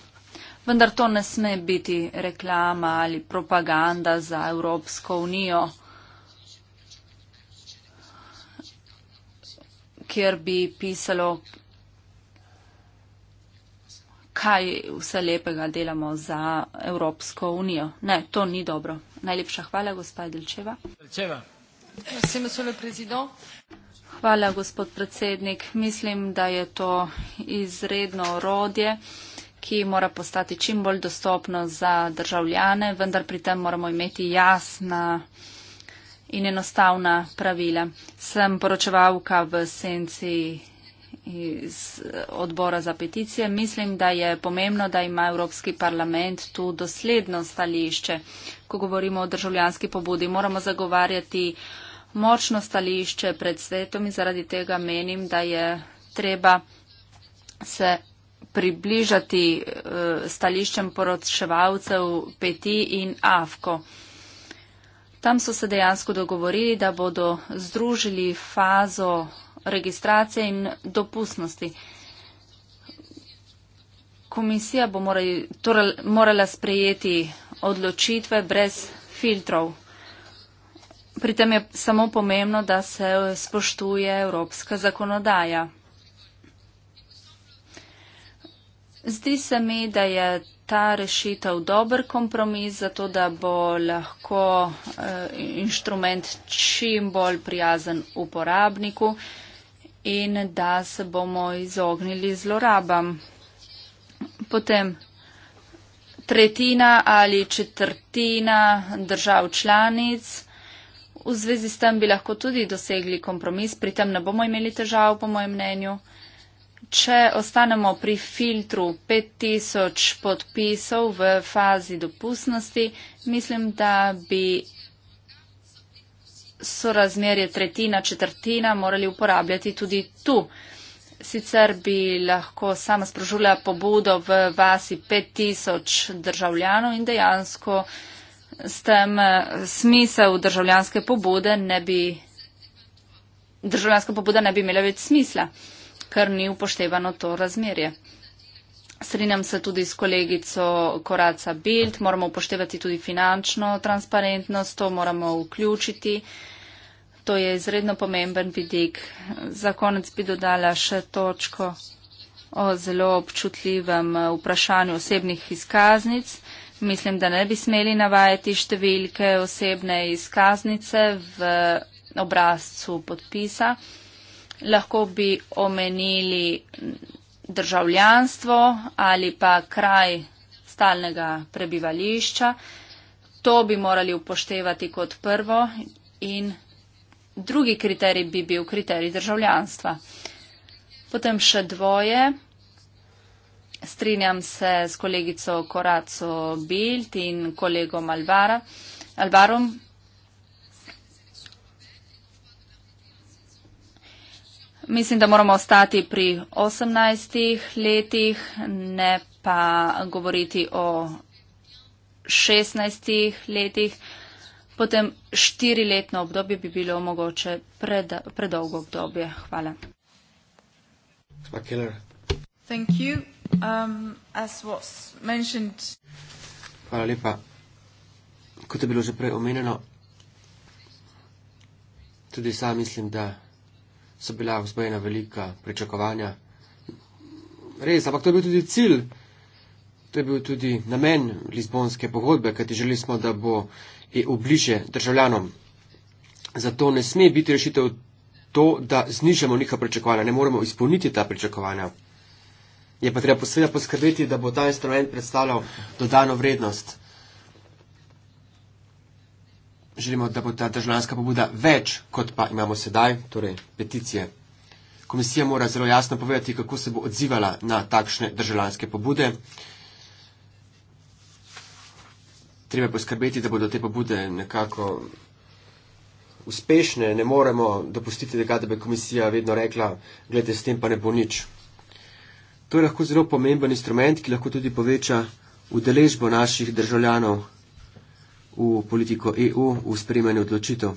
vendar to ne sme biti reklama ali propaganda za Evropsko unijo, kjer bi pisalo, kaj vse lepega delamo za Evropsko unijo. Ne, to ni dobro. Najlepša hvala, gospa Delčeva. Delčeva. Hvala, gospod predsednik. Mislim, da je to izredno orodje ki mora postati čim bolj dostopno za državljane, vendar pri tem moramo imeti jasna in enostavna pravila. Sem poročevalka v senci iz odbora za peticije. Mislim, da je pomembno, da ima Evropski parlament tu dosledno stališče. Ko govorimo o državljanski pobudi, moramo zagovarjati močno stališče pred svetom in zaradi tega menim, da je treba se približati eh, stališčem poročevalcev Peti in Avko. Tam so se dejansko dogovorili, da bodo združili fazo registracije in dopustnosti. Komisija bo morali, torej, morala sprejeti odločitve brez filtrov. Pri tem je samo pomembno, da se spoštuje evropska zakonodaja. Zdi se mi, da je ta rešitev dober kompromis, zato da bo lahko uh, inštrument čim bolj prijazen uporabniku in da se bomo izognili zlorabam. Potem tretjina ali četrtina držav članic. V zvezi s tem bi lahko tudi dosegli kompromis, pri tem ne bomo imeli težav, po mojem mnenju. Če ostanemo pri filtru 5000 podpisov v fazi dopustnosti, mislim, da bi sorazmerje tretjina, četrtina morali uporabljati tudi tu. Sicer bi lahko sama sprožila pobudo v vasi 5000 državljanov in dejansko s tem eh, smisel državljanske pobude ne bi, državljanska pobuda ne bi imela več smisla ker ni upoštevano to razmerje. Strinjam se tudi s kolegico Koraca Bild, moramo upoštevati tudi finančno transparentnost, to moramo vključiti. To je izredno pomemben vidik. Za konec bi dodala še točko o zelo občutljivem eh, vprašanju osebnih izkaznic. Mislim, da ne bi smeli navajati številke osebne izkaznice v obrazcu podpisa lahko bi omenili državljanstvo ali pa kraj stalnega prebivališča. To bi morali upoštevati kot prvo in drugi kriterij bi bil kriterij državljanstva. Potem še dvoje. Strinjam se s kolegico Koraco Bilt in kolegom Alvarom, Mislim, da moramo ostati pri 18 letih, ne pa govoriti o 16 letih. Potem štiriletno obdobje bi bilo mogoče pred, predolgo obdobje. Hvala. Um, Hvala lepa. Kot je bilo že prej omenjeno, tudi sam mislim, da so bila vzbojena velika pričakovanja. Res, ampak to je bil tudi cilj, to je bil tudi namen Lizbonske pogodbe, kajti želeli smo, da bo EU bliže državljanom. Zato ne sme biti rešitev to, da znižamo njihova pričakovanja, ne moremo izpolniti ta pričakovanja. Je pa treba posebej poskrbeti, da bo ta instrument predstavljal dodano vrednost želimo, da bo ta državljanska pobuda več, kot pa imamo sedaj, torej peticije. Komisija mora zelo jasno povedati, kako se bo odzivala na takšne državljanske pobude. Treba poskrbeti, da bodo te pobude nekako uspešne. Ne moremo dopustiti tega, da bi komisija vedno rekla, gledajte, s tem pa ne bo nič. To je lahko zelo pomemben instrument, ki lahko tudi poveča udeležbo naših državljanov v politiko EU v sprejmanju odločitev.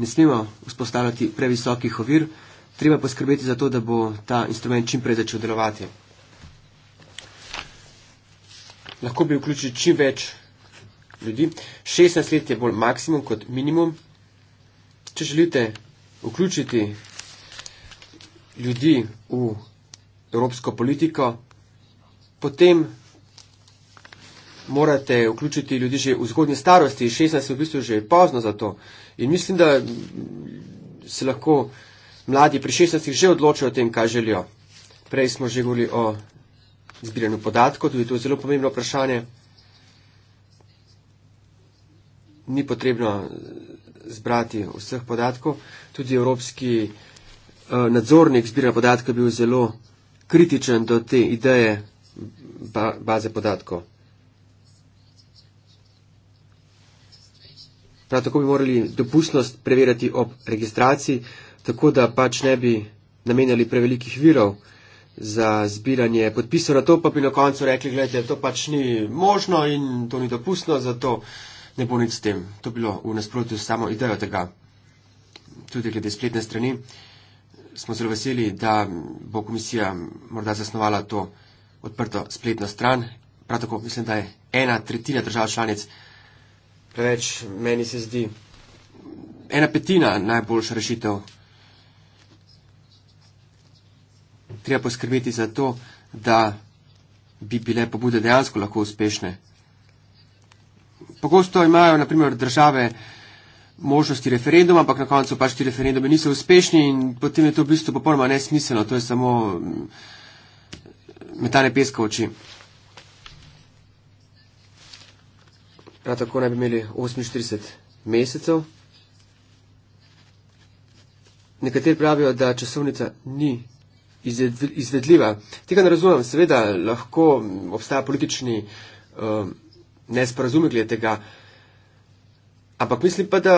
Ne smemo vzpostavljati previsokih ovir, treba poskrbeti za to, da bo ta instrument čimprej začel delovati. Lahko bi vključili čim več ljudi. 16 let je bolj maksimum kot minimum. Če želite vključiti ljudi v evropsko politiko, potem morate vključiti ljudi že v zgodni starosti, 16 je v bistvu že pozno za to. In mislim, da se lahko mladi pri 16 že odločijo o tem, kaj želijo. Prej smo že govorili o zbiranju podatkov, tudi to je zelo pomembno vprašanje. Ni potrebno zbrati vseh podatkov. Tudi evropski eh, nadzornik zbiranja podatkov je bil zelo kritičen do te ideje baze podatkov. Prav tako bi morali dopustnost preverjati ob registraciji, tako da pač ne bi namenjali prevelikih virov za zbiranje podpisov, na to pa bi na koncu rekli, gledajte, to pač ni možno in to ni dopustno, zato ne bo nič s tem. To bi bilo v nasprotju s samo idejo tega. Tudi glede spletne strani smo zelo veseli, da bo komisija morda zasnovala to odprto spletno stran. Prav tako mislim, da je ena tretjina držav članic preveč, meni se zdi, ena petina najboljša rešitev. Treba poskrbeti za to, da bi bile pobude dejansko lahko uspešne. Pogosto imajo, naprimer, države možnosti referenduma, ampak na koncu pač ti referendumi niso uspešni in potem je to v bistvu popolnoma nesmiselno. To je samo metanje peska v oči. Prav tako naj bi imeli 48 mesecev. Nekateri pravijo, da časovnica ni izvedljiva. Tega ne razumem. Seveda lahko obstaja politični um, nesporazum glede tega. Ampak mislim pa, da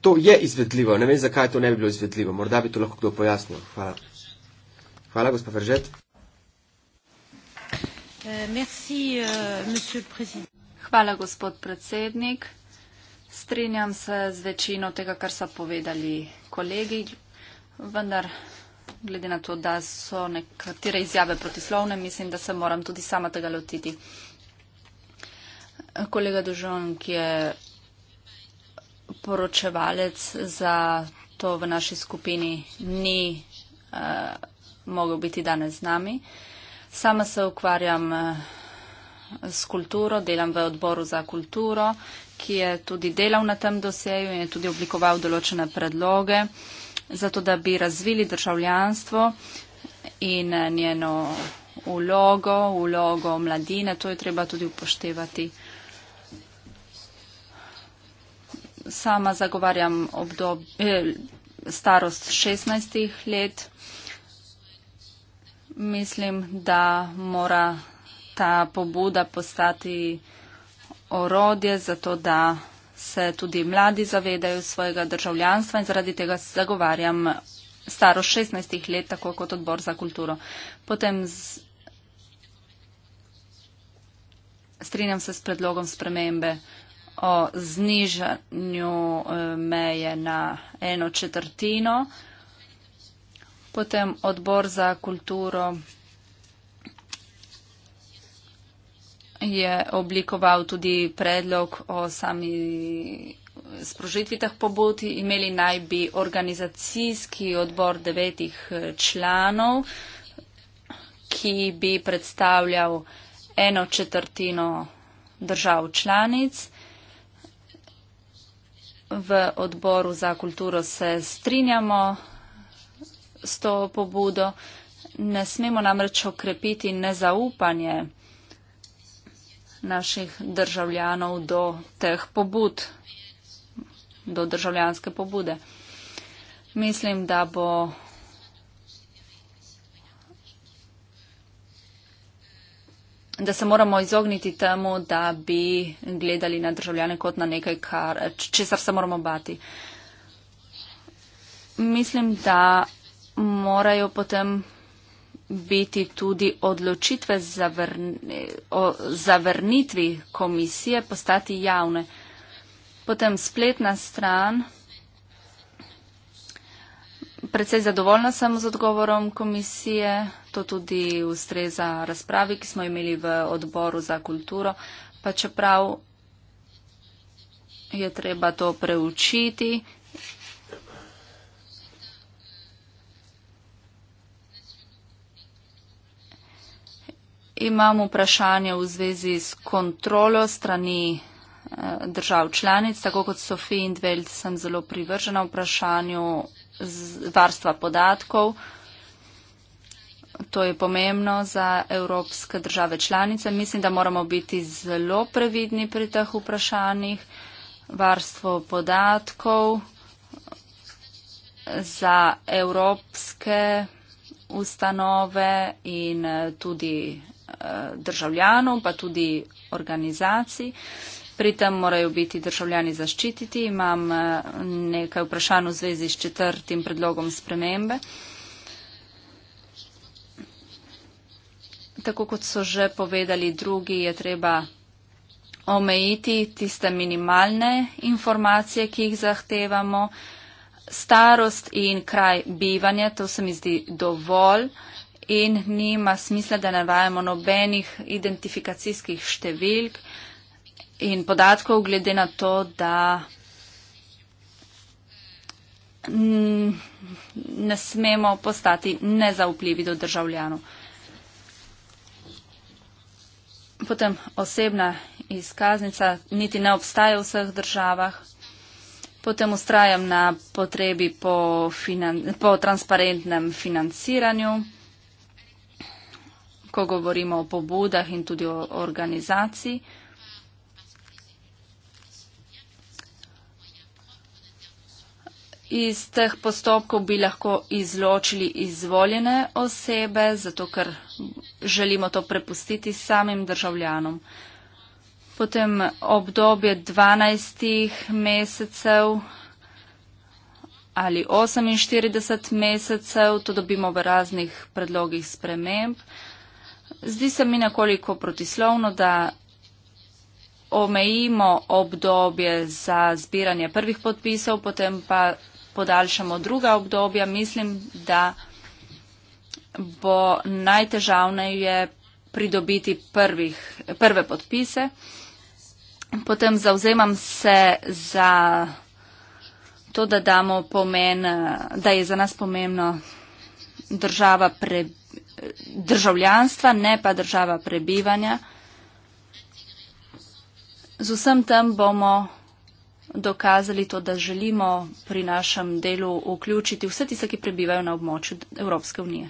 to je izvedljivo. Ne vem, zakaj to ne bi bilo izvedljivo. Morda bi to lahko kdo pojasnil. Hvala. Hvala, gospod Veržet. Eh, merci, uh, monsieur president. Hvala, gospod predsednik. Strinjam se z večino tega, kar so povedali kolegi, vendar glede na to, da so nekatere izjave protislovne, mislim, da se moram tudi sama tega lotiti. Kolega Dožon, ki je poročevalec za to v naši skupini, ni uh, mogel biti danes z nami. Sama se ukvarjam. Uh, s kulturo, delam v odboru za kulturo, ki je tudi delal na tem doseju in je tudi oblikoval določene predloge za to, da bi razvili državljanstvo in eh, njeno ulogo, ulogo mladine, to je treba tudi upoštevati. Sama zagovarjam obdobje eh, starost 16 let. Mislim, da mora ta pobuda postati orodje za to, da se tudi mladi zavedajo svojega državljanstva in zaradi tega zagovarjam staro 16 let, tako kot odbor za kulturo. Potem strinjam se s predlogom spremembe o znižanju e, meje na eno četrtino. Potem odbor za kulturo. je oblikoval tudi predlog o sami sprožitvi teh pobud. Imeli naj bi organizacijski odbor devetih eh, članov, ki bi predstavljal eno četrtino držav članic. V odboru za kulturo se strinjamo s to pobudo. Ne smemo namreč okrepiti nezaupanje naših državljanov do teh pobud, do državljanske pobude. Mislim, da bo da se moramo izogniti temu, da bi gledali na državljane kot na nekaj, kar, česar se moramo bati. Mislim, da morajo potem biti tudi odločitve zavrni, o zavrnitvi komisije postati javne. Potem spletna stran. Predvsej zadovoljna sem z odgovorom komisije, to tudi ustreza razpravi, ki smo imeli v odboru za kulturo, pa čeprav je treba to preučiti, imam vprašanje v zvezi s kontrolo strani eh, držav članic. Tako kot Sofij in Dveld sem zelo privržena vprašanju varstva podatkov. To je pomembno za evropske države članice. Mislim, da moramo biti zelo previdni pri teh vprašanjih. Varstvo podatkov eh, za evropske ustanove in eh, tudi državljanov, pa tudi organizacij. Pri tem morajo biti državljani zaščititi. Imam eh, nekaj vprašanj v zvezi s četrtim predlogom spremembe. Tako kot so že povedali drugi, je treba omejiti tiste minimalne informacije, ki jih zahtevamo. Starost in kraj bivanja, to se mi zdi dovolj in nima smisla, da navajamo nobenih identifikacijskih številk in podatkov glede na to, da mm, ne smemo postati nezaupljivi do državljanov. Potem osebna izkaznica niti ne obstaja v vseh državah. Potem ustrajam na potrebi po, finan po transparentnem financiranju ko govorimo o pobudah in tudi o organizaciji. Iz teh postopkov bi lahko izločili izvoljene osebe, zato ker želimo to prepustiti samim državljanom. Potem obdobje 12 mesecev ali 48 mesecev, to dobimo v raznih predlogih sprememb. Zdi se mi nekoliko protislovno, da omejimo obdobje za zbiranje prvih podpisov, potem pa podaljšamo druga obdobja. Mislim, da bo najtežavneje pridobiti prvih, prve podpise. Potem zauzemam se za to, da, pomen, da je za nas pomembno država prebivati državljanstva, ne pa država prebivanja. Z vsem tem bomo dokazali to, da želimo pri našem delu vključiti vse tiste, ki prebivajo na območju Evropske unije.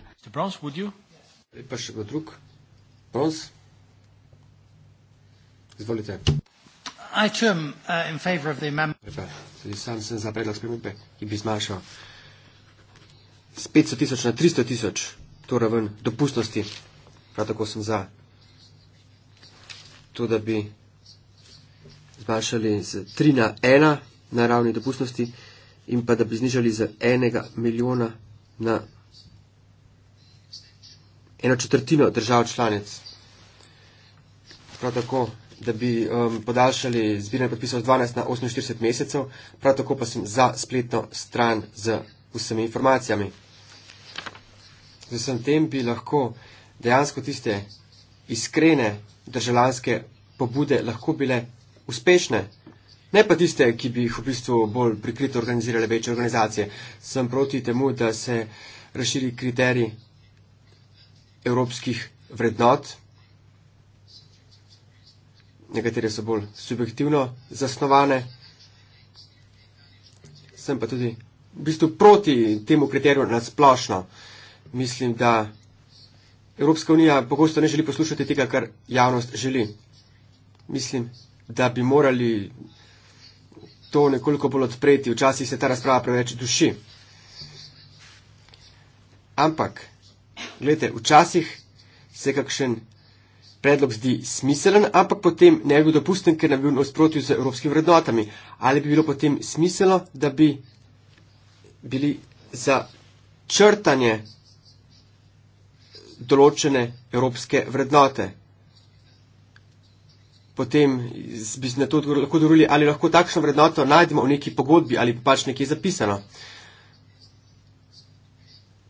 Pa še kdo drug? Bons? Izvolite. Uh, tudi sam sem za predlog spremembe, ki bi zmanjšal z 500 tisoč na 300 tisoč to raven dopustnosti. Prav tako sem za to, da bi zmanjšali z 3 na 1 na ravni dopustnosti in pa da bi znižali z 1 milijona na eno četrtino držav članic. Prav tako, da bi um, podaljšali zbiranje podpisov z 12 na 48 mesecev, prav tako pa sem za spletno stran z vsemi informacijami z vsem tem bi lahko dejansko tiste iskrene državljanske pobude lahko bile uspešne. Ne pa tiste, ki bi jih v bistvu bolj prikrito organizirale večje organizacije. Sem proti temu, da se razširi kriterij evropskih vrednot. Nekatere so bolj subjektivno zasnovane. Sem pa tudi v bistvu proti temu kriteriju nasplošno mislim, da Evropska unija pogosto ne želi poslušati tega, kar javnost želi. Mislim, da bi morali to nekoliko bolj odpreti. Včasih se ta razprava preveč duši. Ampak, gledajte, včasih se kakšen predlog zdi smiselen, ampak potem ne bi bil dopusten, ker nam bi bil nasprotju z evropskimi vrednotami. Ali bi bilo potem smiselno, da bi bili za črtanje določene evropske vrednote. Potem bi na to lahko dovolili, ali lahko takšno vrednoto najdemo v neki pogodbi ali pač nekje zapisano.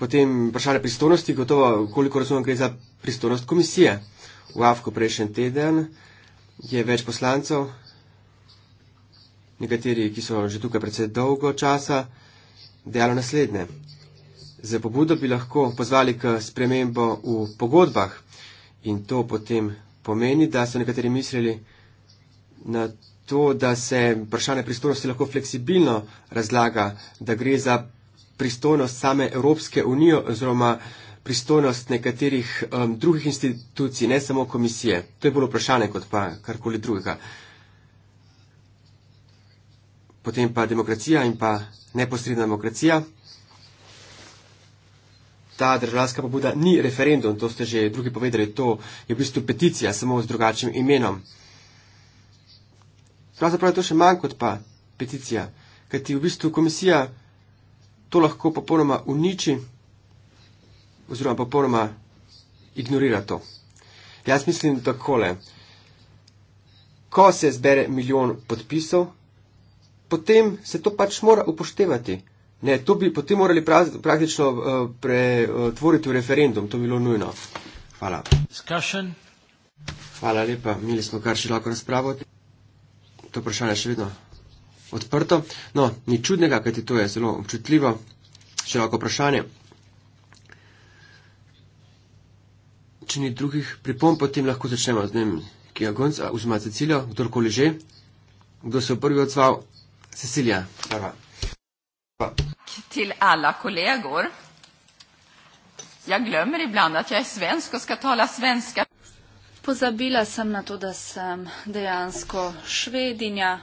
Potem vprašanje pristojnosti, gotovo, koliko razumem, gre za pristojnost komisije. V Afku prejšnji teden je več poslancev, nekateri, ki so že tukaj predvsej dolgo časa, dejalo naslednje. Za pobudo bi lahko pozvali k spremembo v pogodbah in to potem pomeni, da so nekateri mislili na to, da se vprašanje pristojnosti lahko fleksibilno razlaga, da gre za pristojnost same Evropske unije oziroma pristojnost nekaterih um, drugih institucij, ne samo komisije. To je bolj vprašanje kot pa karkoli drugega. Potem pa demokracija in pa neposredna demokracija ta državljanska pobuda ni referendum, to ste že drugi povedali, to je v bistvu peticija, samo z drugačnim imenom. Pravzaprav je to še manj kot pa peticija, kajti v bistvu komisija to lahko popolnoma uniči oziroma popolnoma ignorira to. Jaz mislim takole. Ko se zbere milijon podpisov, potem se to pač mora upoštevati. Ne, to bi potem morali pra, praktično uh, pretvoriti uh, v referendum, to bi bilo nujno. Hvala. Discussion. Hvala lepa, imeli smo kar še lahko razpravo. To vprašanje je še vedno odprto. No, ni čudnega, kaj ti to je zelo občutljivo, še lahko vprašanje. Če ni drugih pripomb, potem lahko začnemo z dnem, ki je konc, oziroma Cecilijo, kdorkoli že. Kdo se je prvi odzval? Cecilija, prva. Pa till alla kollegor. Jag glömmer ibland att jag är svensk och ska tala svenska. Pozabila sem na to, da sem dejansko švedinja,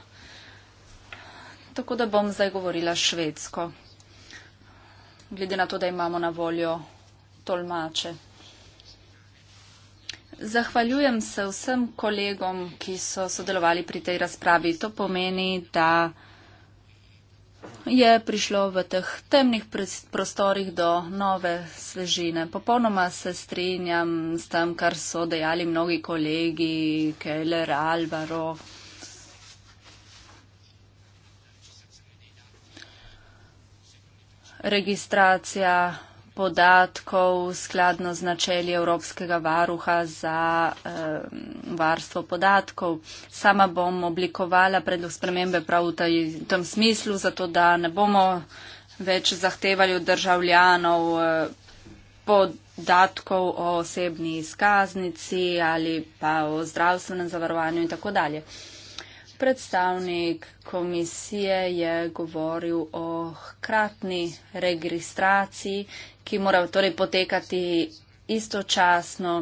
tako da bom zdaj govorila švedsko. Glede na to, da imamo na voljo tolmače. Zahvaljujem se vsem kolegom, ki so sodelovali pri tej razpravi. To pomeni, da je prišlo v teh temnih prostorih do nove svežine. Popolnoma se strinjam s tem, kar so dejali mnogi kolegi, Keller, Alvaro. Registracija podatkov skladno z načeli Evropskega varuha za eh, varstvo podatkov. Sama bom oblikovala predlog spremembe prav v taj, tem smislu, zato da ne bomo več zahtevali od državljanov eh, podatkov o osebni izkaznici ali pa o zdravstvenem zavarovanju in tako dalje. Predstavnik komisije je govoril o hkratni registraciji, ki mora torej potekati istočasno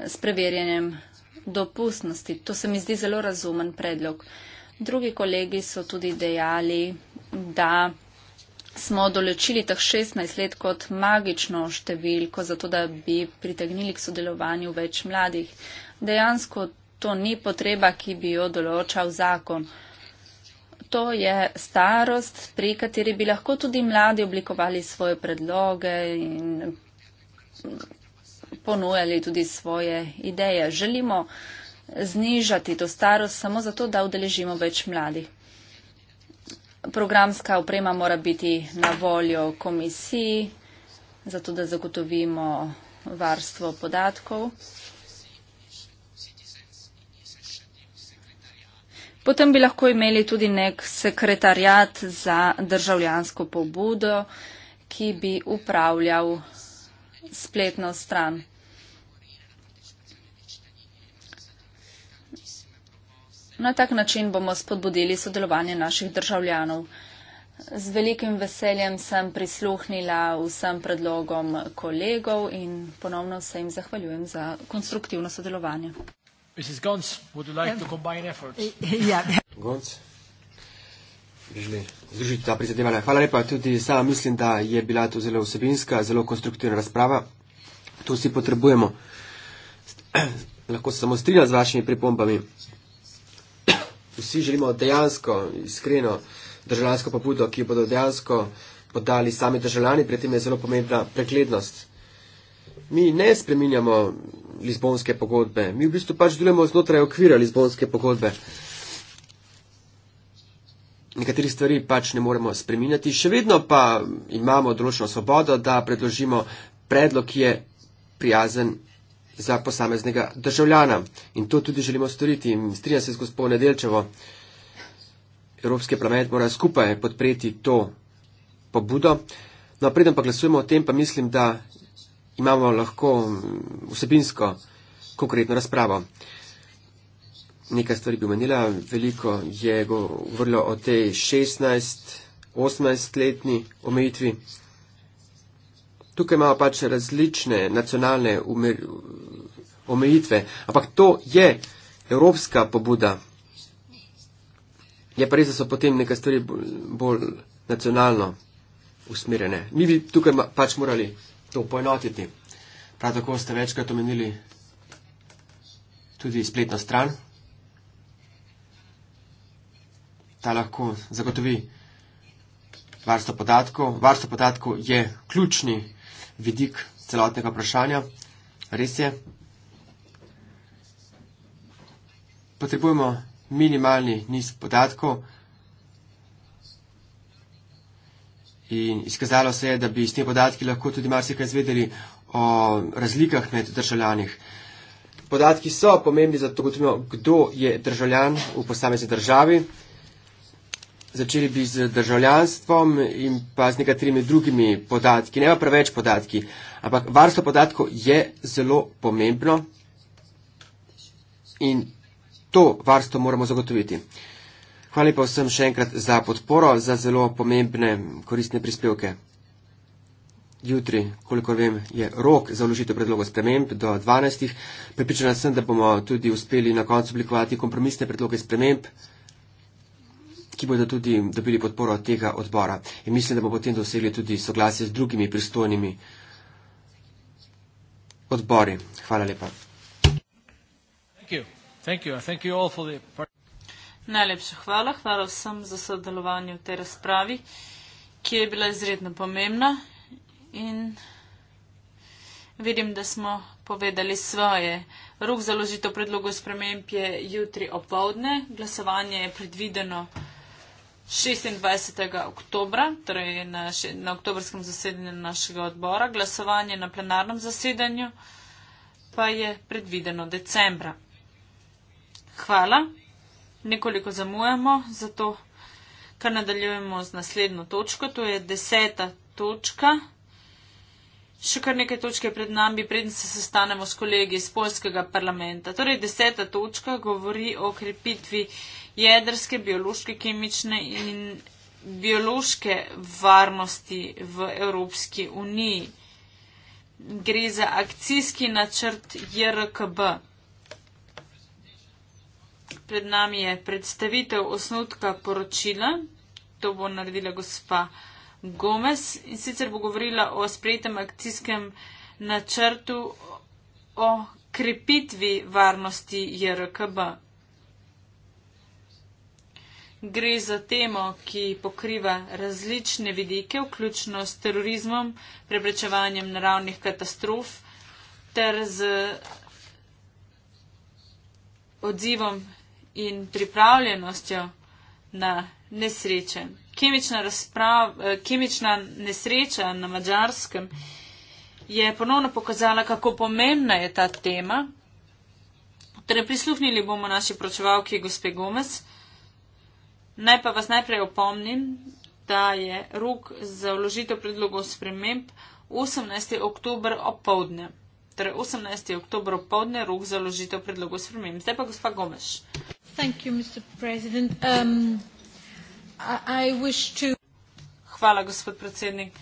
s preverjanjem dopustnosti. To se mi zdi zelo razumen predlog. Drugi kolegi so tudi dejali, da smo določili teh 16 let kot magično številko, zato da bi pritegnili k sodelovanju več mladih. Dejansko to ni potreba, ki bi jo določal zakon. To je starost, pri kateri bi lahko tudi mladi oblikovali svoje predloge in ponujali tudi svoje ideje. Želimo znižati to starost samo zato, da udeležimo več mladih. Programska oprema mora biti na voljo komisiji, zato da zagotovimo varstvo podatkov. Potem bi lahko imeli tudi nek sekretarjat za državljansko pobudo, ki bi upravljal spletno stran. Na tak način bomo spodbudili sodelovanje naših državljanov. Z velikim veseljem sem prisluhnila vsem predlogom kolegov in ponovno se jim zahvaljujem za konstruktivno sodelovanje. Mrs. Gonc, would you like um, to combine efforts? Eh, eh, yeah. Gonc? Združiti ta prizadevanja. Hvala lepa. Tudi sama mislim, da je bila to zelo vsebinska, zelo konstruktivna razprava. To vsi potrebujemo. Lahko se samo strinjam z vašimi pripombami. Vsi želimo dejansko, iskreno državljansko pobudo, ki jo bodo dejansko podali sami državljani. Pri tem je zelo pomembna preglednost mi ne spreminjamo Lizbonske pogodbe, mi v bistvu pač delujemo znotraj okvira Lizbonske pogodbe. Nekateri stvari pač ne moremo spreminjati, še vedno pa imamo določeno svobodo, da predložimo predlog, ki je prijazen za posameznega državljana. In to tudi želimo storiti. Strinja se z gospod Nedelčevo. Evropski parlament mora skupaj podpreti to pobudo. No, predem pa glasujemo o tem, pa mislim, da imamo lahko vsebinsko konkretno razpravo. Nekaj stvari bi omenila, veliko je govorilo o tej 16-18-letni omejitvi. Tukaj imamo pač različne nacionalne omejitve, ampak to je evropska pobuda. Je pa res, da so potem nekaj stvari bolj nacionalno usmerjene. Mi bi tukaj pač morali to poenotiti. Prav tako ste večkrat omenili tudi spletno stran. Ta lahko zagotovi varstvo podatkov. Varstvo podatkov je ključni vidik celotnega vprašanja. Res je. Potrebujemo minimalni niz podatkov. In izkazalo se je, da bi iz te podatki lahko tudi marsikaj izvedeli o razlikah med državljanih. Podatki so pomembni za to, gotovimo, kdo je državljan v posamezni državi. Začeli bi z državljanstvom in pa z nekaterimi drugimi podatki. Ne pa preveč podatki, ampak varstvo podatkov je zelo pomembno in to varstvo moramo zagotoviti. Hvala pa vsem še enkrat za podporo, za zelo pomembne koristne prispevke. Jutri, koliko vem, je rok za vložitev predlogov sprememb do 12. Pripričana sem, da bomo tudi uspeli na koncu oblikovati kompromisne predloge sprememb, ki bodo tudi dobili podporo tega odbora. In mislim, da bomo potem dosegli tudi soglasje z drugimi pristojnimi odbori. Hvala lepa. Thank you. Thank you. Thank you Najlepša hvala. Hvala vsem za sodelovanje v tej razpravi, ki je bila izredno pomembna in vidim, da smo povedali svoje. Rok za ložitev predlogov sprememb je jutri opovdne. Glasovanje je predvideno 26. oktober, torej na, še, na oktobrskem zasedanju našega odbora. Glasovanje na plenarnem zasedanju pa je predvideno decembra. Hvala nekoliko zamujamo, zato kar nadaljujemo z naslednjo točko, to je deseta točka. Še kar nekaj točke pred nami, preden se sestanemo s kolegi iz Polskega parlamenta. Torej, deseta točka govori o krepitvi jedrske, biološke, kemične in biološke varnosti v Evropski uniji. Gre za akcijski načrt JRKB pred nami je predstavitev osnutka poročila, to bo naredila gospa Gomez in sicer bo govorila o sprejetem akcijskem načrtu o krepitvi varnosti JRKB. Gre za temo, ki pokriva različne vidike, vključno s terorizmom, preprečevanjem naravnih katastrof ter z odzivom in pripravljenostjo na nesreče. Kemična, razprav, eh, kemična nesreča na mačarskem je ponovno pokazala, kako pomembna je ta tema. Torej, prisluhnili bomo naši pročevalki, gospe Gomez. Naj pa vas najprej opomnim, da je rok za vložitev predlogov sprememb 18. oktober opovdne. Torej, 18. oktober opovdne rok za vložitev predlogov sprememb. Zdaj pa gospa Gomez. Thank you, Mr. Um, I, I wish to... Hvala, gospod predsednik.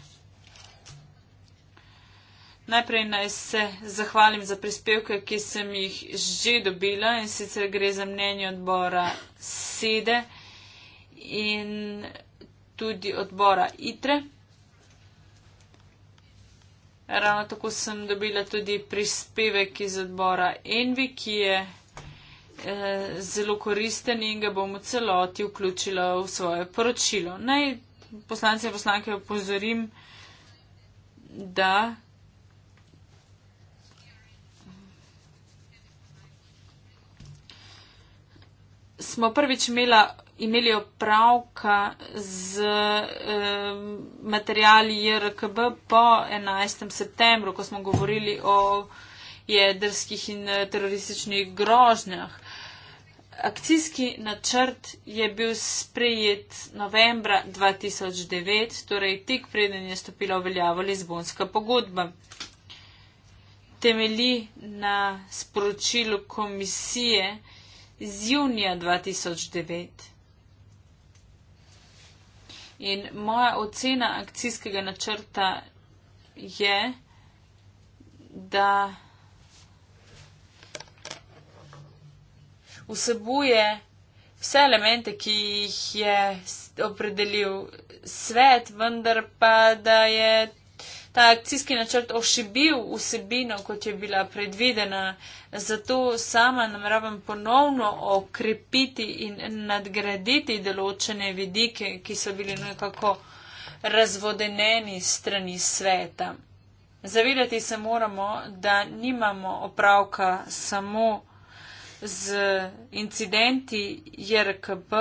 Najprej naj se zahvalim za prispevke, ki sem jih že dobila in sicer gre za mnenje odbora sede in tudi odbora ITRE. Ravno tako sem dobila tudi prispevek iz odbora ENVI, ki je Eh, zelo koristen in ga bomo celoti vključila v svoje poročilo. Naj poslance in poslanke opozorim, da. Smo prvič imela, imeli opravka z eh, materijali JRKB po 11. septembru, ko smo govorili o jedrskih in terorističnih grožnjah akcijski načrt je bil sprejet novembra 2009, torej tik preden je stopila v veljavo Lizbonska pogodba. Temeli na sporočilu komisije z junija 2009. In moja ocena akcijskega načrta je, da vsebuje vse elemente, ki jih je opredelil svet, vendar pa da je ta akcijski načrt ošibil vsebino, kot je bila predvidena. Zato sama nameravam ponovno okrepiti in nadgraditi določene vidike, ki so bili nekako razvodeneni strani sveta. Zavedati se moramo, da nimamo opravka samo z incidenti JRKB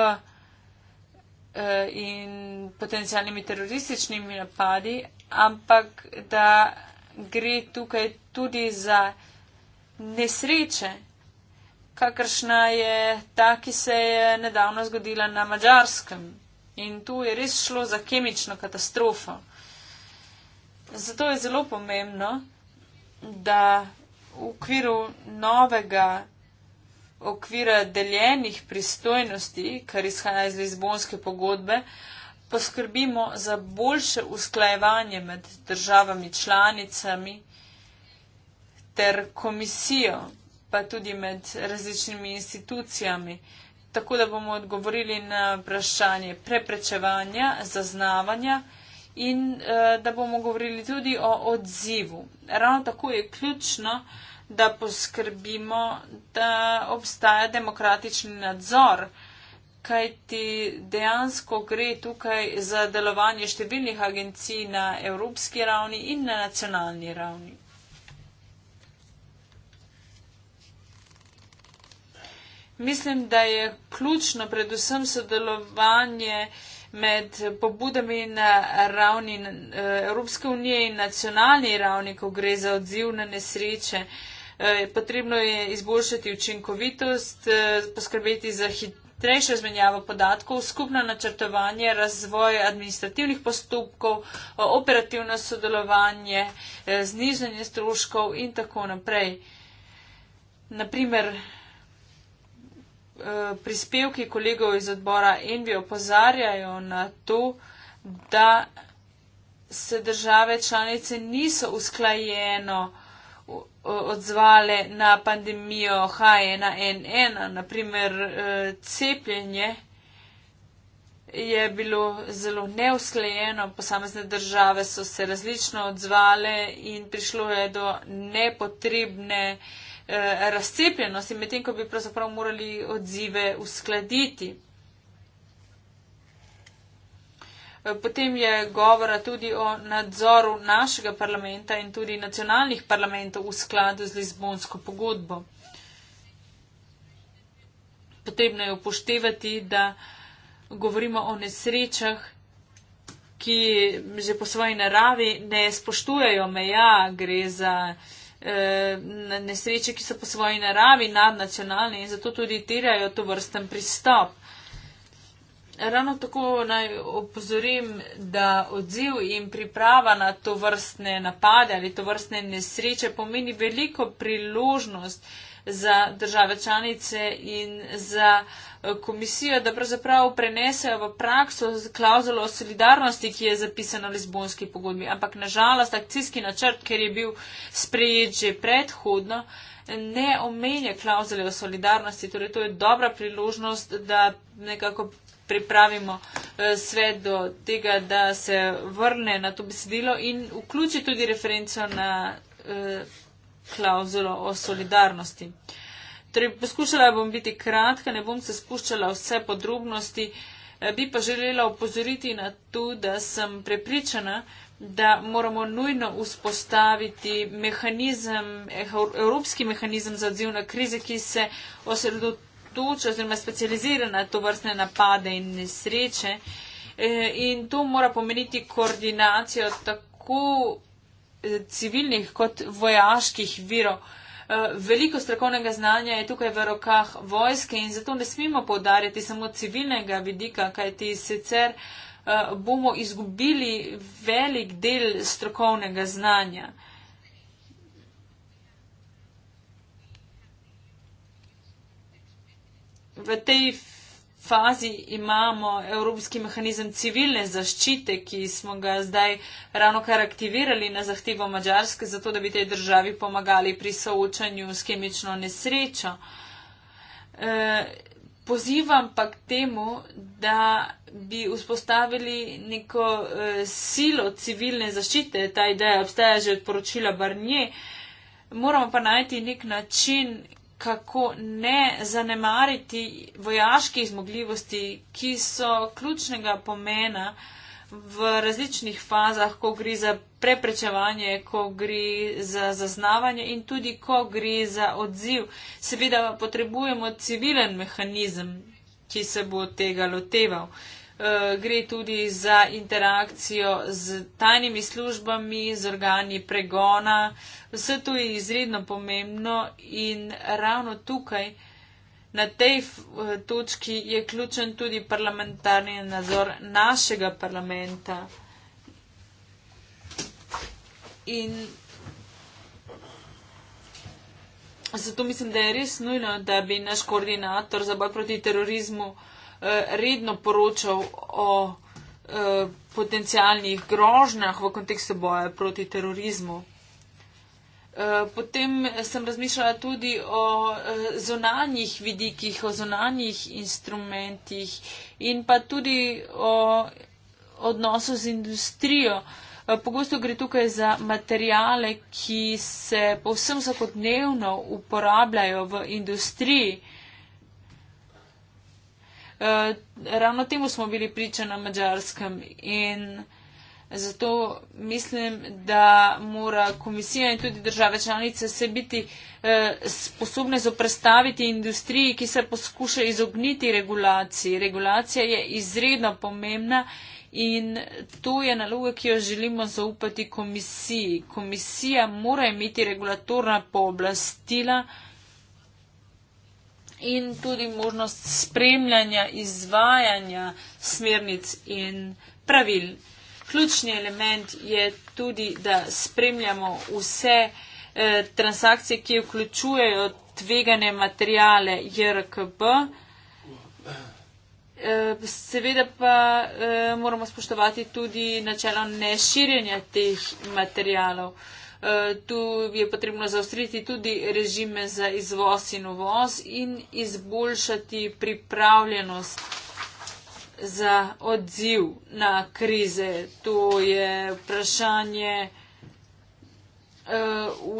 eh, in potencijalnimi terorističnimi napadi, ampak da gre tukaj tudi za nesreče, kakršna je ta, ki se je nedavno zgodila na Mačarskem. In tu je res šlo za kemično katastrofo. Zato je zelo pomembno, da v okviru novega okvira deljenih pristojnosti, kar izhaja iz Lizbonske pogodbe, poskrbimo za boljše usklajevanje med državami članicami ter komisijo, pa tudi med različnimi institucijami, tako da bomo odgovorili na vprašanje preprečevanja, zaznavanja in eh, da bomo govorili tudi o odzivu. Ravno tako je ključno, da poskrbimo, da obstaja demokratični nadzor, kajti dejansko gre tukaj za delovanje številnih agencij na evropski ravni in na nacionalni ravni. Mislim, da je ključno predvsem sodelovanje med pobudami na ravni eh, Evropske unije in nacionalni ravni, ko gre za odziv na nesreče. Uh, Eh, potrebno je izboljšati učinkovitost, eh, poskrbeti za hitrejšo izmenjavo podatkov, skupno načrtovanje, razvoj administrativnih postopkov, eh, operativno sodelovanje, znižanje stroškov in tako naprej. Naprimer, prispevki kolegov iz odbora Envi opozarjajo na to, da se države članice niso usklajeno odzvale na pandemijo H1N1, e naprimer eh, cepljenje, je bilo zelo neusklejeno, posamezne države so se različno odzvale in prišlo je do nepotrebne eh, razcepljenosti, medtem ko bi pravzaprav morali odzive uskladiti. Eh, potem je govora tudi o nadzoru našega parlamenta in tudi nacionalnih parlamentov v skladu z Lizbonsko pogodbo. Potrebno je upoštevati, da govorimo o nesrečah, ki že po svoji naravi ne spoštujejo meja, gre za eh, nesreče, ki so po svoji naravi nadnacionalne in zato tudi terjajo to vrsten pristop ravno tako naj opozorim, da odziv in priprava na to vrstne napade ali to vrstne nesreče pomeni veliko priložnost za države članice in za eh, komisijo, da pravzaprav prenesejo v prakso klauzulo solidarnosti, ki je zapisana v Lizbonski pogodbi. Ampak nažalost, akcijski načrt, ker je bil sprejet že predhodno, ne omenja klauzule o solidarnosti. Torej, to je dobra priložnost, da nekako pripravimo eh, svet do tega, da se vrne na to besedilo in vključi tudi referenco na eh, klauzulo o solidarnosti. Torej, poskušala bom biti kratka, ne bom se spuščala vse podrobnosti, eh, bi pa želela opozoriti na to, da sem prepričana, da moramo nujno vzpostaviti mehanizem, evropski mehanizem za odziv na krize, ki se osredotoča tuča oziroma specializirana to vrstne napade in nesreče. Eh, in to mora pomeniti koordinacijo tako eh, civilnih kot vojaških virov. Eh, veliko strokovnega znanja je tukaj v rokah vojske in zato ne smemo povdarjati samo civilnega vidika, kajti sicer bomo izgubili velik del strokovnega znanja. v tej fazi imamo evropski mehanizem civilne zaščite, ki smo ga zdaj ravno kar aktivirali na zahtevo Mačarske, zato da bi tej državi pomagali pri soočanju s kemično nesrečo. E, pozivam pa k temu, da bi vzpostavili neko e, silo civilne zaščite, ta ideja obstaja že od poročila Barnje, moramo pa najti nek način, kako ne zanemariti vojaških zmogljivosti, ki so ključnega pomena v različnih fazah, ko gre za preprečevanje, ko gre za zaznavanje in tudi ko gre za odziv. Seveda potrebujemo civilen mehanizem, ki se bo tega loteval. Uh, Eh, gre tudi za interakcijo z tajnimi službami, z organi pregona. Vse to je izredno pomembno in ravno tukaj, na tej eh, točki, je ključen tudi parlamentarni nadzor našega parlamenta. In zato mislim, da je res nujno, da bi naš koordinator za boj proti terorizmu uh, Eh, redno poročal o eh, potencijalnih grožnjah v kontekstu boja proti terorizmu. Eh, potem sem razmišljala tudi o zonanjih vidikih, o zonanjih instrumentih in pa tudi o odnosu z industrijo. Pogosto gre tukaj za materijale, ki se povsem vsakodnevno uporabljajo v industriji. Eh, ravno temu smo bili priča na mačarskem in zato mislim, da mora komisija in tudi države članice se biti eh, sposobne zoprestaviti industriji, ki se poskuša izogniti regulaciji. Regulacija je izredno pomembna. In to je naloga, ki jo želimo zaupati komisiji. Komisija mora imeti regulatorna pooblastila, uh, in tudi možnost spremljanja izvajanja smernic in pravil. Ključni element je tudi, da spremljamo vse eh, transakcije, ki vključujejo tvegane materijale JRKB. Eh, seveda pa eh, moramo spoštovati tudi načelo neširjenja teh materijalov. Eh, tu je potrebno zaostriti tudi režime za izvoz in uvoz in izboljšati pripravljenost za odziv na krize. To je vprašanje eh,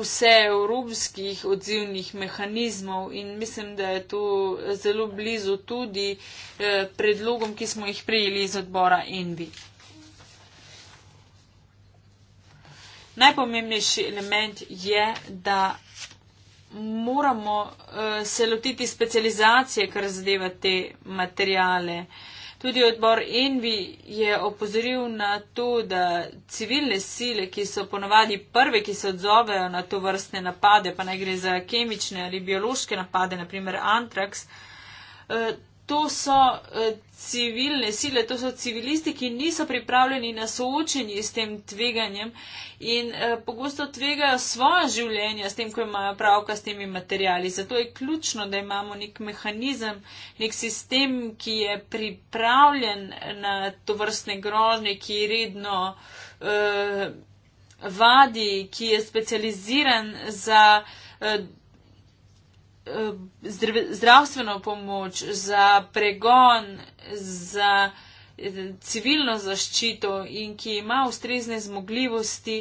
vse evropskih odzivnih mehanizmov in mislim, da je to zelo blizu tudi eh, predlogom, ki smo jih prijeli iz odbora Envi. Najpomembnejši element je, da moramo uh, se lotiti specializacije, kar zadeva te materijale. Tudi odbor Envi je opozoril na to, da civilne sile, ki so ponovadi prve, ki se odzovejo na to vrstne napade, pa naj gre za kemične ali biološke napade, naprimer antraks, uh, to so eh, civilne sile, to so civilisti, ki niso pripravljeni na soočenje s tem tveganjem in eh, pogosto tvegajo svoje življenje s tem, ko imajo pravka s temi materijali. Zato je ključno, da imamo nek mehanizem, nek sistem, ki je pripravljen na to vrstne grožnje, ki je redno eh, vadi, ki je specializiran za Eh, zdravstveno pomoč, za pregon, za eh, civilno zaščito in ki ima ustrezne zmogljivosti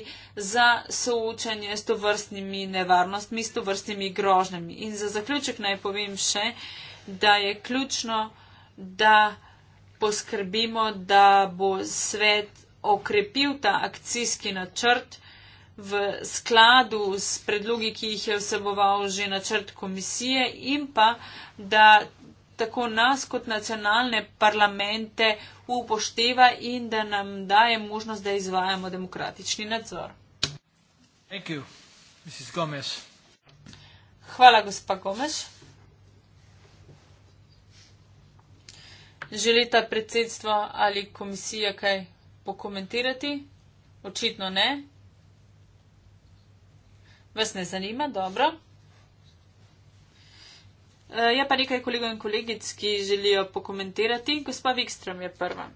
za soočanje s tovrstnimi nevarnostmi, s tovrstnimi grožnjami. In za zaključek naj povem še, da je ključno, da poskrbimo, da bo svet okrepil ta akcijski načrt, v skladu s predlogi, ki jih je vseboval že načrt komisije in pa, da tako nas kot nacionalne parlamente upošteva in da nam daje možnost, da izvajamo demokratični nadzor. Hvala, gospa Gomes. Želi ta predsedstvo ali komisija kaj pokomentirati? Očitno ne. Vas ne zanima, dobro. E, je pa nekaj kolegov in kolegic, ki želijo pokomentirati. Gospa Vikström je prva.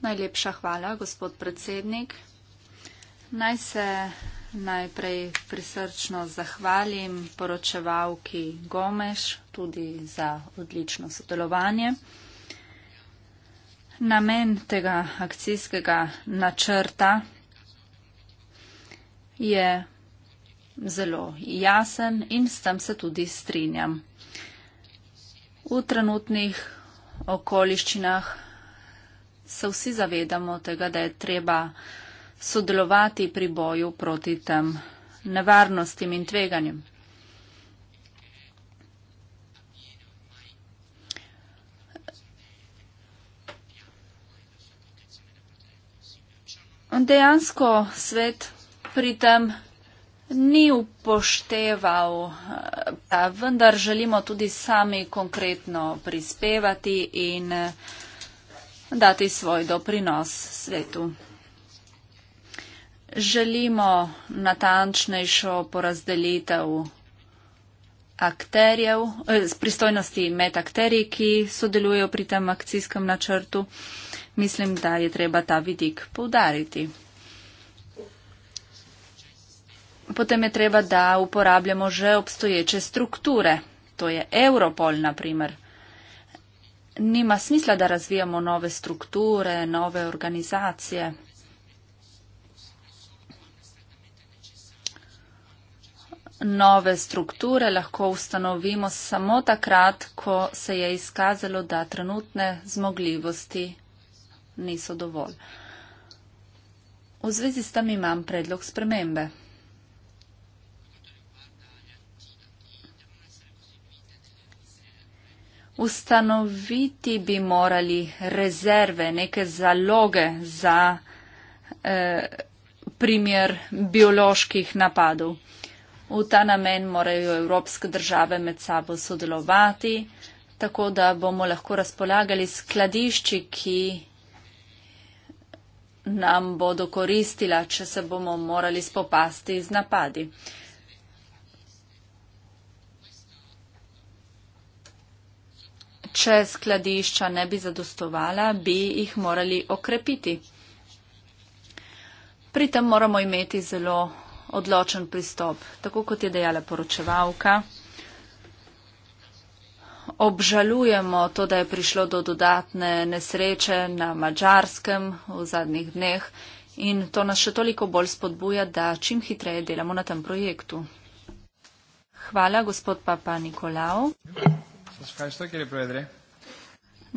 Najlepša hvala, gospod predsednik. Naj se najprej prisrčno zahvalim poročevalki Gomeš tudi za odlično sodelovanje. Namen tega akcijskega načrta je zelo jasen in s tem se tudi strinjam. V trenutnih okoliščinah se vsi zavedamo tega, da je treba sodelovati pri boju proti tem nevarnostim in tveganjem. Dejansko svet pri tem ni upošteval, da eh, vendar želimo tudi sami konkretno prispevati in eh, dati svoj doprinos svetu. Želimo natančnejšo porazdelitev akterjev, eh, pristojnosti med akterji, ki sodelujejo pri tem akcijskem načrtu. Mislim, da je treba ta vidik poudariti potem je treba, da uporabljamo že obstoječe strukture, to je Europol na primer. Nima smisla, da razvijamo nove strukture, nove organizacije. Nove strukture lahko ustanovimo samo takrat, ko se je izkazalo, da trenutne zmogljivosti niso dovolj. V zvezi s tem imam predlog spremembe. Ustanoviti bi morali rezerve, neke zaloge za eh, primer bioloških napadov. V ta namen morajo evropske države med sabo sodelovati, tako da bomo lahko razpolagali skladišči, ki nam bodo koristila, če se bomo morali spopasti z napadi. Eh, če skladišča ne bi zadostovala, bi jih morali okrepiti. Pri tem moramo imeti zelo odločen pristop, tako kot je dejala poročevalka. Obžalujemo to, da je prišlo do dodatne nesreče na mačarskem v zadnjih dneh in to nas še toliko bolj spodbuja, da čim hitreje delamo na tem projektu. Hvala, gospod Papa Nikolao. Vas ευχαριστώ κύριε Πρόεδρε.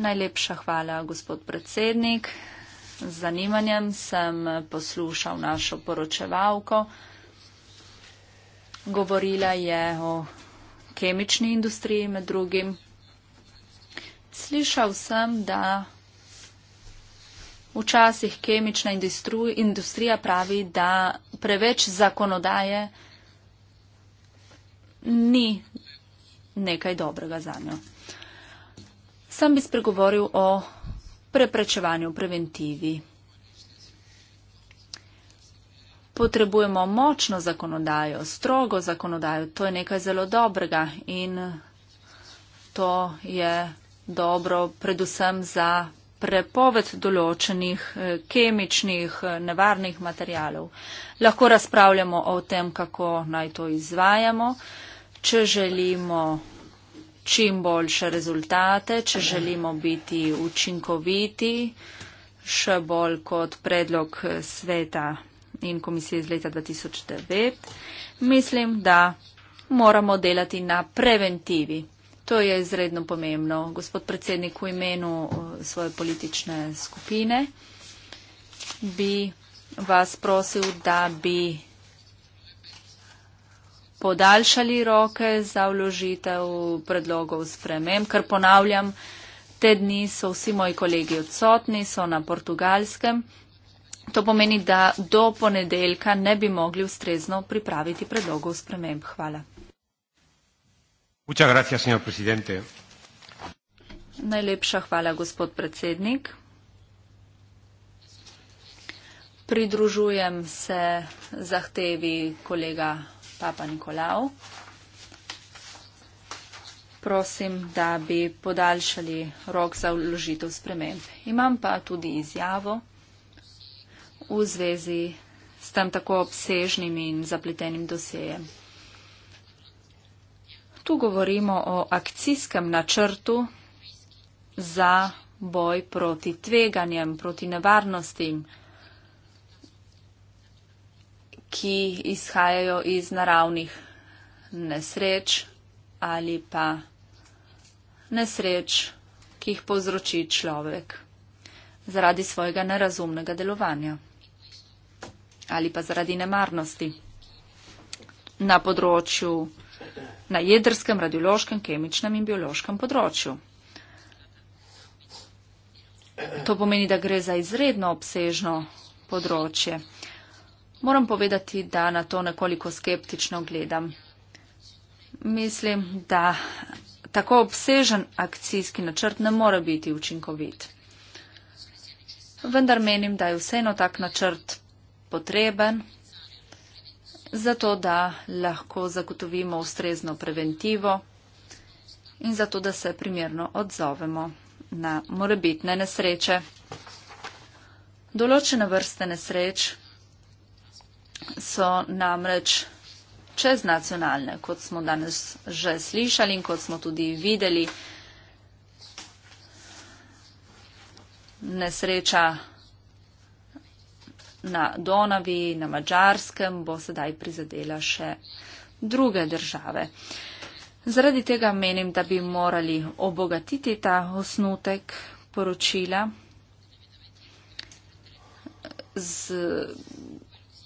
Najlepša hvala, gospod predsednik. Z zanimanjem sem poslušal našo poročevalko. Govorila je o kemični industriji med drugim. Slišal sem, da včasih kemična industrija pravi, da preveč zakonodaje ni nekaj dobrega za njo. Sam bi spregovoril o preprečevanju preventivi. Potrebujemo močno zakonodajo, strogo zakonodajo, to je nekaj zelo dobrega in to je dobro predvsem za prepoved določenih eh, kemičnih eh, nevarnih materijalov. Lahko razpravljamo o tem, kako naj to izvajamo če želimo čim boljše rezultate, če želimo biti učinkoviti, še bolj kot predlog sveta in komisije iz leta 2009, mislim, da moramo delati na preventivi. To je izredno pomembno. Gospod predsednik, v imenu uh, svoje politične skupine bi vas prosil, da bi podaljšali roke za vložitev predlogov spremem, ker ponavljam, te dni so vsi moji kolegi odsotni, so na portugalskem. To pomeni, da do ponedeljka ne bi mogli ustrezno pripraviti predlogov sprememb. Hvala. Gracia, Najlepša hvala, gospod predsednik. Pridružujem se zahtevi kolega Papa Nikolao. Prosim, da bi podaljšali rok za vložitev sprememb. Imam pa tudi izjavo v zvezi s tam tako obsežnim in zapletenim dosejem. Tu govorimo o akcijskem načrtu za boj proti tveganjem, proti nevarnostim ki izhajajo iz naravnih nesreč ali pa nesreč, ki jih povzroči človek zaradi svojega nerazumnega delovanja ali pa zaradi nemarnosti na področju, na jedrskem, radiološkem, kemičnem in biološkem področju. To pomeni, da gre za izredno obsežno področje moram povedati, da na to nekoliko skeptično gledam. Mislim, da tako obsežen akcijski načrt ne more biti učinkovit. Vendar menim, da je vseeno tak načrt potreben, zato da lahko zagotovimo ustrezno preventivo in zato da se primerno odzovemo na morebitne nesreče. Določene vrste nesreč so namreč čeznacionalne, kot smo danes že slišali in kot smo tudi videli. Nesreča na Donavi, na Mačarskem bo sedaj prizadela še druge države. Zaradi tega menim, da bi morali obogatiti ta osnutek poročila z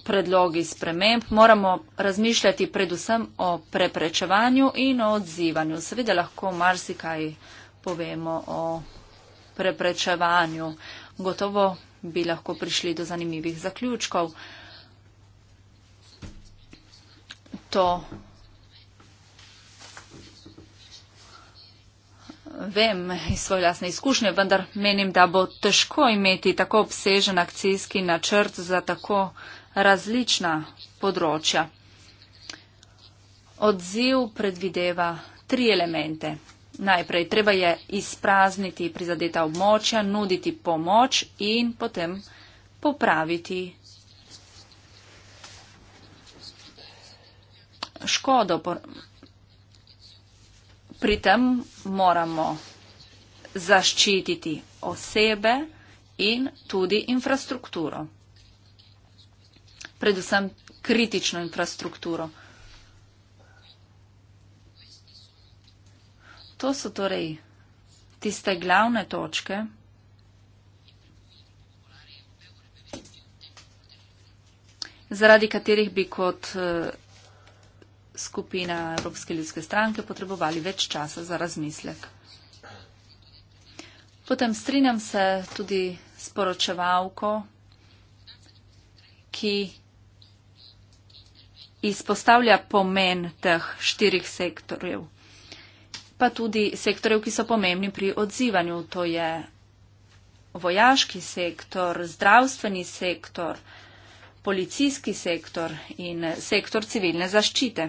predlogi sprememb, moramo razmišljati predvsem o preprečevanju in o odzivanju. Seveda lahko marsikaj povemo o preprečevanju. Gotovo bi lahko prišli do zanimivih zaključkov. To vem iz svoje lasne izkušnje, vendar menim, da bo težko imeti tako obsežen akcijski načrt za tako različna področja. Odziv predvideva tri elemente. Najprej treba je izprazniti prizadeta območja, nuditi pomoč in potem popraviti škodo. Pri tem moramo zaščititi osebe in tudi infrastrukturo predvsem kritično infrastrukturo. To so torej tiste glavne točke. zaradi katerih bi kot eh, skupina Evropske ljudske stranke potrebovali več časa za razmislek. Potem strinjam se tudi s poročevalko, ki izpostavlja pomen teh štirih sektorjev, pa tudi sektorjev, ki so pomembni pri odzivanju, to je vojaški sektor, zdravstveni sektor, policijski sektor in sektor civilne zaščite.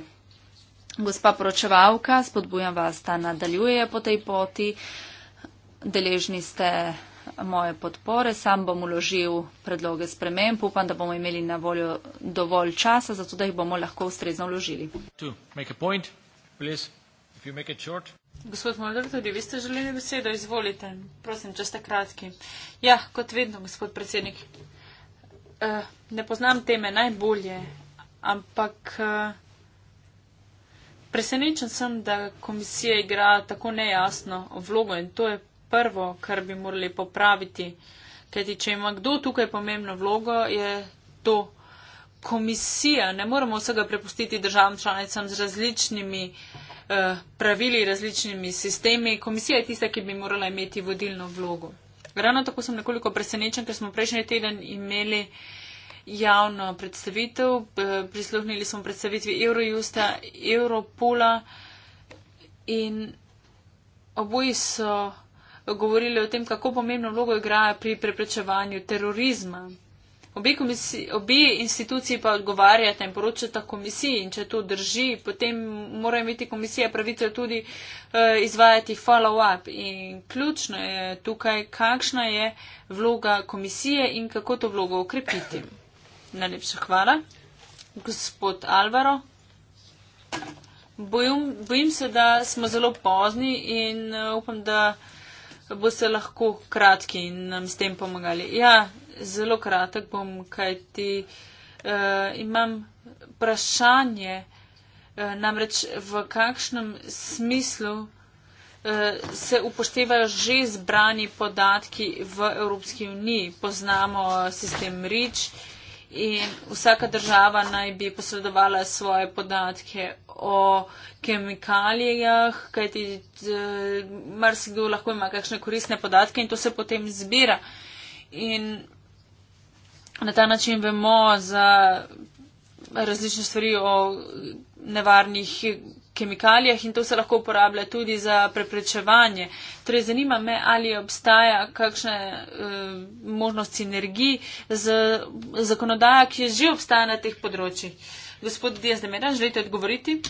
Gospa poročevalka, spodbujam vas, da nadaljuje po tej poti. Deležni ste moje podpore. Sam bom uložil predloge sprememb. Upam, da bomo imeli na voljo dovolj časa, zato da jih bomo lahko ustrezno uložili. Gospod Moldov, tudi vi ste želeli besedo, izvolite. Prosim, če ste kratki. Ja, kot vedno, gospod predsednik, eh, ne poznam teme najbolje, ampak eh, presenečen sem, da komisija igra tako nejasno vlogo in to je prvo, kar bi morali popraviti. Kajti, če ima kdo tukaj pomembno vlogo, je to komisija. Ne moramo vsega prepustiti državam članicam z različnimi eh, pravili, različnimi sistemi. Komisija je tista, ki bi morala imeti vodilno vlogo. Ravno tako sem nekoliko presenečen, ker smo prejšnji teden imeli javno predstavitev, eh, prisluhnili smo predstavitvi Eurojusta, Europola in oboji so govorili o tem, kako pomembno vlogo igrajo pri preprečevanju terorizma. Obe, obe instituciji pa odgovarjate in poročate komisiji in če to drži, potem mora imeti komisija pravico tudi uh, izvajati follow-up. In ključno je tukaj, kakšna je vloga komisije in kako to vlogo okrepiti. Najlepša hvala. Gospod Alvaro, bojim, bojim se, da smo zelo pozni in eh, upam, da boste lahko kratki in nam s tem pomagali. Ja, zelo kratek bom, kaj ti uh, eh, imam vprašanje, uh, namreč v kakšnem smislu uh, se upoštevajo že zbrani podatki v Evropski uniji. Poznamo sistem REACH in vsaka država naj bi posredovala svoje podatke o kemikalijah, kajti marsikdo lahko ima kakšne koristne podatke in to se potem zbira. In na ta način vemo za različne stvari o nevarnih kemikalijah in to se lahko uporablja tudi za preprečevanje. Torej, zanima me, ali obstaja kakšna uh, eh, možnost sinergij z zakonodajo, ki že obstaja na teh področjih. Uh, Gospod Diaz de Meran, želite odgovoriti?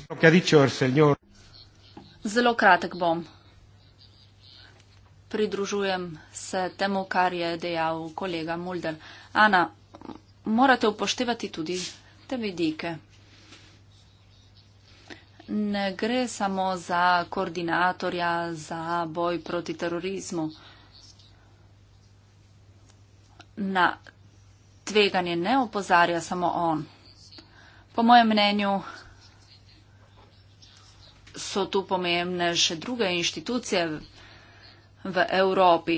Zelo kratek bom. Pridružujem se temu, kar je dejal kolega Mulder. Ana, morate upoštevati tudi te vidike. Ne gre samo za koordinatorja za boj proti terorizmu. Na tveganje ne opozarja samo on. Po mojem mnenju so tu pomembne še druge inštitucije v Evropi,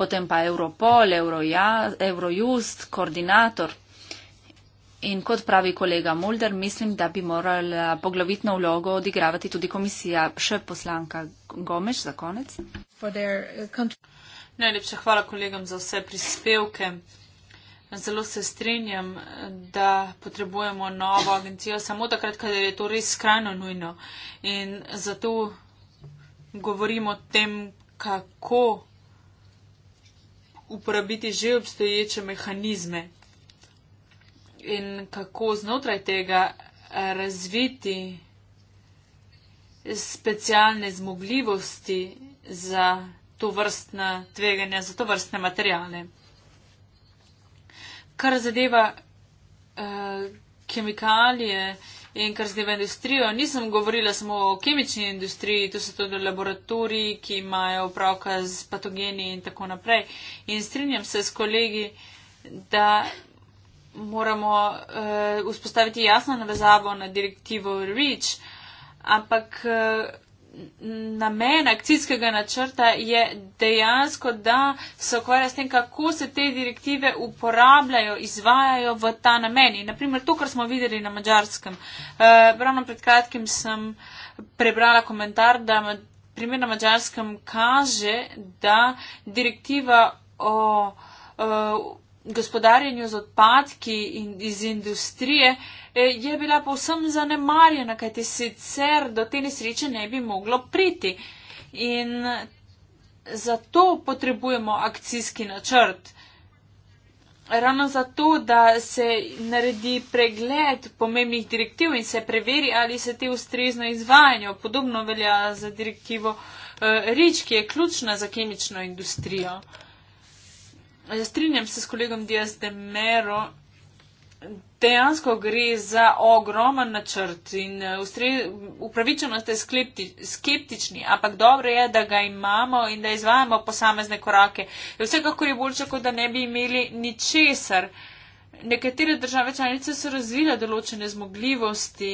potem pa Europol, Eurojust, koordinator. In kot pravi kolega Mulder, mislim, da bi morala poglavitno vlogo odigravati tudi komisija. Še poslanka Gomeš za konec. Uh, Najlepša hvala kolegom za vse prispevke. Zelo se strinjam, da potrebujemo novo agencijo, samo takrat, kadar je to res skrajno nujno. In zato govorimo o tem, kako uporabiti že obstoječe mehanizme in kako znotraj tega razviti specialne zmogljivosti za to vrstne tveganja, za to vrstne materijale kar zadeva uh, kemikalije in kar zadeva industrijo, nisem govorila samo o kemični industriji, tu so tudi laboratoriji, ki imajo opravka z patogeni in tako naprej. In strinjam se s kolegi, da moramo uh, vzpostaviti jasno navezavo na direktivo REACH, ampak. Uh, namen akcijskega načrta je dejansko, da se ukvarja s tem, kako se te direktive uporabljajo, izvajajo v ta namen. In naprimer to, kar smo videli na mačarskem. Uh, eh, ravno pred kratkim sem prebrala komentar, da primer na mačarskem kaže, da direktiva o uh, gospodarjenju z odpadki in iz industrije uh, Eh, je bila povsem zanemarjena, kajti sicer do te nesreče ne bi moglo priti. In zato potrebujemo akcijski načrt. Ravno zato, da se naredi pregled pomembnih direktiv in se preveri, ali se te ustrezno izvajanjo. Podobno velja za direktivo REACH, ki je ključna za kemično industrijo. Strinjam se s kolegom Diaz de Mero, dejansko gre za ogromen načrt in eh, upravičeno ste skeptični, ampak dobro je, da ga imamo in da izvajamo posamezne korake. Vsekakor je boljše, kot da ne bi imeli ničesar. Nekatere države članice so razvile določene zmogljivosti.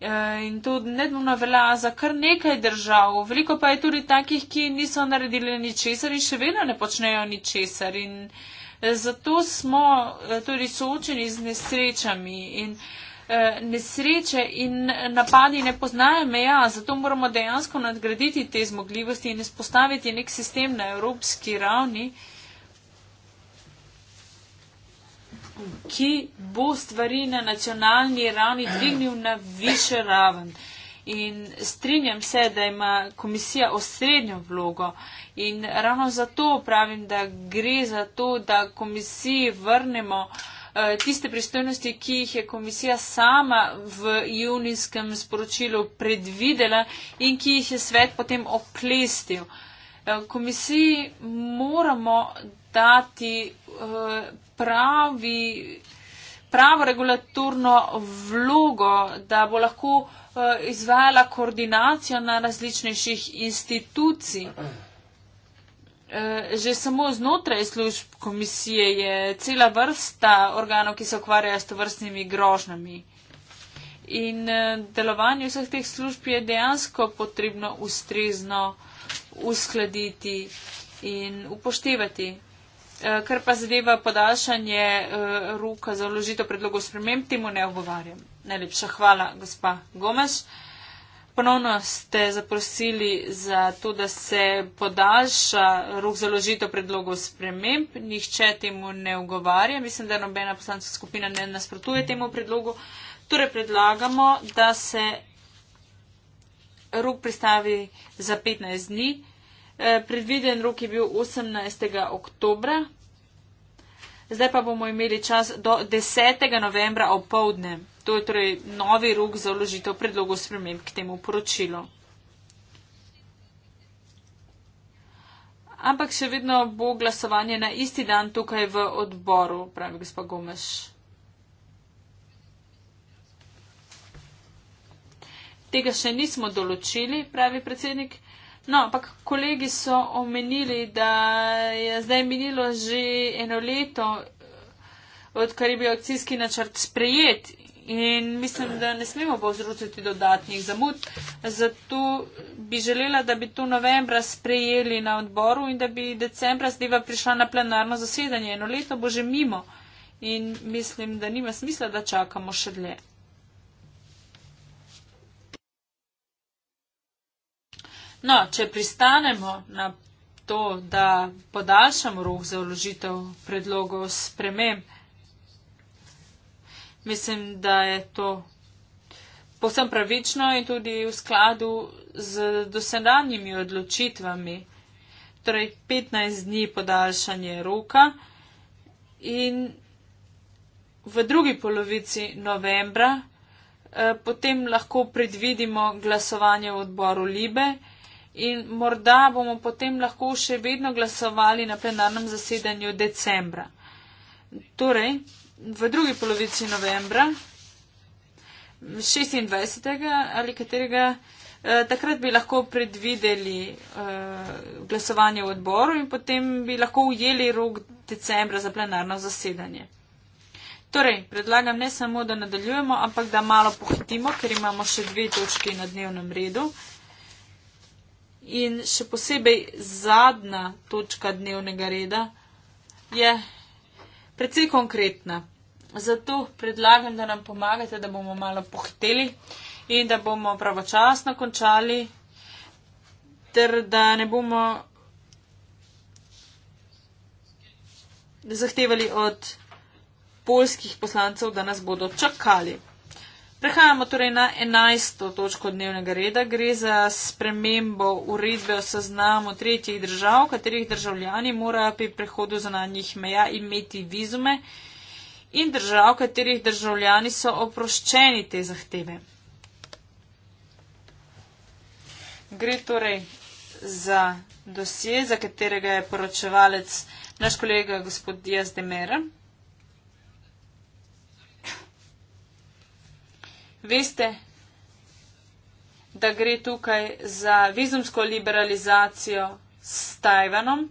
Eh, in to nedvomno velja za kar nekaj držav. Veliko pa je tudi takih, ki niso naredili ničesar in še vedno ne počnejo ničesar. In uh, Zato smo eh, torej, soočeni z nesrečami in eh, nesreče in napadi ne poznajo meja, zato moramo dejansko nadgraditi te zmogljivosti in izpostaviti nek sistem na evropski ravni, ki bo stvari na nacionalni ravni dvignil na više ravni. In strinjam se, da ima komisija osrednjo vlogo. In ravno zato pravim, da gre za to, da komisiji vrnemo eh, tiste pristojnosti, ki jih je komisija sama v junijskem sporočilu predvidela in ki jih je svet potem oklestil. Eh, komisiji moramo dati eh, pravi pravo regulatorno vlogo, da bo lahko eh, izvajala koordinacijo na različnejših institucij. Eh, že samo znotraj služb komisije je cela vrsta organov, ki se ukvarjajo s tovrstnimi grožnami. In eh, delovanje vseh teh služb je dejansko potrebno ustrezno uskladiti in upoštevati. Eh, kar pa zadeva podaljšanje eh, roka za vložitev predlogov sprememb, temu ne ogovarjam. Najlepša hvala, gospa Gomes. Ponovno ste zaprosili za to, da se podaljša rok za vložitev predlogov sprememb. Nihče temu ne ogovarja. Mislim, da nobena poslanska skupina ne nasprotuje temu predlogu. Torej predlagamo, da se rok pristavi za 15 dni. Eh, predviden rok je bil 18. oktobra. Zdaj pa bomo imeli čas do 10. novembra opovdne. To je torej novi rok za vložitev predlogov sprememb k temu poročilu. Ampak še vedno bo glasovanje na isti dan tukaj v odboru, pravi gospod Gomes. Tega še nismo določili, pravi predsednik. No, ampak kolegi so omenili, da je zdaj minilo že eno leto, odkar je bil akcijski načrt sprejet in mislim, da ne smemo povzročiti dodatnih zamud. Zato bi želela, da bi to novembra sprejeli na odboru in da bi decembra zdaj prišla na plenarno zasedanje. Eno leto bo že mimo in mislim, da nima smisla, da čakamo še dlje. No, če pristanemo na to, da podaljšamo rok za vložitev predlogov spremem, mislim, da je to posem pravično in tudi v skladu z dosedanjimi odločitvami. Torej, 15 dni podaljšanje roka in v drugi polovici novembra eh, potem lahko predvidimo glasovanje v odboru Libe in morda bomo potem lahko še vedno glasovali na plenarnem zasedanju decembra. Torej, v drugi polovici novembra, 26. ali katerega, eh, takrat bi lahko predvideli eh, glasovanje v odboru in potem bi lahko ujeli rok decembra za plenarno zasedanje. Torej, predlagam ne samo, da nadaljujemo, ampak da malo pohitimo, ker imamo še dve točke na dnevnem redu. In še posebej zadnja točka dnevnega reda je precej konkretna. Zato predlagam, da nam pomagate, da bomo malo pohiteli in da bomo pravočasno končali, ter da ne bomo zahtevali od polskih poslancev, da nas bodo čakali. Prehajamo torej na 11. točko dnevnega reda. Gre za spremembo uredbe o seznamu tretjih držav, katerih državljani morajo pri prehodu za njih meja imeti vizume in držav, katerih državljani so oproščeni te zahteve. Gre torej za dosje, za katerega je poročevalec naš kolega gospod Diaz de Mera. Veste, da gre tukaj za vizumsko liberalizacijo s Tajvanom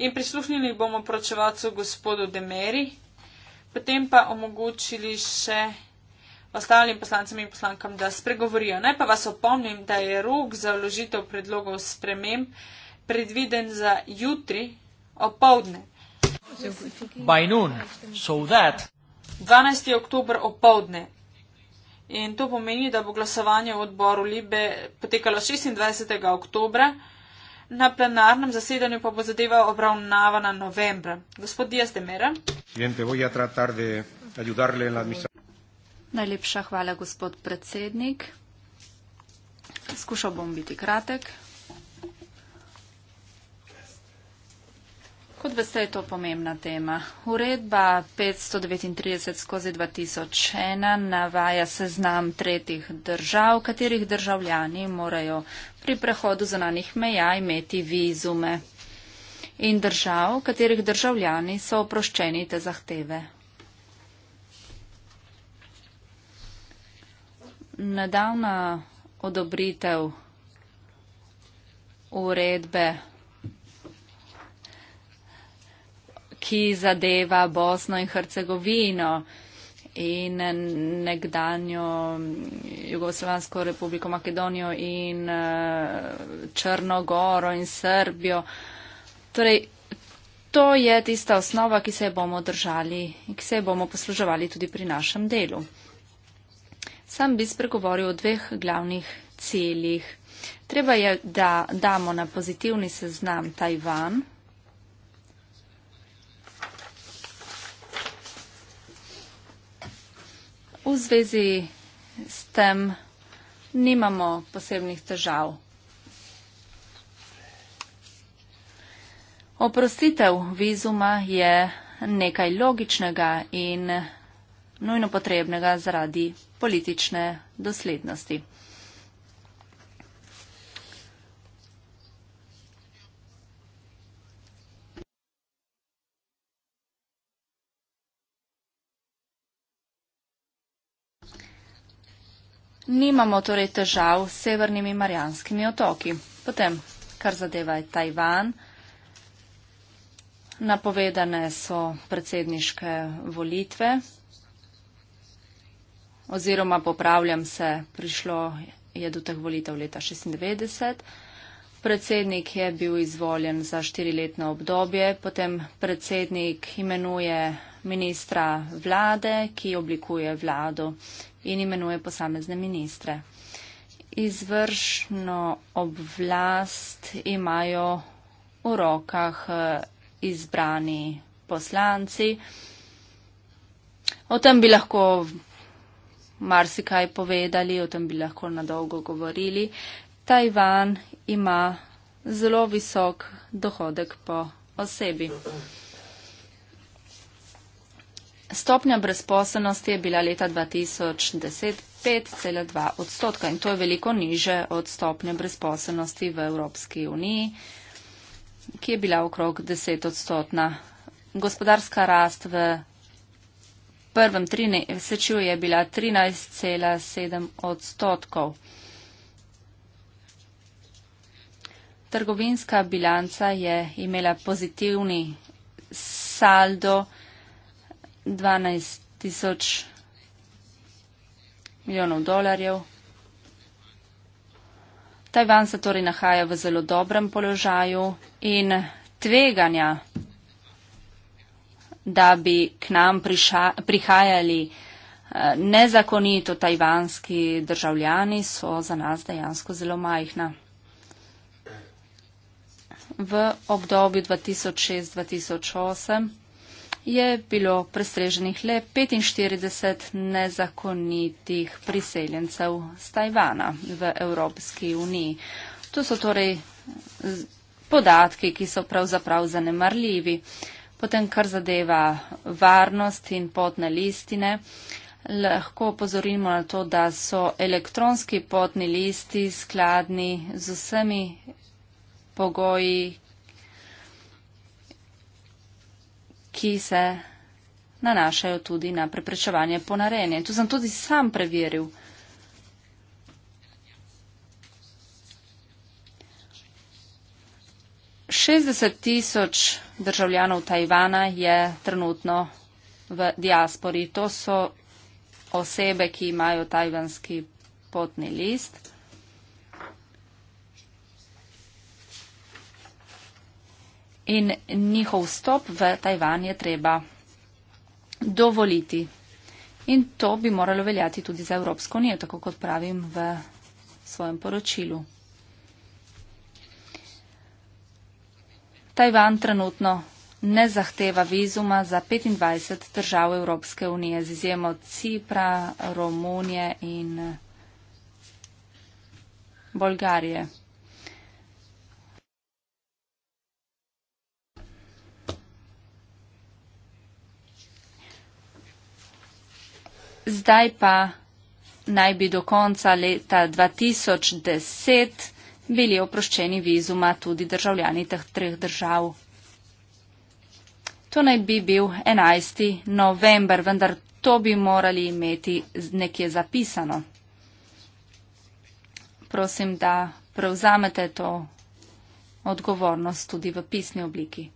in prisluhnili bomo pročevalcu gospodu Demeri, potem pa omogočili še ostalim poslancem in poslankam, da spregovorijo. Naj pa vas opomnim, da je rok za vložitev predlogov sprememb predviden za jutri opovdne. 12. oktober opovdne. In to pomeni, da bo glasovanje v odboru Libe potekalo 26. oktober, na plenarnem zasedanju pa bo zadeva obravnavana novembra. Gospod Dias de Mera. Najlepša hvala, gospod predsednik. Skušal bom biti kratek. Kot veste, je to pomembna tema. Uredba 539 skozi 2001 navaja seznam tretjih držav, katerih državljani morajo pri prehodu zonanih meja imeti vizume in držav, katerih državljani so oproščeni te zahteve. Nedavna odobritev uredbe ki zadeva Bosno in Hercegovino in nekdanjo Jugoslavansko republiko Makedonijo in eh, Črnogoro in Srbijo. Torej, to je tista osnova, ki se bomo držali in ki se bomo posluževali tudi pri našem delu. Sam bi spregovoril o dveh glavnih ciljih. Treba je, da damo na pozitivni seznam Tajvan, v zvezi s tem nimamo posebnih težav. Oprostitev vizuma je nekaj logičnega in nujno potrebnega zaradi politične doslednosti. Nimamo torej težav s severnimi Marijanskimi otoki. Potem, kar zadeva je Tajvan, napovedane so predsedniške volitve oziroma popravljam se, prišlo je do teh volitev leta 1996. Predsednik je bil izvoljen za štiriletno obdobje, potem predsednik imenuje ministra vlade, ki oblikuje vlado, in imenuje posamezne ministre. Izvršno oblast imajo v rokah eh, izbrani poslanci. O tem bi lahko marsikaj povedali, o tem bi lahko nadolgo govorili. Tajvan ima zelo visok dohodek po osebi. Stopnja brezposelnosti je bila leta 2010 5,2 odstotka in to je veliko niže od stopnje brezposelnosti v Evropski uniji, ki je bila okrog 10 odstotna. Gospodarska rast v prvem trimesečju je bila 13,7 odstotkov. Trgovinska bilanca je imela pozitivni saldo 12 tisoč milijonov dolarjev. Tajvan se torej nahaja v zelo dobrem položaju in tveganja, da bi k nam priša, prihajali eh, nezakonito tajvanski državljani, so za nas dejansko zelo majhna. V obdobju 2006-2008 je bilo prestreženih le 45 nezakonitih priseljencev z Tajvana v Evropski uniji. To so torej podatki, ki so pravzaprav zanemarljivi. Potem, kar zadeva varnost in potne listine, lahko opozorimo na to, da so elektronski potni listi skladni z vsemi pogoji, ki se nanašajo tudi na preprečevanje ponarejanja. To sem tudi sam preveril. Šestdeset tisoč državljanov Tajvana je trenutno v diaspori. To so osebe, ki imajo tajvanski potni list. in njihov vstop v Tajvan je treba dovoliti. In to bi moralo veljati tudi za Evropsko unijo, tako kot pravim v svojem poročilu. Tajvan trenutno ne zahteva vizuma za 25 držav Evropske unije, z izjemo Cipra, Romunije in Bolgarije. zdaj pa naj bi do konca leta 2010 bili oproščeni vizuma tudi državljani teh treh držav. To naj bi bil 11. november, vendar to bi morali imeti nekje zapisano. Prosim, da prevzamete to odgovornost tudi v pisni obliki.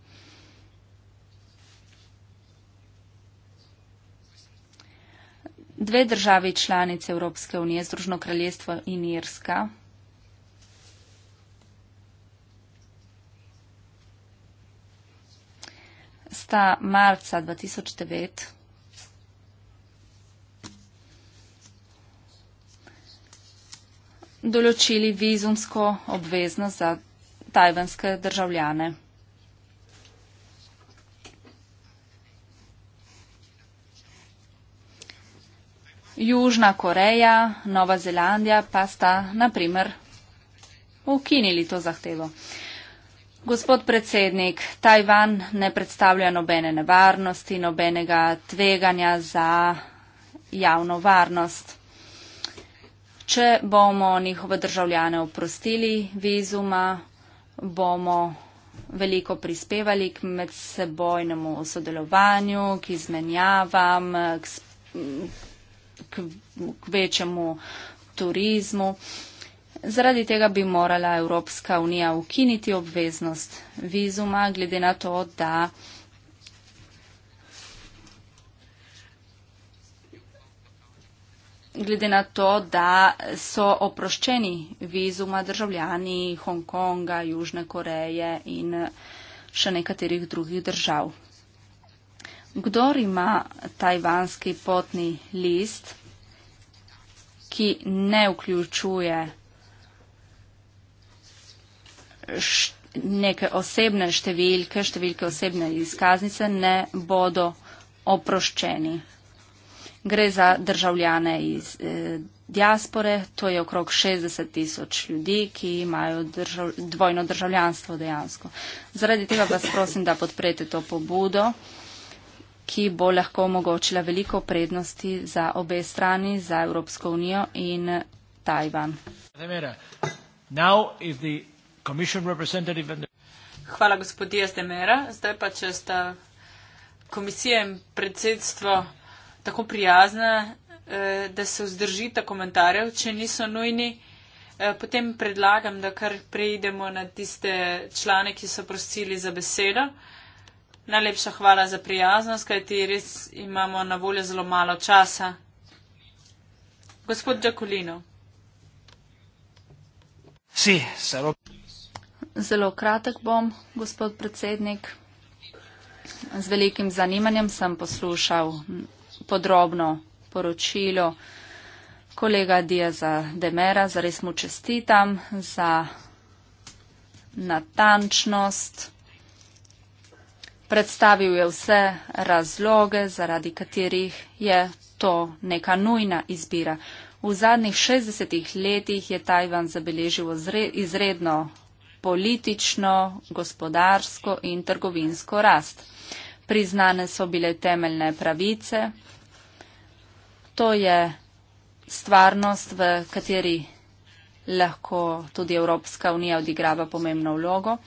dve državi članice Evropske unije, Združno kraljestvo in Irska. Sta marca 2009 določili vizumsko obveznost za tajvanske državljane. Južna Koreja, Nova Zelandija pa sta, naprimer, ukinili to zahtevo. Gospod predsednik, Tajvan ne predstavlja nobene nevarnosti, nobenega tveganja za javno varnost. Če bomo njihove državljane oprostili vizuma, bomo veliko prispevali k medsebojnemu sodelovanju, k izmenjavam, k k, k večjemu turizmu. Zaradi tega bi morala Evropska unija ukiniti obveznost vizuma, glede na to, da glede na to, da so oproščeni vizuma državljani Hongkonga, Južne Koreje in še nekaterih drugih držav. Kdor ima tajvanski potni list, ki ne vključuje neke osebne številke, številke osebne izkaznice, ne bodo oproščeni. Gre za državljane iz eh, diaspore, to je okrog 60 tisoč ljudi, ki imajo držav, dvojno državljanstvo dejansko. Zaradi tega vas prosim, da podprete to pobudo ki bo lahko omogočila veliko prednosti za obe strani, za Evropsko unijo in Tajvan. Hvala, gospod Jazdemera. Zdaj pa, če sta komisija in predsedstvo tako prijazna, eh, da se vzdržita komentarjev, če niso nujni, eh, potem predlagam, da kar preidemo na tiste člane, ki so prosili za besedo. Najlepša hvala za prijaznost, kajti res imamo na voljo zelo malo časa. Gospod Džakulino. Si, zelo. Zelo kratek bom, gospod predsednik. Z velikim zanimanjem sem poslušal podrobno poročilo kolega Diaza Demera. Zares mu čestitam za natančnost Predstavil je vse razloge, zaradi katerih je to neka nujna izbira. V zadnjih 60 letih je Tajvan zabeležil izredno politično, gospodarsko in trgovinsko rast. Priznane so bile temeljne pravice. To je stvarnost, v kateri lahko tudi Evropska unija odigrava pomembno vlogo.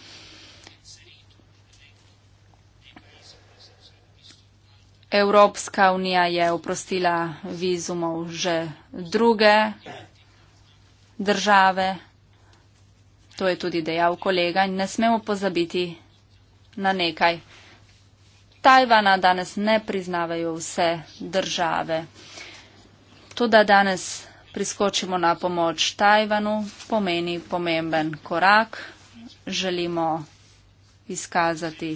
Evropska unija je oprostila vizumov že druge države. To je tudi dejal kolega in ne smemo pozabiti na nekaj. Tajvana danes ne priznavajo vse države. To, da danes priskočimo na pomoč Tajvanu, pomeni pomemben korak. Želimo izkazati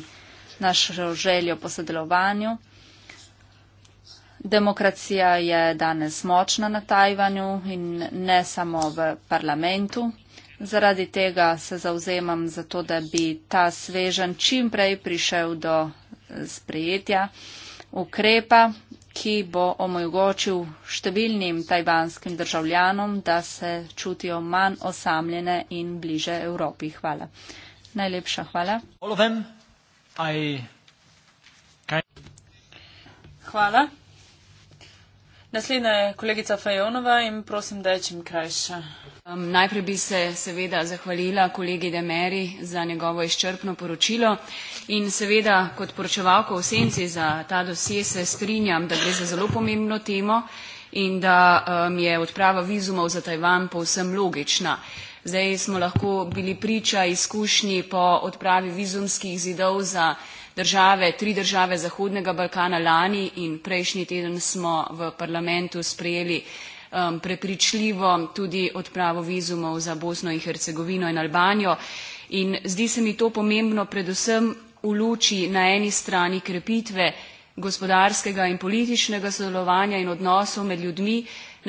našo željo po sodelovanju. Demokracija je danes močna na Tajvanu in ne samo v parlamentu. Zaradi tega se zauzemam za to, da bi ta svežen čim prej prišel do sprejetja ukrepa, ki bo omogočil številnim tajvanskim državljanom, da se čutijo manj osamljene in bliže Evropi. Hvala. Najlepša hvala. Hvala. Naslednja je kolegica Fajonova in prosim, da je čim krajša. Um, najprej bi se seveda zahvalila kolegi Demeri za njegovo izčrpno poročilo in seveda kot poročevalko v senci za ta dosje se strinjam, da gre za zelo pomembno temo in da um, je odprava vizumov za Tajvan povsem logična. Zdaj smo lahko bili priča izkušnji po odpravi vizumskih zidov za države, tri države Zahodnega Balkana lani in prejšnji teden smo v parlamentu sprejeli um, prepričljivo tudi odpravo vizumov za Bosno in Hercegovino in Albanijo. In zdi se mi to pomembno predvsem v luči na eni strani krepitve gospodarskega in političnega sodelovanja in odnosov med ljudmi,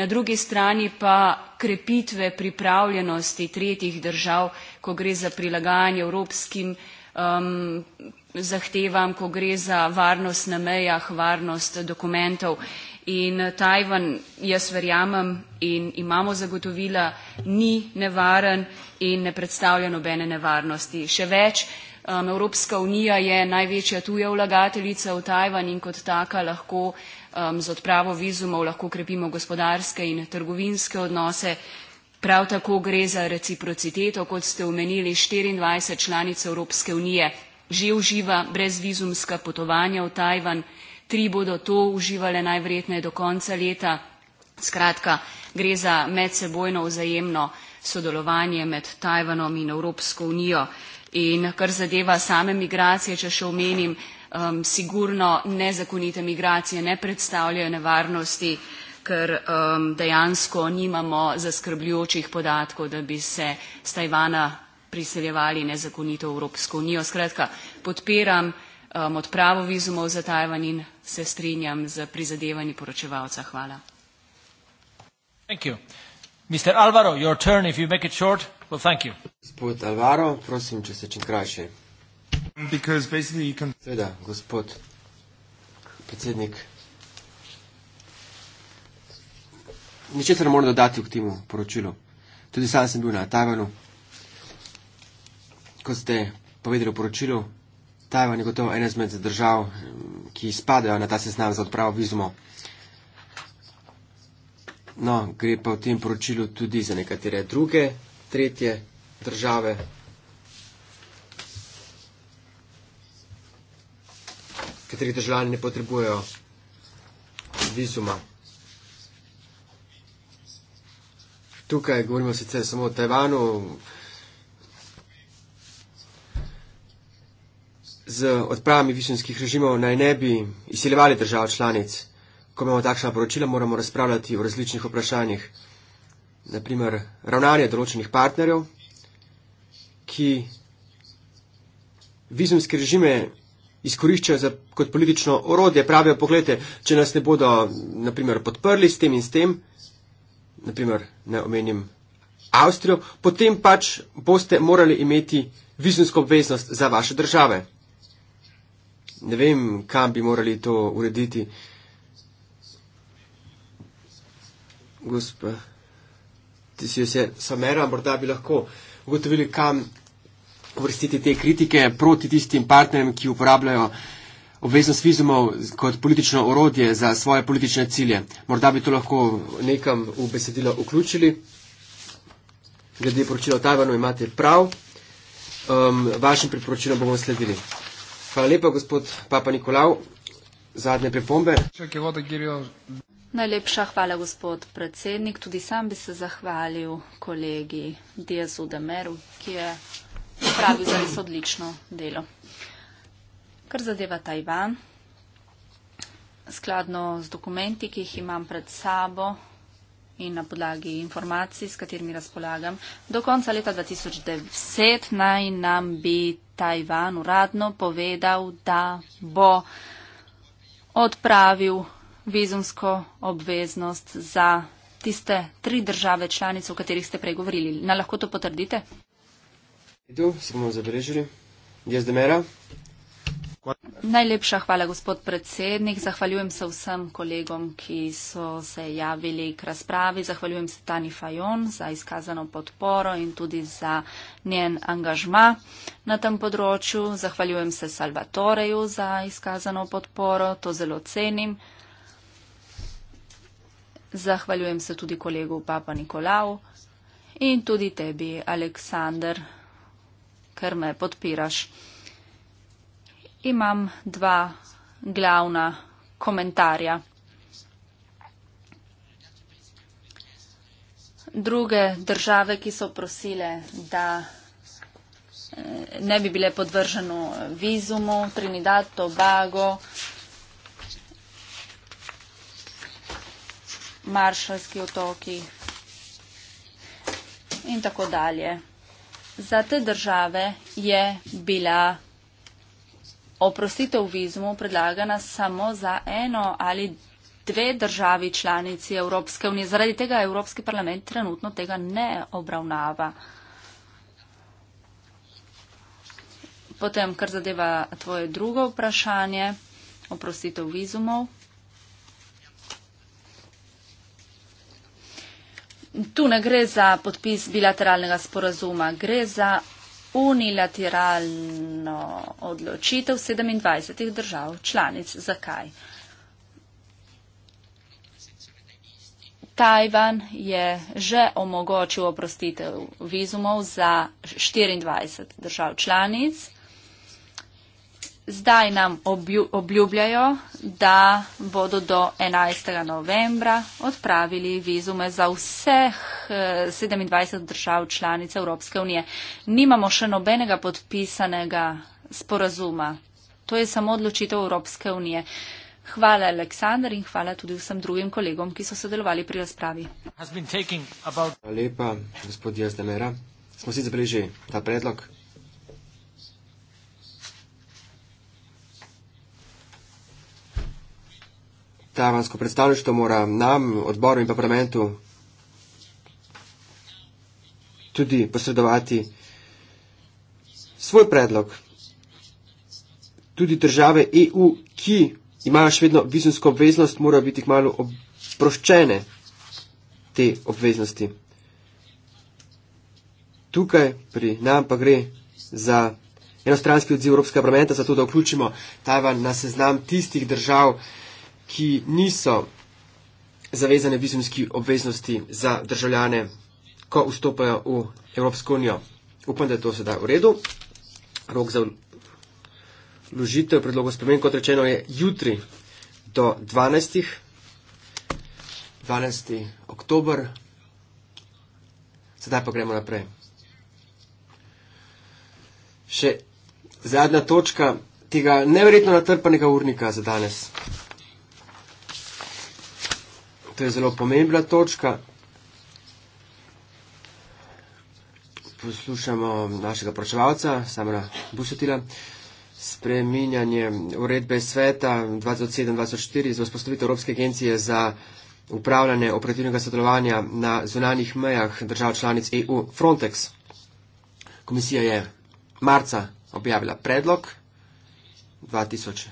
na drugi strani pa krepitve pripravljenosti tretjih držav, ko gre za prilagajanje evropskim um, zahtevam, ko gre za varnost na mejah, varnost dokumentov. In eh, Tajvan, jaz verjamem in imamo zagotovila, ni nevaren in ne predstavlja nobene nevarnosti. Še več, Evropska unija je največja tuja vlagateljica v Tajvan in kot taka lahko z odpravo vizumov lahko krepimo gospodarske in trgovinske odnose. Prav tako gre za reciprociteto, kot ste omenili, 24 članic Evropske unije že uživa brezvizumska potovanja v Tajvan. Tri bodo to uživale najverjetneje do konca leta. Skratka, gre za medsebojno vzajemno sodelovanje med Tajvanom in Evropsko unijo. In kar zadeva same migracije, če še omenim, um, sigurno nezakonite migracije ne predstavljajo nevarnosti, ker um, dejansko nimamo zaskrbljujočih podatkov, da bi se s Tajvana priseljevali nezakonito v Evropsko unijo. Skratka, podpiram um, odpravo vizumov za Tajvan in se strinjam z prizadevanji poročevalca. Hvala. Thank you. Mr. Alvaro, your turn if you make it short. Well, thank you. Gospod Alvaro, prosim, če se čim krajše. Can... Seveda, gospod predsednik. Ničesar ne morem dodati k temu poročilu. Tudi sam sem bil na Tajvanu, kot ste povedali v poročilu, Tajvan je gotovo ena izmed držav, ki spadajo na ta seznam za odpravo vizumo. No, gre pa v tem poročilu tudi za nekatere druge, tretje države. katerih državljani ne potrebujejo vizuma. Tukaj govorimo sicer samo o Tajvanu, z odpravami višinskih režimov naj ne bi izsiljevali držav članic. Ko imamo takšna poročila, moramo razpravljati o različnih vprašanjih. Naprimer, ravnanje določenih partnerjev, ki vizumske režime izkoriščajo za, kot politično orodje. Pravijo, pogledajte, če nas ne bodo, naprimer, podprli s tem in s tem, naprimer, ne omenim Avstrijo, potem pač boste morali imeti vizumsko obveznost za vaše države ne vem, kam bi morali to urediti. Gospa, ti si vse samera, morda bi lahko ugotovili, kam vrstiti te kritike proti tistim partnerjem, ki uporabljajo obveznost vizumov kot politično orodje za svoje politične cilje. Morda bi to lahko nekam v besedilo vključili. Glede poročila o Tajvanu imate prav. Um, vašim priporočilom bomo sledili. Hvala lepa, gospod Papa Nikolav. Zadnje pripombe. Najlepša hvala, gospod predsednik. Tudi sam bi se zahvalil kolegi Diazu Demeru, ki je upravil za res odlično delo. Kar zadeva Tajvan, skladno z dokumenti, ki jih imam pred sabo, in na podlagi informacij, s katerimi razpolagam, do konca leta 2010 naj nam bi Tajvan uradno povedal, da bo odpravil vizumsko obveznost za tiste tri države članice, o katerih ste pregovorili. Na lahko to potrdite? Tu smo zabrežili. Jaz demera. Najlepša hvala, gospod predsednik. Zahvaljujem se vsem kolegom, ki so se javili k razpravi. Zahvaljujem se Tani Fajon za izkazano podporo in tudi za njen angažma na tem področju. Zahvaljujem se Salvatoreju za izkazano podporo. To zelo cenim. Zahvaljujem se tudi kolegu Papa Nikolau in tudi tebi, Aleksandr, ker me podpiraš imam dva glavna komentarja. Druge države, ki so prosile, da eh, ne bi bile podvrženo vizumu, Trinidad, Tobago, Maršalski otoki in tako dalje. Za te države je bila oprostitev vizumov predlagana samo za eno ali dve državi članici Evropske unije. Zaradi tega Evropski parlament trenutno tega ne obravnava. Potem, kar zadeva tvoje drugo vprašanje, oprostitev vizumov. Tu ne gre za podpis bilateralnega sporazuma, gre za unilateralno odločitev 27 držav članic. Zakaj? Tajvan je že omogočil oprostitev vizumov za 24 držav članic. Zdaj nam obljubljajo, da bodo do 11. novembra odpravili vizume za vseh 27 eh, držav članic Evropske unije. Nimamo še nobenega podpisanega sporazuma. To je samo odločitev Evropske unije. Hvala, Aleksandr, in hvala tudi vsem drugim kolegom, ki so sodelovali pri razpravi. Hvala lepa, gospod Jazdemera. Smo si zabeležili ta predlog. tavansko predstavništvo mora nam, odboru in parlamentu tudi posredovati svoj predlog. Tudi države EU, ki imajo še vedno vizumsko obveznost, morajo biti kmalo oproščene te obveznosti. Tukaj pri nam pa gre za enostranski odziv Evropskega parlamenta, zato da vključimo Tajvan na seznam tistih držav, ki niso zavezane vizumski obveznosti za državljane, ko vstopajo v Evropsko unijo. Upam, da je to sedaj v redu. Rok za ložitev predlogov spremen, kot rečeno, je jutri do 12. 12. oktober. Sedaj pa gremo naprej. Še zadnja točka tega neverjetno natrpanega urnika za danes. To je zelo pomembna točka. Poslušamo našega pročevalca, Samra Busotila, spreminjanje uredbe sveta 2007-2004 za vzpostavitev Evropske agencije za upravljanje operativnega sodelovanja na zunanjih mejah držav članic EU Frontex. Komisija je marca objavila predlog 2010.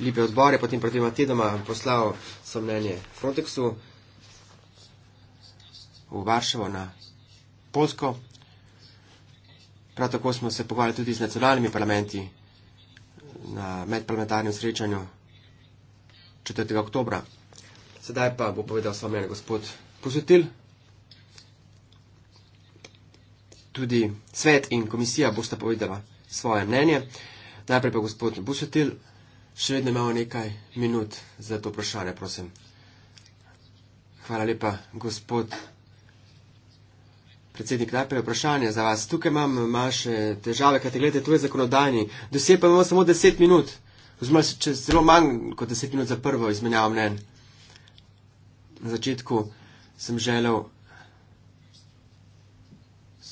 Libe odbore, potem pred dvema tednoma poslal so mnenje Frontexu v Varšavo na Polsko. Prav tako smo se pogovarjali tudi z nacionalnimi parlamenti na medparlamentarnem srečanju 4. oktobra. Sedaj pa bo povedal svoje mnenje gospod Pozutil. Tudi svet in komisija bosta povedala svoje mnenje. Najprej pa gospod Busutil, Še vedno imamo nekaj minut za to vprašanje, prosim. Hvala lepa, gospod predsednik. Najprej vprašanje za vas. Tukaj imam manjše težave, kajte gledajte, to je zakonodajni. Dosje pa imamo samo deset minut. Oziroma, če zelo manj kot deset minut za prvo izmenjavo mnen. Na začetku sem želel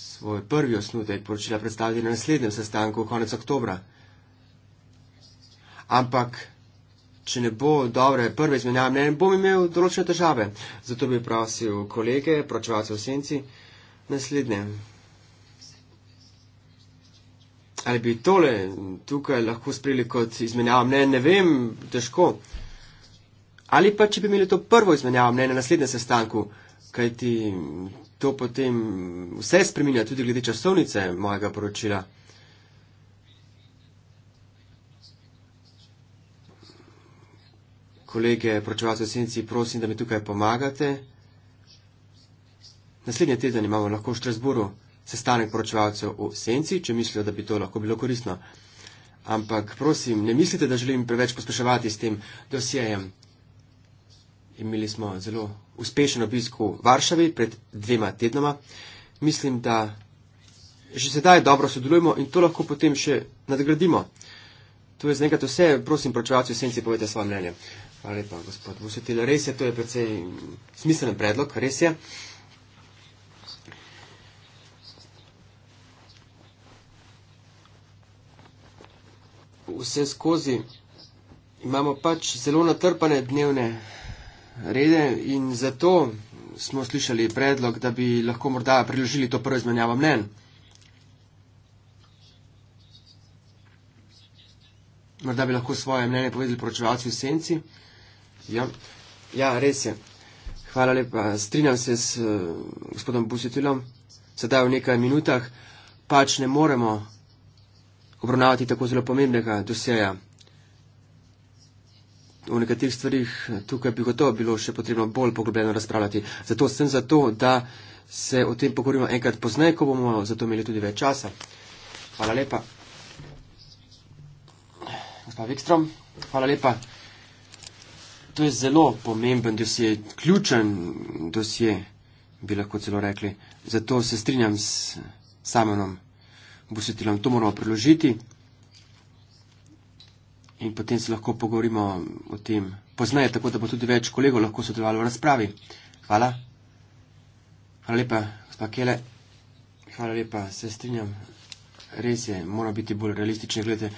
svoj prvi osnutek poročila predstaviti na naslednjem sestanku konec oktobra ampak če ne bo dobre prve izmenjave mnenja, bom imel določene težave. Zato bi prosil kolege, pročevalce v senci, naslednje. Ali bi tole tukaj lahko sprejeli kot izmenjava mnenja, ne vem, težko. Ali pa, če bi imeli to prvo izmenjavo mnenja na naslednjem sestanku, kajti to potem vse spreminja tudi glede časovnice mojega poročila. kolege pročevalce v senci, prosim, da mi tukaj pomagate. Naslednje teden imamo lahko v Štrasburu sestanek pročevalcev v senci, če mislijo, da bi to lahko bilo korisno. Ampak prosim, ne mislite, da želim preveč pospeševati s tem dosjejem. Imeli smo zelo uspešen obisk v Varšavi pred dvema tednoma. Mislim, da že sedaj dobro sodelujemo in to lahko potem še nadgradimo. To je z nekaj to vse. Prosim, pročevalci v senci, povete svoje mnenje. Hvala lepa, gospod Vusetil. Res je, to je predvsej smiselen predlog, res je. Vse skozi imamo pač zelo natrpane dnevne rede in zato smo slišali predlog, da bi lahko morda priložili to prvo izmenjavo mnen. Morda bi lahko svoje mnenje povedali poročevalci v senci. Ja. ja, res je. Hvala lepa. Strinjam se s uh, gospodom Busitilom. Sedaj v nekaj minutah pač ne moremo obravnavati tako zelo pomembnega doseja. O nekaterih stvarih eh, tukaj bi gotovo bilo še potrebno bolj poglobljeno razpravljati. Zato sem zato, da se o tem pogovorimo enkrat poznaj, ko bomo zato imeli tudi več časa. Hvala lepa. Gospod Vikstrom, hvala lepa. To je zelo pomemben dosje, ključen dosje, bi lahko celo rekli. Zato se strinjam s samenom Busetilom. To moramo preložiti in potem se lahko pogovorimo o tem poznaje, tako da bo tudi več kolegov lahko sodelovalo v razpravi. Hvala. Hvala lepa, gospa Kele. Hvala lepa, se strinjam. Res je, mora biti bolj realistično. Glede,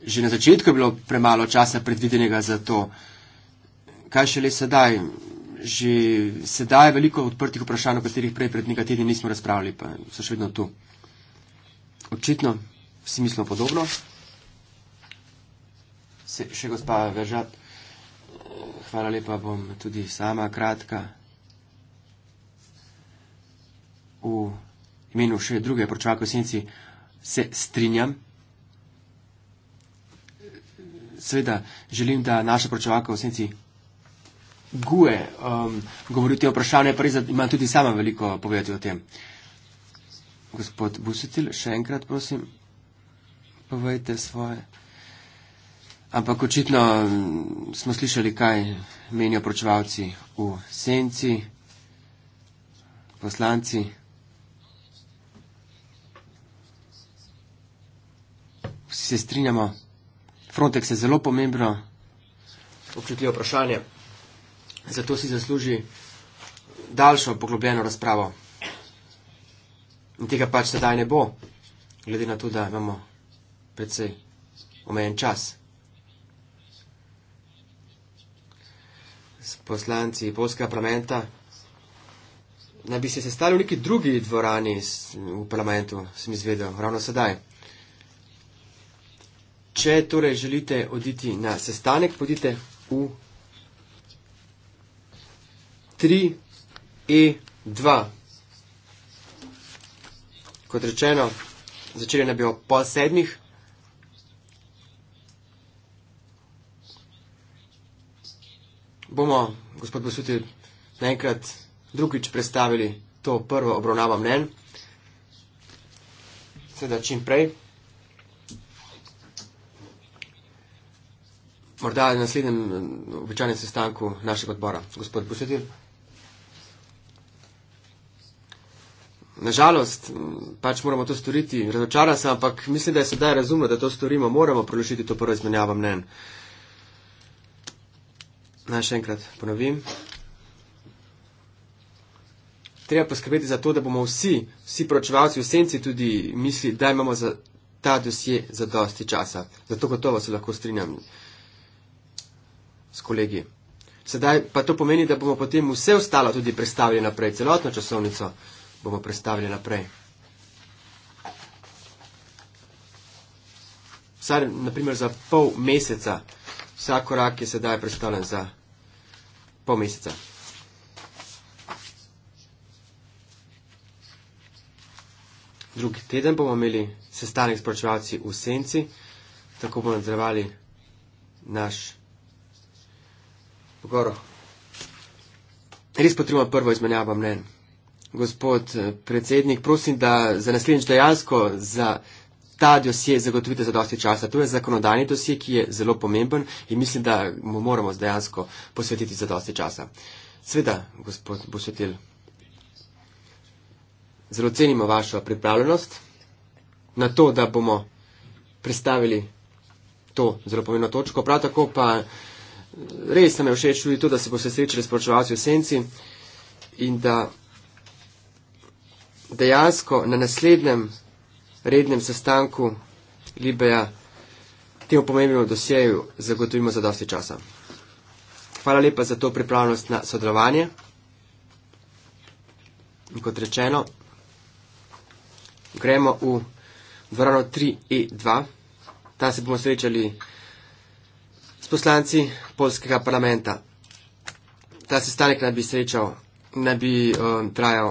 že na začetku je bilo premalo časa predvidenega za to kaj še le sedaj. Že sedaj je veliko odprtih vprašanj, o katerih prej pred nekaj tedni nismo razpravljali, pa so še vedno tu. Očitno vsi mislimo podobno. Se, še gospa Veržat, hvala lepa, bom tudi sama kratka. V imenu še druge pročevalke v senci se strinjam. Sveda želim, da naša pročevalka v senci guje um, govoriti o vprašanju, pa res ima tudi sama veliko povedati o tem. Gospod Busitil, še enkrat prosim, povejte svoje. Ampak očitno mm, smo slišali, kaj menijo pročevalci v senci, poslanci. Vsi se strinjamo, Frontex je zelo pomembno. Občutljivo vprašanje zato si zasluži daljšo poglobljeno razpravo. In tega pač sedaj ne bo, glede na to, da imamo predvsej omejen čas. S poslanci polskega parlamenta naj bi se sestali v neki drugi dvorani v parlamentu, sem izvedel, ravno sedaj. Če torej želite oditi na sestanek, pojdite v parlament. 3, E2. Kot rečeno, začeli naj bi ob pol sedmih. Bomo, gospod Bosuti, naenkrat drugič predstavili to prvo obravnavo mnen. Seveda čim prej. Morda na naslednjem običajnem sestanku našega odbora. Gospod Bosuti. Nažalost, pač moramo to storiti. Razočaran sem, ampak mislim, da je sedaj razumno, da to storimo. Moramo prelušiti to prvo izmenjavo mnen. Naj še enkrat ponovim. Treba poskrbeti za to, da bomo vsi, vsi pročevalci v senci tudi misli, da imamo za ta dosje za dosti časa. Zato gotovo se lahko strinjam s kolegi. Sedaj pa to pomeni, da bomo potem vse ostalo tudi predstavili naprej, celotno časovnico bomo predstavili naprej. Vsaj naprimer za pol meseca, vsak korak je sedaj predstavljen za pol meseca. Drugi teden bomo imeli sestanek s poročevalci v Senci, tako bomo nadaljevali naš pogoro. Res potrebujemo prvo izmenjavo mnen gospod eh, predsednik, prosim, da za naslednjič dejansko za ta dosje zagotovite za dosti časa. To je zakonodajni dosje, ki je zelo pomemben in mislim, da mu moramo dejansko posvetiti za dosti časa. Sveda, gospod Bušetil, zelo cenimo vašo pripravljenost na to, da bomo predstavili to zelo pomembno točko. Prav tako pa eh, res nam je všeč tudi to, da se boste srečali s poročevalci v senci in da dejansko na naslednjem rednem sestanku Libeja temu pomembnemu dosjeju zagotovimo za dosti časa. Hvala lepa za to pripravljenost na sodelovanje. In kot rečeno, gremo v dvorano 3E2. Tam se bomo srečali s poslanci polskega parlamenta. Ta sestanek naj bi srečal, naj bi um, trajal